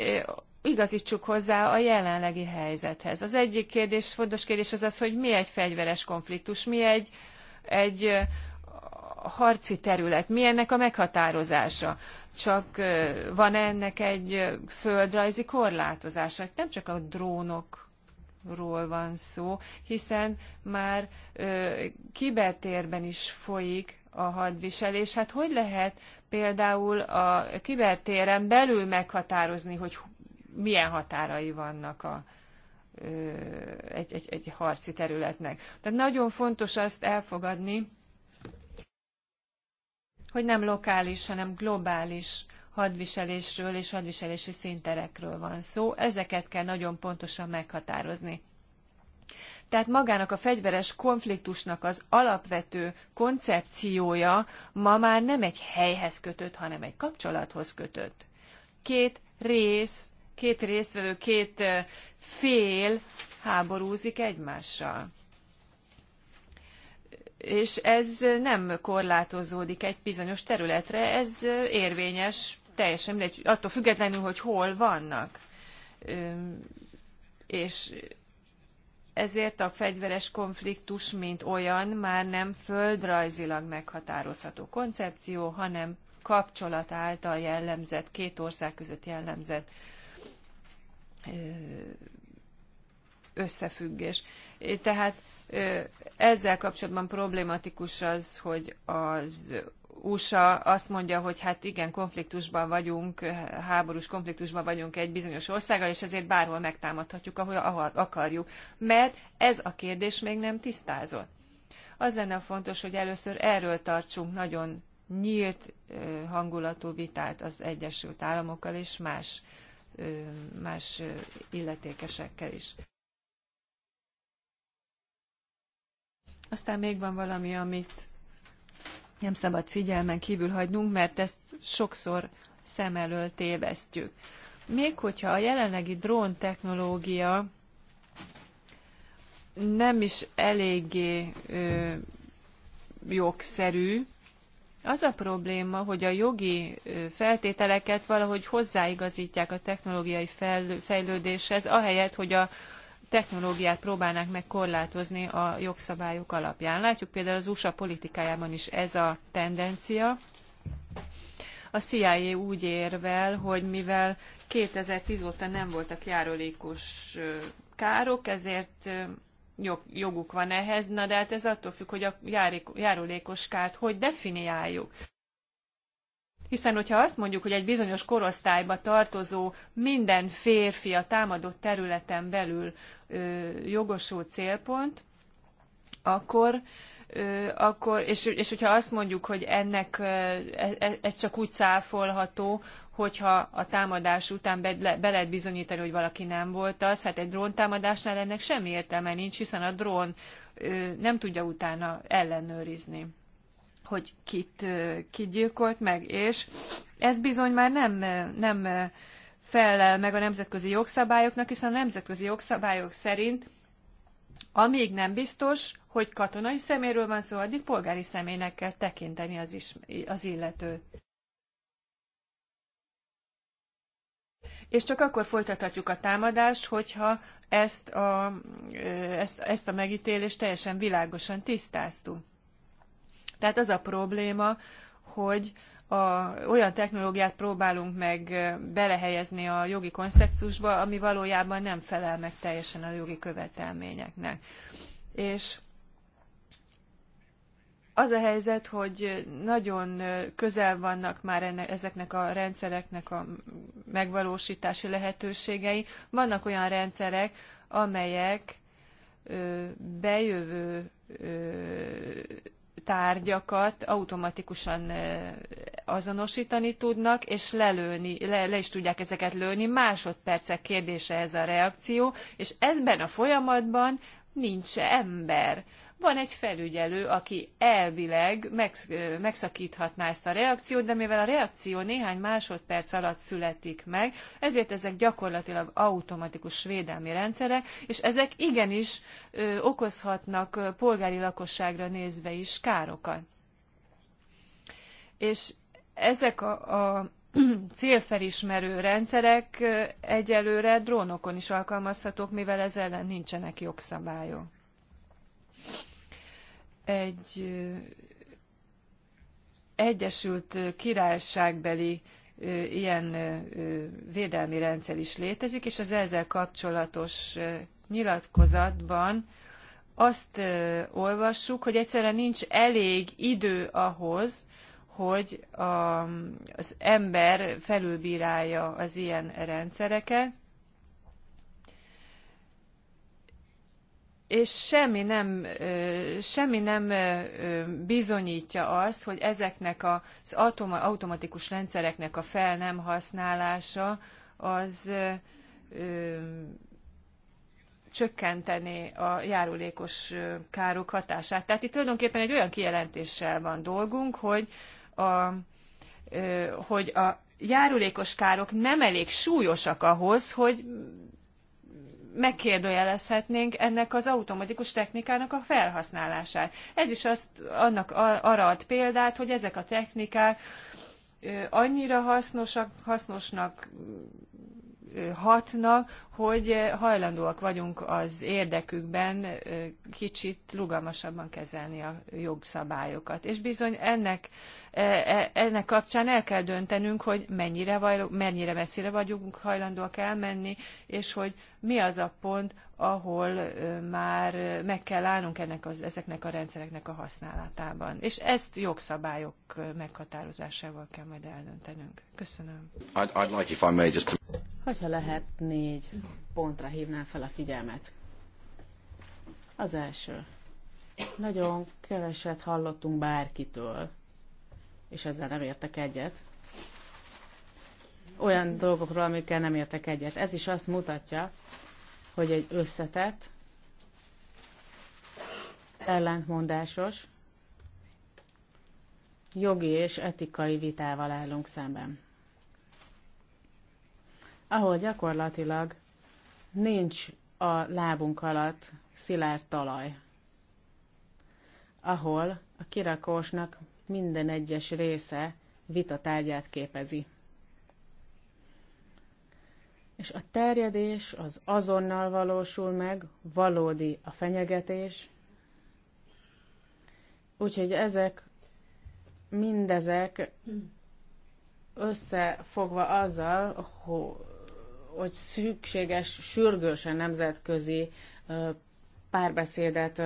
igazítsuk hozzá a jelenlegi helyzethez. Az egyik kérdés, fontos kérdés az az, hogy mi egy fegyveres konfliktus, mi egy, egy harci terület, mi ennek a meghatározása csak van -e ennek egy földrajzi korlátozása? Nem csak a drónok ról van szó, hiszen már ö, kibertérben is folyik a hadviselés. Hát hogy lehet például a kibertéren belül meghatározni, hogy milyen határai vannak a, ö, egy, egy, egy harci területnek? Tehát nagyon fontos azt elfogadni, hogy nem lokális, hanem globális hadviselésről és hadviselési szinterekről van szó. Ezeket kell nagyon pontosan meghatározni. Tehát magának a fegyveres konfliktusnak az alapvető koncepciója ma már nem egy helyhez kötött, hanem egy kapcsolathoz kötött. Két rész, két résztvevő, két fél háborúzik egymással és ez nem korlátozódik egy bizonyos területre, ez érvényes teljesen mindegy, attól függetlenül, hogy hol vannak. És ezért a fegyveres konfliktus, mint olyan, már nem földrajzilag meghatározható koncepció, hanem kapcsolat által jellemzett, két ország között jellemzett összefüggés. Tehát ezzel kapcsolatban problématikus az, hogy az USA azt mondja, hogy hát igen, konfliktusban vagyunk, háborús konfliktusban vagyunk egy bizonyos országgal, és ezért bárhol megtámadhatjuk, ahol, ahol akarjuk. Mert ez a kérdés még nem tisztázott. Az lenne fontos, hogy először erről tartsunk nagyon nyílt hangulatú vitát az Egyesült Államokkal és más, más illetékesekkel is. Aztán még van valami, amit nem szabad figyelmen kívül hagynunk, mert ezt sokszor szem elől tévesztjük. Még hogyha a jelenlegi drón technológia nem is eléggé ö, jogszerű, az a probléma, hogy a jogi feltételeket valahogy hozzáigazítják a technológiai fejlődéshez, ahelyett, hogy a technológiát próbálnák meg korlátozni a jogszabályok alapján. Látjuk például az USA politikájában is ez a tendencia. A CIA úgy érvel, hogy mivel 2010 óta nem voltak járulékos károk, ezért joguk van ehhez, na de hát ez attól függ, hogy a járulékos kárt hogy definiáljuk. Hiszen, hogyha azt mondjuk, hogy egy bizonyos korosztályba tartozó minden férfi a támadott területen belül ö, jogosult célpont, akkor akkor, és, és hogyha azt mondjuk, hogy ennek e, e, ez csak úgy száfolható, hogyha a támadás után be, be lehet bizonyítani, hogy valaki nem volt az, hát egy dróntámadásnál ennek semmi értelme nincs, hiszen a drón nem tudja utána ellenőrizni hogy kit, kit gyilkolt meg, és ez bizony már nem, nem felel meg a nemzetközi jogszabályoknak, hiszen a nemzetközi jogszabályok szerint amíg nem biztos, hogy katonai szeméről van szó, addig polgári személynek kell tekinteni az, is, az illetőt. És csak akkor folytathatjuk a támadást, hogyha ezt a, ezt, ezt a megítélést teljesen világosan tisztáztuk. Tehát az a probléma, hogy a, olyan technológiát próbálunk meg belehelyezni a jogi kontextusba, ami valójában nem felel meg teljesen a jogi követelményeknek. És az a helyzet, hogy nagyon közel vannak már enne, ezeknek a rendszereknek a megvalósítási lehetőségei. Vannak olyan rendszerek, amelyek ö, bejövő ö, tárgyakat automatikusan azonosítani tudnak, és lelőni, le, le is tudják ezeket lőni. Másodpercek kérdése ez a reakció, és ebben a folyamatban nincs ember van egy felügyelő, aki elvileg megszakíthatná ezt a reakciót, de mivel a reakció néhány másodperc alatt születik meg, ezért ezek gyakorlatilag automatikus védelmi rendszerek, és ezek igenis ö, okozhatnak polgári lakosságra nézve is károkat. És ezek a, a célfelismerő rendszerek egyelőre drónokon is alkalmazhatók, mivel ez ellen nincsenek jogszabályok egy Egyesült Királyságbeli ilyen védelmi rendszer is létezik, és az ezzel kapcsolatos nyilatkozatban azt olvassuk, hogy egyszerűen nincs elég idő ahhoz, hogy az ember felülbírálja az ilyen rendszereket, és semmi nem, semmi nem bizonyítja azt, hogy ezeknek az automatikus rendszereknek a fel nem használása az csökkenteni a járulékos károk hatását. Tehát itt tulajdonképpen egy olyan kijelentéssel van dolgunk, hogy a, hogy a járulékos károk nem elég súlyosak ahhoz, hogy megkérdőjelezhetnénk ennek az automatikus technikának a felhasználását. Ez is azt, annak arra ad példát, hogy ezek a technikák annyira hasznosak, hasznosnak hatnak, hogy eh, hajlandóak vagyunk az érdekükben eh, kicsit rugalmasabban kezelni a jogszabályokat. És bizony ennek, eh, e, ennek kapcsán el kell döntenünk, hogy mennyire, vajló, mennyire messzire vagyunk hajlandóak elmenni, és hogy mi az a pont, ahol már meg kell állnunk ennek az, ezeknek a rendszereknek a használatában. És ezt jogszabályok meghatározásával kell majd eldöntenünk. Köszönöm. I'd, I'd like, if I may, just Hogyha lehet, négy pontra hívnám fel a figyelmet. Az első. Nagyon keveset hallottunk bárkitől, és ezzel nem értek egyet. Olyan dolgokról, amikkel nem értek egyet. Ez is azt mutatja, hogy egy összetett, ellentmondásos, jogi és etikai vitával állunk szemben ahol gyakorlatilag nincs a lábunk alatt szilárd talaj, ahol a kirakósnak minden egyes része vita tárgyát képezi. És a terjedés az azonnal valósul meg, valódi a fenyegetés, úgyhogy ezek, mindezek összefogva azzal, hogy hogy szükséges, sürgősen nemzetközi párbeszédet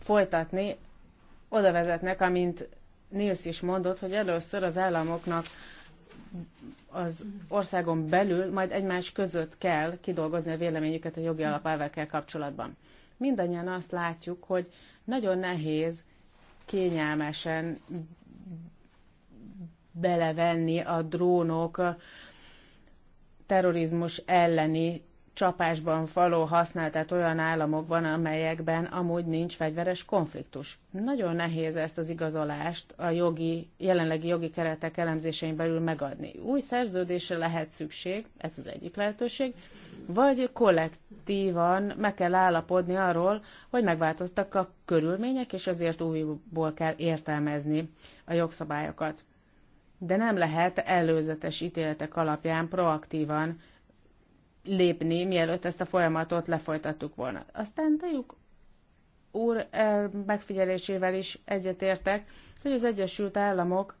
folytatni, oda vezetnek, amint Nils is mondott, hogy először az államoknak az országon belül, majd egymás között kell kidolgozni a véleményüket a jogi alapelvekkel kapcsolatban. Mindannyian azt látjuk, hogy nagyon nehéz kényelmesen belevenni a drónok terrorizmus elleni csapásban való használtát olyan államokban, amelyekben amúgy nincs fegyveres konfliktus. Nagyon nehéz ezt az igazolást a jogi, jelenlegi jogi keretek elemzésein belül megadni. Új szerződésre lehet szükség, ez az egyik lehetőség, vagy kollektívan meg kell állapodni arról, hogy megváltoztak a körülmények, és azért újból kell értelmezni a jogszabályokat de nem lehet előzetes ítéletek alapján proaktívan lépni, mielőtt ezt a folyamatot lefolytattuk volna. Aztán Tajuk úr eh, megfigyelésével is egyetértek, hogy az Egyesült Államok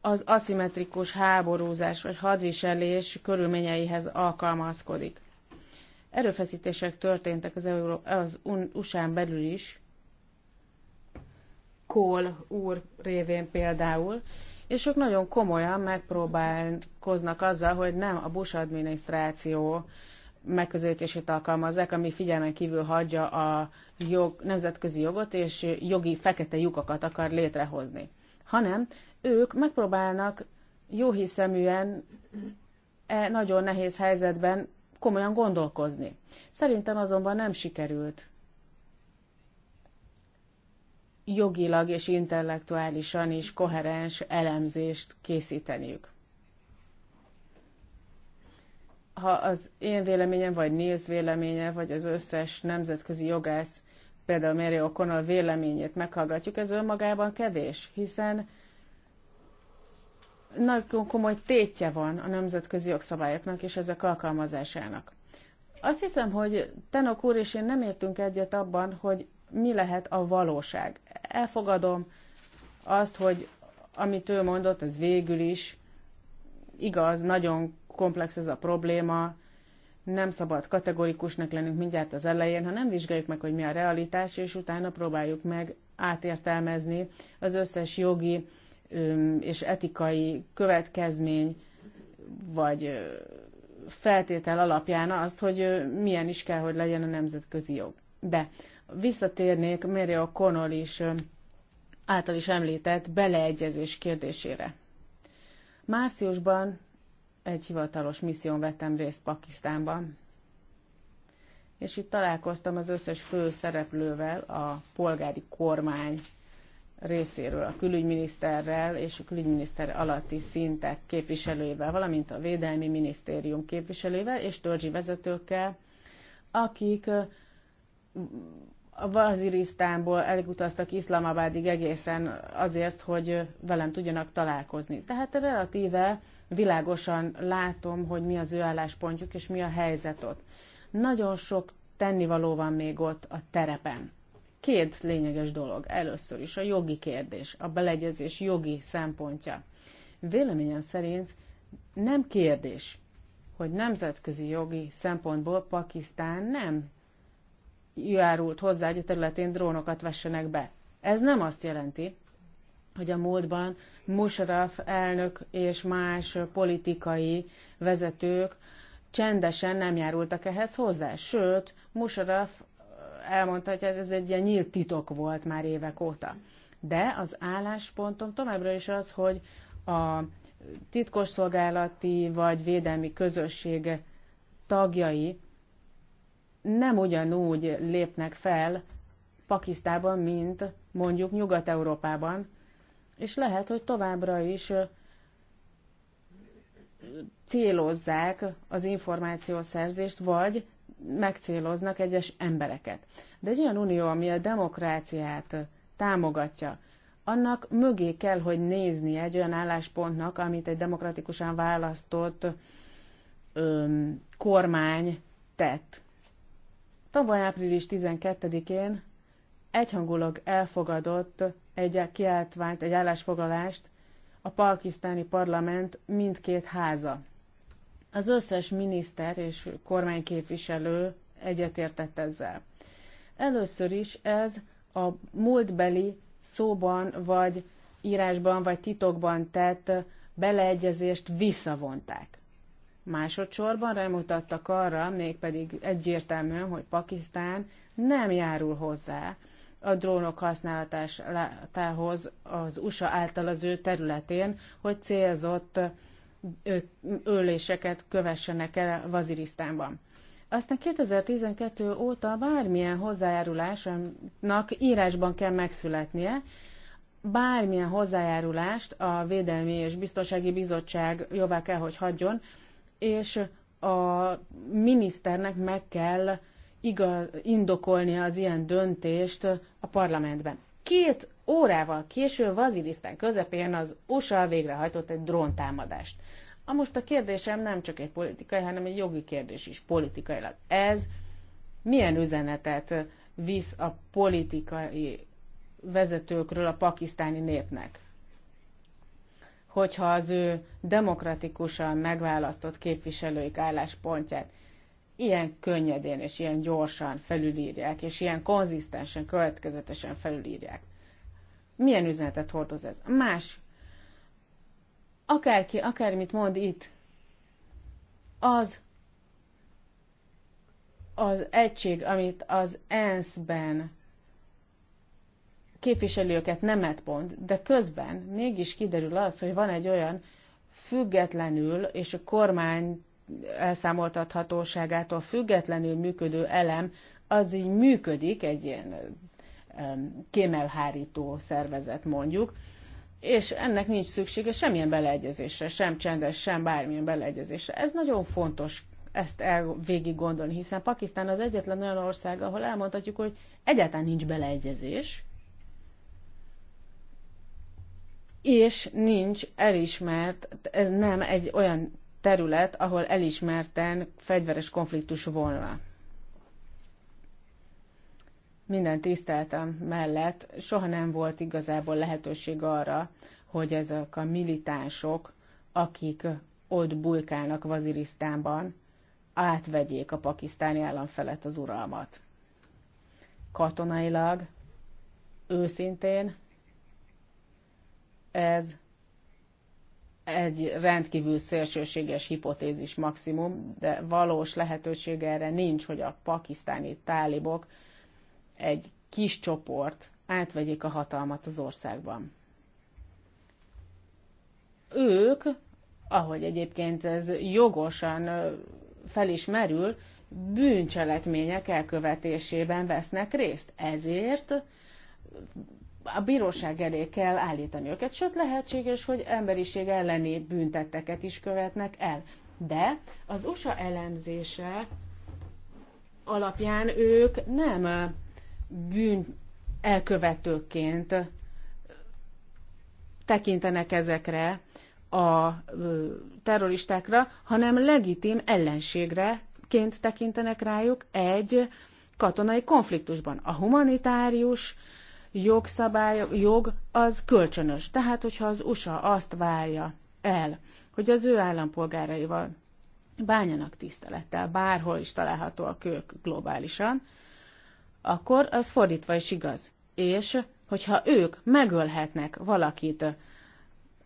az aszimmetrikus háborúzás vagy hadviselés körülményeihez alkalmazkodik. Erőfeszítések történtek az, Euró- az USA-n belül is, Kohl úr révén például, és ők nagyon komolyan megpróbálkoznak azzal, hogy nem a Bush adminisztráció megközelítését alkalmazzák, ami figyelmen kívül hagyja a jog, nemzetközi jogot, és jogi fekete lyukakat akar létrehozni. Hanem ők megpróbálnak jóhiszeműen e nagyon nehéz helyzetben komolyan gondolkozni. Szerintem azonban nem sikerült jogilag és intellektuálisan is koherens elemzést készíteniük. Ha az én véleményem, vagy Nils véleménye, vagy az összes nemzetközi jogász, például Mary O'Connell véleményét meghallgatjuk, ez önmagában kevés, hiszen nagyon komoly tétje van a nemzetközi jogszabályoknak és ezek alkalmazásának. Azt hiszem, hogy Tenok úr és én nem értünk egyet abban, hogy mi lehet a valóság. Elfogadom azt, hogy amit ő mondott, ez végül is igaz, nagyon komplex ez a probléma, nem szabad kategorikusnak lennünk mindjárt az elején, ha nem vizsgáljuk meg, hogy mi a realitás, és utána próbáljuk meg átértelmezni az összes jogi és etikai következmény vagy feltétel alapján azt, hogy milyen is kell, hogy legyen a nemzetközi jog. De visszatérnék Mary O'Connell is által is említett beleegyezés kérdésére. Márciusban egy hivatalos misszión vettem részt Pakisztánban, és itt találkoztam az összes fő szereplővel, a polgári kormány részéről, a külügyminiszterrel és a külügyminiszter alatti szintek képviselőivel, valamint a Védelmi Minisztérium képviselőivel és törzsi vezetőkkel, akik a Bazirisztánból elutaztak Iszlamabádig egészen azért, hogy velem tudjanak találkozni. Tehát relatíve világosan látom, hogy mi az ő álláspontjuk és mi a helyzet ott. Nagyon sok tennivaló van még ott a terepen. Két lényeges dolog. Először is a jogi kérdés, a beleegyezés jogi szempontja. Véleményem szerint nem kérdés, hogy nemzetközi jogi szempontból Pakisztán nem járult hozzá, hogy a területén drónokat vessenek be. Ez nem azt jelenti, hogy a múltban Musharraf elnök és más politikai vezetők csendesen nem járultak ehhez hozzá. Sőt, Musharraf elmondta, hogy ez egy ilyen nyílt titok volt már évek óta. De az álláspontom továbbra is az, hogy a titkosszolgálati vagy védelmi közösség tagjai nem ugyanúgy lépnek fel Pakisztában, mint mondjuk Nyugat-Európában, és lehet, hogy továbbra is célozzák az információszerzést, vagy megcéloznak egyes embereket. De egy olyan unió, ami a demokráciát támogatja, annak mögé kell, hogy nézni egy olyan álláspontnak, amit egy demokratikusan választott öm, kormány tett. Tavaly április 12-én egyhangulag elfogadott egy kiáltványt, egy állásfoglalást a pakisztáni parlament mindkét háza. Az összes miniszter és kormányképviselő egyetértett ezzel. Először is ez a múltbeli szóban, vagy írásban, vagy titokban tett beleegyezést visszavonták. Másodszorban remutattak arra, mégpedig egyértelműen, hogy Pakisztán nem járul hozzá a drónok használatához az USA által az ő területén, hogy célzott öléseket kövessenek el Vazirisztánban. Aztán 2012 óta bármilyen hozzájárulásnak írásban kell megszületnie, bármilyen hozzájárulást a Védelmi és Biztonsági Bizottság jobbá kell, hogy hagyjon és a miniszternek meg kell igaz, indokolnia az ilyen döntést a parlamentben. Két órával később Vazilisztán közepén az USA végrehajtott egy dróntámadást. A most a kérdésem nem csak egy politikai, hanem egy jogi kérdés is politikailag. Ez milyen üzenetet visz a politikai vezetőkről a pakisztáni népnek? hogyha az ő demokratikusan megválasztott képviselőik álláspontját ilyen könnyedén és ilyen gyorsan felülírják, és ilyen konzisztensen, következetesen felülírják. Milyen üzenetet hordoz ez? Más, akárki, akármit mond itt, az az egység, amit az ENSZ-ben képviseli őket nemet pont, de közben mégis kiderül az, hogy van egy olyan függetlenül és a kormány elszámoltathatóságától függetlenül működő elem, az így működik, egy ilyen kémelhárító szervezet mondjuk, és ennek nincs szüksége semmilyen beleegyezésre, sem csendes, sem bármilyen beleegyezésre. Ez nagyon fontos ezt el végig gondolni, hiszen Pakisztán az egyetlen olyan ország, ahol elmondhatjuk, hogy egyáltalán nincs beleegyezés, és nincs elismert, ez nem egy olyan terület, ahol elismerten fegyveres konfliktus volna. Minden tiszteltem mellett soha nem volt igazából lehetőség arra, hogy ezek a militánsok, akik ott bujkálnak Vazirisztánban, átvegyék a pakisztáni állam felett az uralmat. Katonailag, őszintén, ez egy rendkívül szélsőséges hipotézis maximum, de valós lehetőség erre nincs, hogy a pakisztáni tálibok egy kis csoport átvegyék a hatalmat az országban. Ők, ahogy egyébként ez jogosan felismerül, bűncselekmények elkövetésében vesznek részt. Ezért a bíróság elé kell állítani őket, sőt lehetséges, hogy emberiség elleni büntetteket is követnek el. De az USA elemzése alapján ők nem bűn elkövetőként tekintenek ezekre a terroristákra, hanem legitim ellenségreként tekintenek rájuk egy katonai konfliktusban. A humanitárius uh, jogszabály, jog az kölcsönös. Tehát, hogyha az USA azt várja el, hogy az ő állampolgáraival bánjanak tisztelettel, bárhol is található a kők globálisan, akkor az fordítva is igaz. És hogyha ők megölhetnek valakit,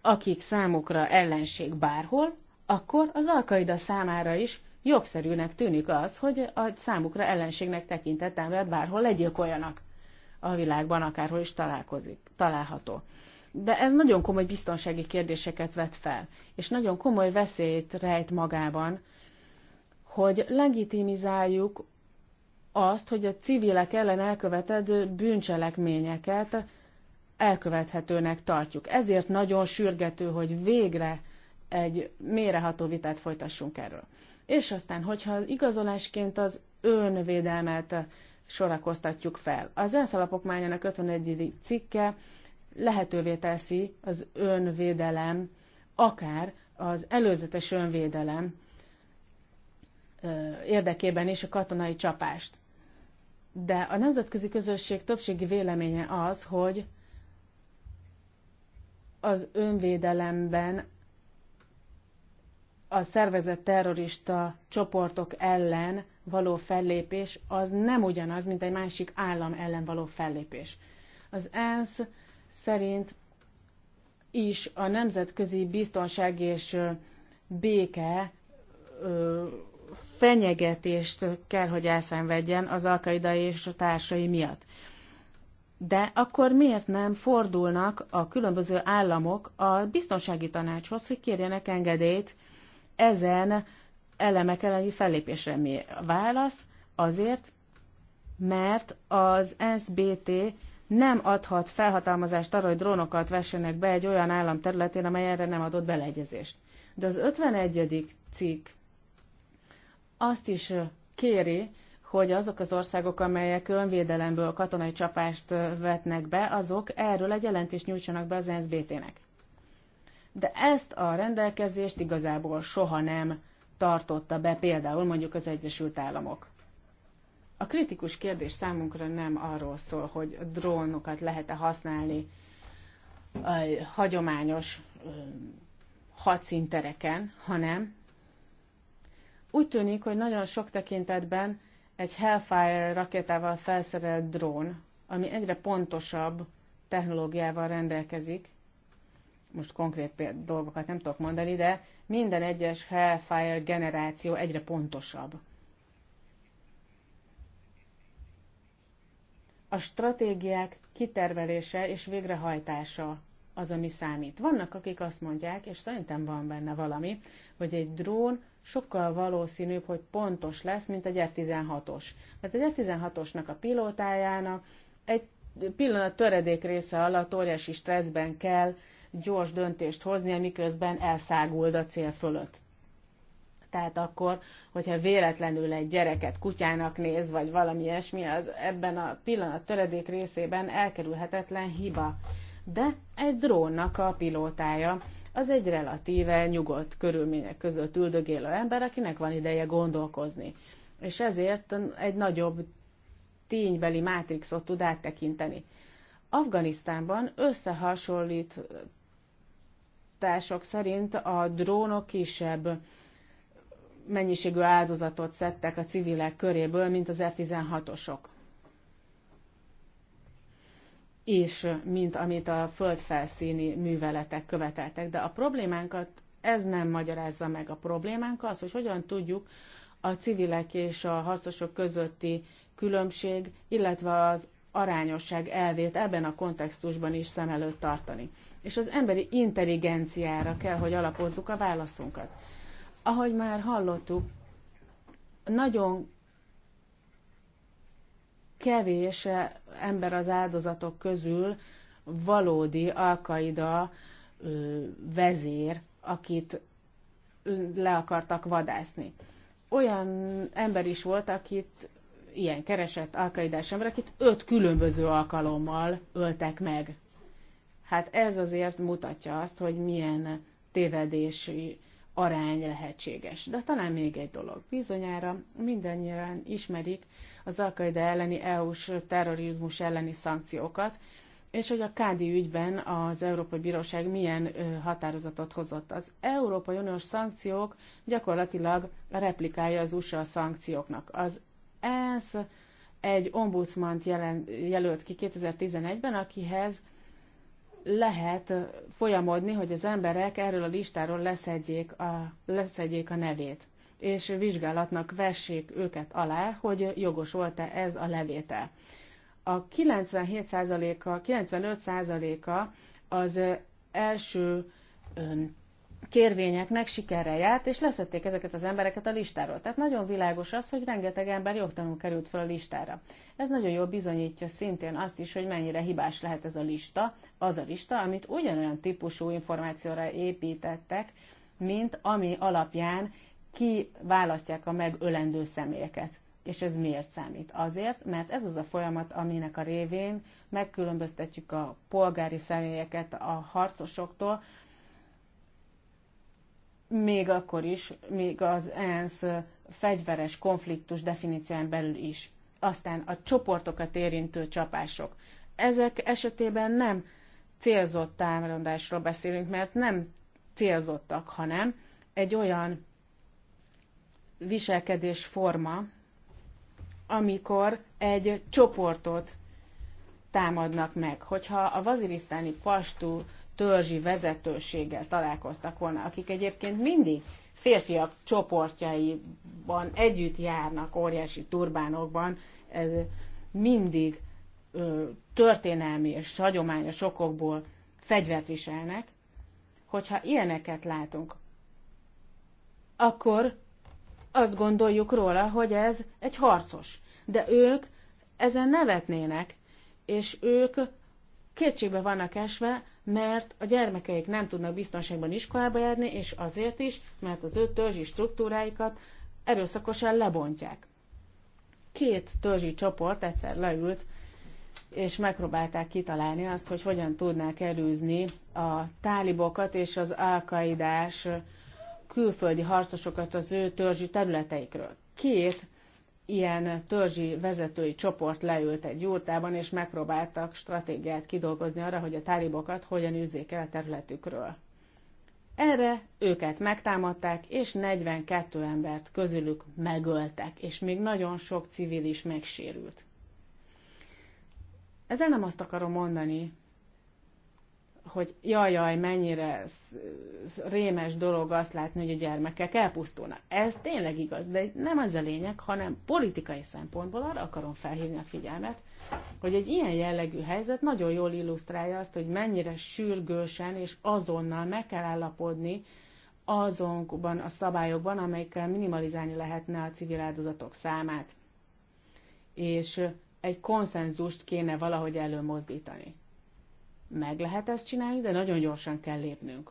akik számukra ellenség bárhol, akkor az alkaida számára is jogszerűnek tűnik az, hogy a számukra ellenségnek tekintett ember bárhol legyilkoljanak a világban akárhol is találkozik, található. De ez nagyon komoly biztonsági kérdéseket vet fel, és nagyon komoly veszélyt rejt magában, hogy legitimizáljuk azt, hogy a civilek ellen elkövetett bűncselekményeket elkövethetőnek tartjuk. Ezért nagyon sürgető, hogy végre egy méreható vitát folytassunk erről. És aztán, hogyha igazolásként az önvédelmet sorakoztatjuk fel. Az ENSZ alapokmányának 51. cikke lehetővé teszi az önvédelem, akár az előzetes önvédelem érdekében is a katonai csapást. De a nemzetközi közösség többségi véleménye az, hogy az önvédelemben a szervezett terrorista csoportok ellen való fellépés az nem ugyanaz, mint egy másik állam ellen való fellépés. Az ENSZ szerint is a nemzetközi biztonság és béke fenyegetést kell, hogy elszenvedjen az alkaida és a társai miatt. De akkor miért nem fordulnak a különböző államok a biztonsági tanácshoz, hogy kérjenek engedélyt ezen elemek elleni fellépésre mi a válasz? Azért, mert az SBT nem adhat felhatalmazást arra, hogy drónokat vessenek be egy olyan állam területén, amely erre nem adott beleegyezést. De az 51. cikk azt is kéri, hogy azok az országok, amelyek önvédelemből katonai csapást vetnek be, azok erről egy jelentést nyújtsanak be az SBT-nek. De ezt a rendelkezést igazából soha nem tartotta be például mondjuk az Egyesült Államok. A kritikus kérdés számunkra nem arról szól, hogy drónokat lehet-e használni a hagyományos hadszíntereken, hanem úgy tűnik, hogy nagyon sok tekintetben egy Hellfire rakétával felszerelt drón, ami egyre pontosabb technológiával rendelkezik, most konkrét dolgokat nem tudok mondani, de minden egyes Hellfire generáció egyre pontosabb. A stratégiák kitervelése és végrehajtása az, ami számít. Vannak, akik azt mondják, és szerintem van benne valami, hogy egy drón sokkal valószínűbb, hogy pontos lesz, mint egy F-16-os. Mert egy F-16-osnak a pilótájának egy pillanat töredék része alatt óriási stresszben kell gyors döntést hoznia, amiközben elszáguld a cél fölött. Tehát akkor, hogyha véletlenül egy gyereket kutyának néz, vagy valami ilyesmi, az ebben a pillanat töredék részében elkerülhetetlen hiba. De egy drónnak a pilótája az egy relatíve nyugodt körülmények között üldögélő ember, akinek van ideje gondolkozni. És ezért egy nagyobb ténybeli mátrixot tud áttekinteni. Afganisztánban összehasonlít kutatások szerint a drónok kisebb mennyiségű áldozatot szedtek a civilek köréből, mint az F-16-osok. És mint amit a földfelszíni műveletek követeltek. De a problémánkat ez nem magyarázza meg. A problémánk az, hogy hogyan tudjuk a civilek és a harcosok közötti különbség, illetve az arányosság elvét ebben a kontextusban is szem előtt tartani. És az emberi intelligenciára kell, hogy alapozzuk a válaszunkat. Ahogy már hallottuk, nagyon kevés ember az áldozatok közül valódi alkaida vezér, akit le akartak vadászni. Olyan ember is volt, akit ilyen keresett alkaidás akit öt különböző alkalommal öltek meg. Hát ez azért mutatja azt, hogy milyen tévedési arány lehetséges. De talán még egy dolog. Bizonyára mindannyian ismerik az alkaida elleni EU-s terrorizmus elleni szankciókat, és hogy a Kádi ügyben az Európai Bíróság milyen határozatot hozott. Az Európai Uniós szankciók gyakorlatilag replikálja az USA szankcióknak. Az ENSZ egy ombudsmant jelen, jelölt ki 2011-ben, akihez lehet folyamodni, hogy az emberek erről a listáról leszedjék a, leszedjék a nevét, és vizsgálatnak vessék őket alá, hogy jogos volt-e ez a levétel. A 97%-a, 95%-a az első kérvényeknek sikerrel járt, és leszették ezeket az embereket a listáról. Tehát nagyon világos az, hogy rengeteg ember jogtalanul került fel a listára. Ez nagyon jól bizonyítja szintén azt is, hogy mennyire hibás lehet ez a lista, az a lista, amit ugyanolyan típusú információra építettek, mint ami alapján ki választják a megölendő személyeket. És ez miért számít? Azért, mert ez az a folyamat, aminek a révén megkülönböztetjük a polgári személyeket a harcosoktól, még akkor is, még az ENSZ fegyveres konfliktus definícián belül is. Aztán a csoportokat érintő csapások. Ezek esetében nem célzott támadásról beszélünk, mert nem célzottak, hanem egy olyan viselkedés forma, amikor egy csoportot támadnak meg. Hogyha a vazirisztáni pastú törzsi vezetőséggel találkoztak volna, akik egyébként mindig férfiak csoportjaiban együtt járnak óriási turbánokban, ez mindig ö, történelmi és hagyományos okokból fegyvert viselnek, hogyha ilyeneket látunk, akkor azt gondoljuk róla, hogy ez egy harcos. De ők ezen nevetnének, és ők kétségbe vannak esve, mert a gyermekeik nem tudnak biztonságban iskolába járni, és azért is, mert az ő törzsi struktúráikat erőszakosan lebontják. Két törzsi csoport egyszer leült, és megpróbálták kitalálni azt, hogy hogyan tudnák előzni a tálibokat és az alkaidás külföldi harcosokat az ő törzsi területeikről. Két ilyen törzsi vezetői csoport leült egy jurtában, és megpróbáltak stratégiát kidolgozni arra, hogy a tálibokat hogyan űzzék el a területükről. Erre őket megtámadták, és 42 embert közülük megöltek, és még nagyon sok civil is megsérült. Ezzel nem azt akarom mondani, hogy jaj, jaj, mennyire rémes dolog azt látni, hogy a gyermekek elpusztulnak. Ez tényleg igaz, de nem az a lényeg, hanem politikai szempontból arra akarom felhívni a figyelmet, hogy egy ilyen jellegű helyzet nagyon jól illusztrálja azt, hogy mennyire sürgősen és azonnal meg kell állapodni azonban a szabályokban, amelyekkel minimalizálni lehetne a civil áldozatok számát. És egy konszenzust kéne valahogy előmozdítani meg lehet ezt csinálni, de nagyon gyorsan kell lépnünk.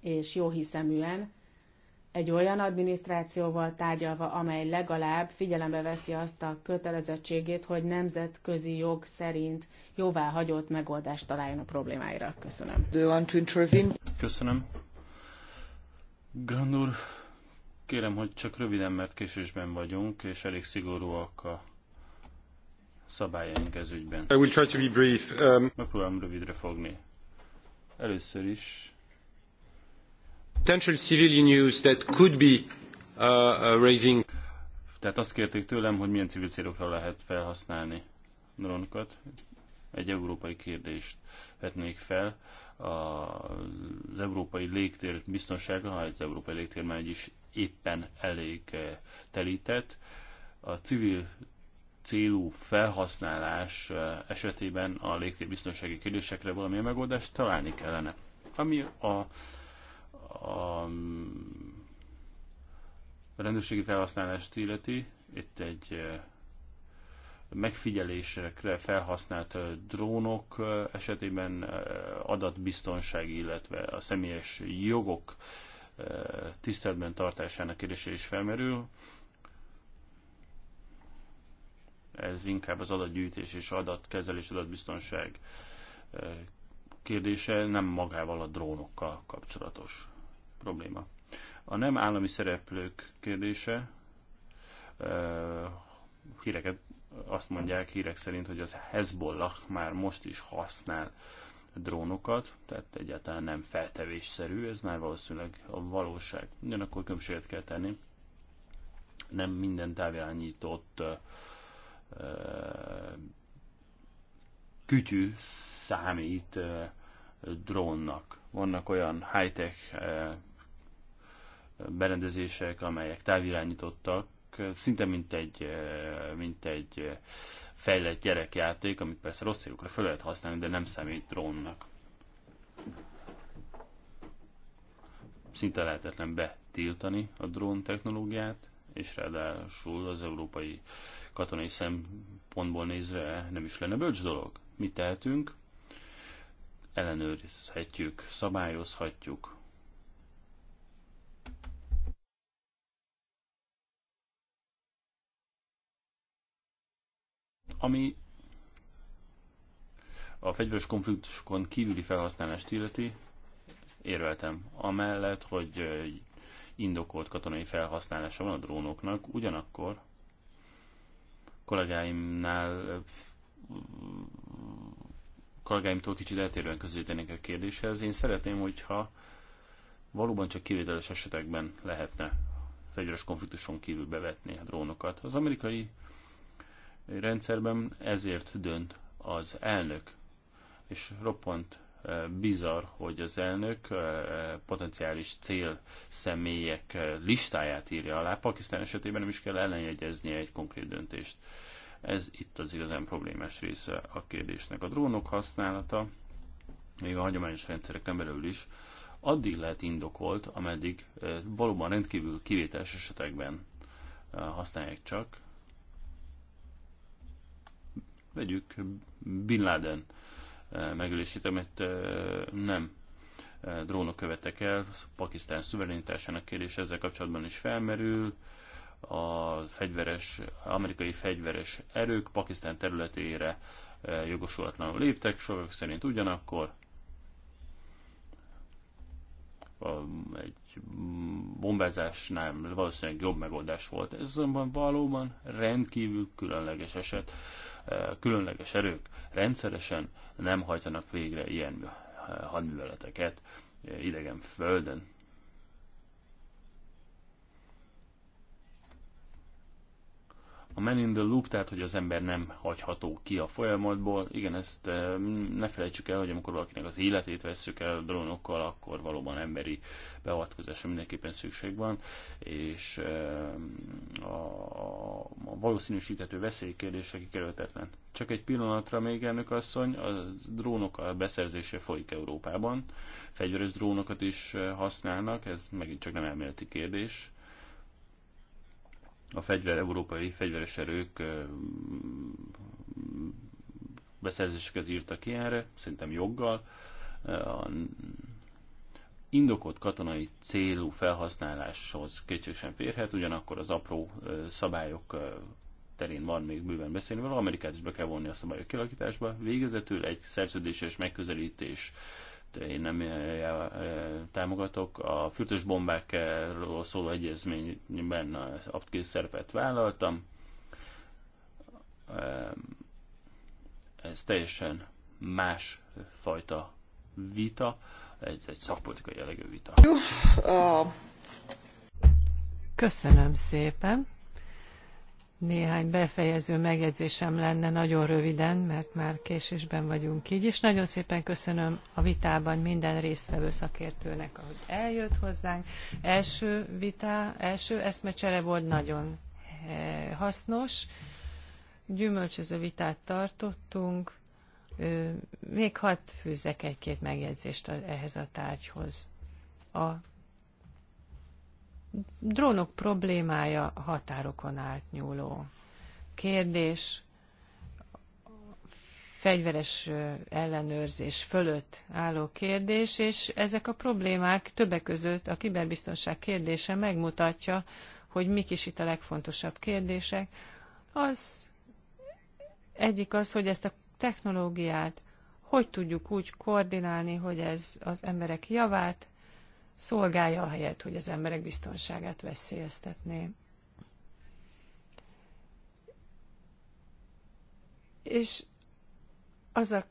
És jó hiszeműen egy olyan adminisztrációval tárgyalva, amely legalább figyelembe veszi azt a kötelezettségét, hogy nemzetközi jog szerint jóvá hagyott megoldást találjon a problémáira. Köszönöm. Do you want to intervene? Köszönöm. Grandur, kérem, hogy csak röviden, mert késésben vagyunk, és elég szigorúak a szabályaink ez ügyben. I will try to be brief. Um... Megpróbálom rövidre fogni. Először is. Potential civilian use that could be uh, uh, raising. Tehát azt kérték tőlem, hogy milyen civil célokra lehet felhasználni drónokat. Egy európai kérdést vetnék fel. A, Az európai légtér biztonsága, ha az európai légtér már egy is éppen elég telített, a civil célú felhasználás esetében a légtérbiztonsági kérdésekre valamilyen megoldást találni kellene. Ami a, a rendőrségi felhasználást illeti, itt egy megfigyelésekre felhasznált drónok esetében adatbiztonsági, illetve a személyes jogok tiszteletben tartásának kérdése is felmerül ez inkább az adatgyűjtés és adatkezelés, adatbiztonság kérdése, nem magával a drónokkal kapcsolatos probléma. A nem állami szereplők kérdése, híreket azt mondják hírek szerint, hogy az Hezbollah már most is használ drónokat, tehát egyáltalán nem feltevésszerű, ez már valószínűleg a valóság. Ugyanakkor különbséget kell tenni. Nem minden távirányított kütyű számít drónnak. Vannak olyan high-tech berendezések, amelyek távirányítottak, szinte mint egy, mint egy fejlett gyerekjáték, amit persze rossz célokra fel lehet használni, de nem számít drónnak. Szinte lehetetlen betiltani a drón technológiát, és ráadásul az európai katonai szempontból nézve nem is lenne bölcs dolog. Mit tehetünk? Ellenőrizhetjük, szabályozhatjuk. Ami a fegyveres konfliktusokon kívüli felhasználást illeti, érveltem. Amellett, hogy indokolt katonai felhasználása van a drónoknak, ugyanakkor kollégáimnál kollégáimtól kicsit eltérően közelítenék a kérdéshez. Én szeretném, hogyha valóban csak kivételes esetekben lehetne fegyveres konfliktuson kívül bevetni a drónokat. Az amerikai rendszerben ezért dönt az elnök, és roppant bizarr, hogy az elnök potenciális cél személyek listáját írja alá. Pakisztán esetében nem is kell ellenjegyezni egy konkrét döntést. Ez itt az igazán problémás része a kérdésnek. A drónok használata, még a hagyományos rendszereken belül is, addig lehet indokolt, ameddig valóban rendkívül kivételes esetekben használják csak. Vegyük Bin Laden megülését, amit nem drónok követek el. Pakisztán szuverenitásának kérdés ezzel kapcsolatban is felmerül. A fegyveres, amerikai fegyveres erők Pakisztán területére jogosulatlanul léptek, sokak szerint ugyanakkor a, egy nem valószínűleg jobb megoldás volt. Ez azonban valóban rendkívül különleges eset különleges erők rendszeresen nem hajtanak végre ilyen eh, hadműveleteket eh, idegen földön. A man in the loop, tehát hogy az ember nem hagyható ki a folyamatból. Igen, ezt eh, ne felejtsük el, hogy amikor valakinek az életét vesszük el drónokkal, akkor valóban emberi beavatkozásra mindenképpen szükség van, és eh, a, a, veszélykérdés, valószínűsítető veszélykérdése Csak egy pillanatra még, elnök asszony, a drónok a beszerzése folyik Európában. Fegyveres drónokat is eh, használnak, ez megint csak nem elméleti kérdés a fegyver, európai fegyveres erők beszerzéseket írtak erre, szerintem joggal. A indokolt katonai célú felhasználáshoz kétség sem férhet, ugyanakkor az apró szabályok terén van még bőven beszélni való, Amerikát is be kell vonni a szabályok kialakításba. Végezetül egy szerződéses megközelítés én nem eh, eh, támogatok. A fürtös bombákról szóló egyezményben aktív szerepet vállaltam. Eh, ez teljesen más fajta vita, ez egy szakpolitikai jellegű vita. Köszönöm szépen. Néhány befejező megjegyzésem lenne nagyon röviden, mert már késésben vagyunk így, és nagyon szépen köszönöm a vitában minden résztvevő szakértőnek, ahogy eljött hozzánk. Első vita, első eszmecsere volt nagyon eh, hasznos, gyümölcsöző vitát tartottunk, még hadd fűzzek egy-két megjegyzést ehhez a tárgyhoz. A drónok problémája határokon átnyúló kérdés, fegyveres ellenőrzés fölött álló kérdés, és ezek a problémák többek között a kiberbiztonság kérdése megmutatja, hogy mik is itt a legfontosabb kérdések. Az egyik az, hogy ezt a technológiát hogy tudjuk úgy koordinálni, hogy ez az emberek javát szolgálja a helyet, hogy az emberek biztonságát veszélyeztetné. És az a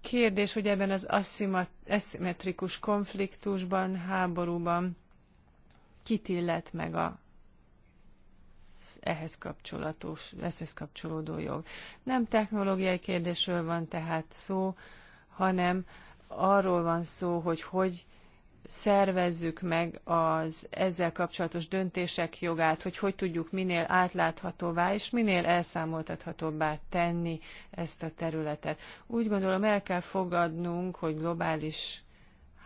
kérdés, hogy ebben az aszimmetrikus konfliktusban, háborúban kit illet meg a ehhez kapcsolatos, ehhez kapcsolódó jog. Nem technológiai kérdésről van tehát szó, hanem arról van szó, hogy hogy szervezzük meg az ezzel kapcsolatos döntések jogát, hogy hogy tudjuk minél átláthatóvá és minél elszámoltathatóbbá tenni ezt a területet. Úgy gondolom el kell fogadnunk, hogy globális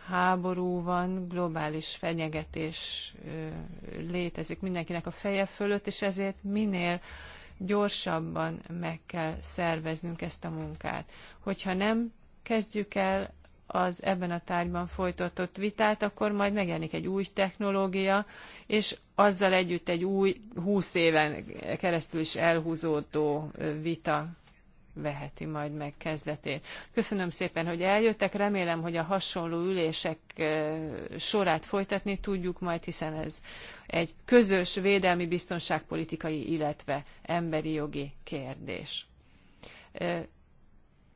háború van, globális fenyegetés létezik mindenkinek a feje fölött, és ezért minél gyorsabban meg kell szerveznünk ezt a munkát. Hogyha nem kezdjük el az ebben a tárgyban folytatott vitát, akkor majd megjelenik egy új technológia, és azzal együtt egy új, húsz éven keresztül is elhúzódó vita veheti majd meg kezdetét. Köszönöm szépen, hogy eljöttek, remélem, hogy a hasonló ülések sorát folytatni tudjuk majd, hiszen ez egy közös védelmi biztonságpolitikai, illetve emberi jogi kérdés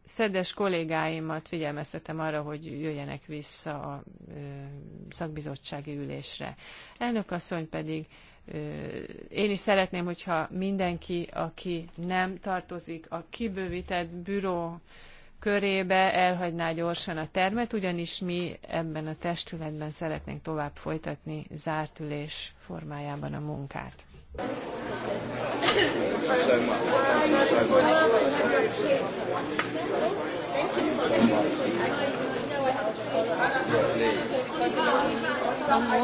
szedes kollégáimat figyelmeztetem arra, hogy jöjjenek vissza a szakbizottsági ülésre. Elnök asszony pedig én is szeretném, hogyha mindenki, aki nem tartozik a kibővített büró körébe, elhagyná gyorsan a termet, ugyanis mi ebben a testületben szeretnénk tovább folytatni zárt ülés formájában a munkát. Köszönöm. Thank you.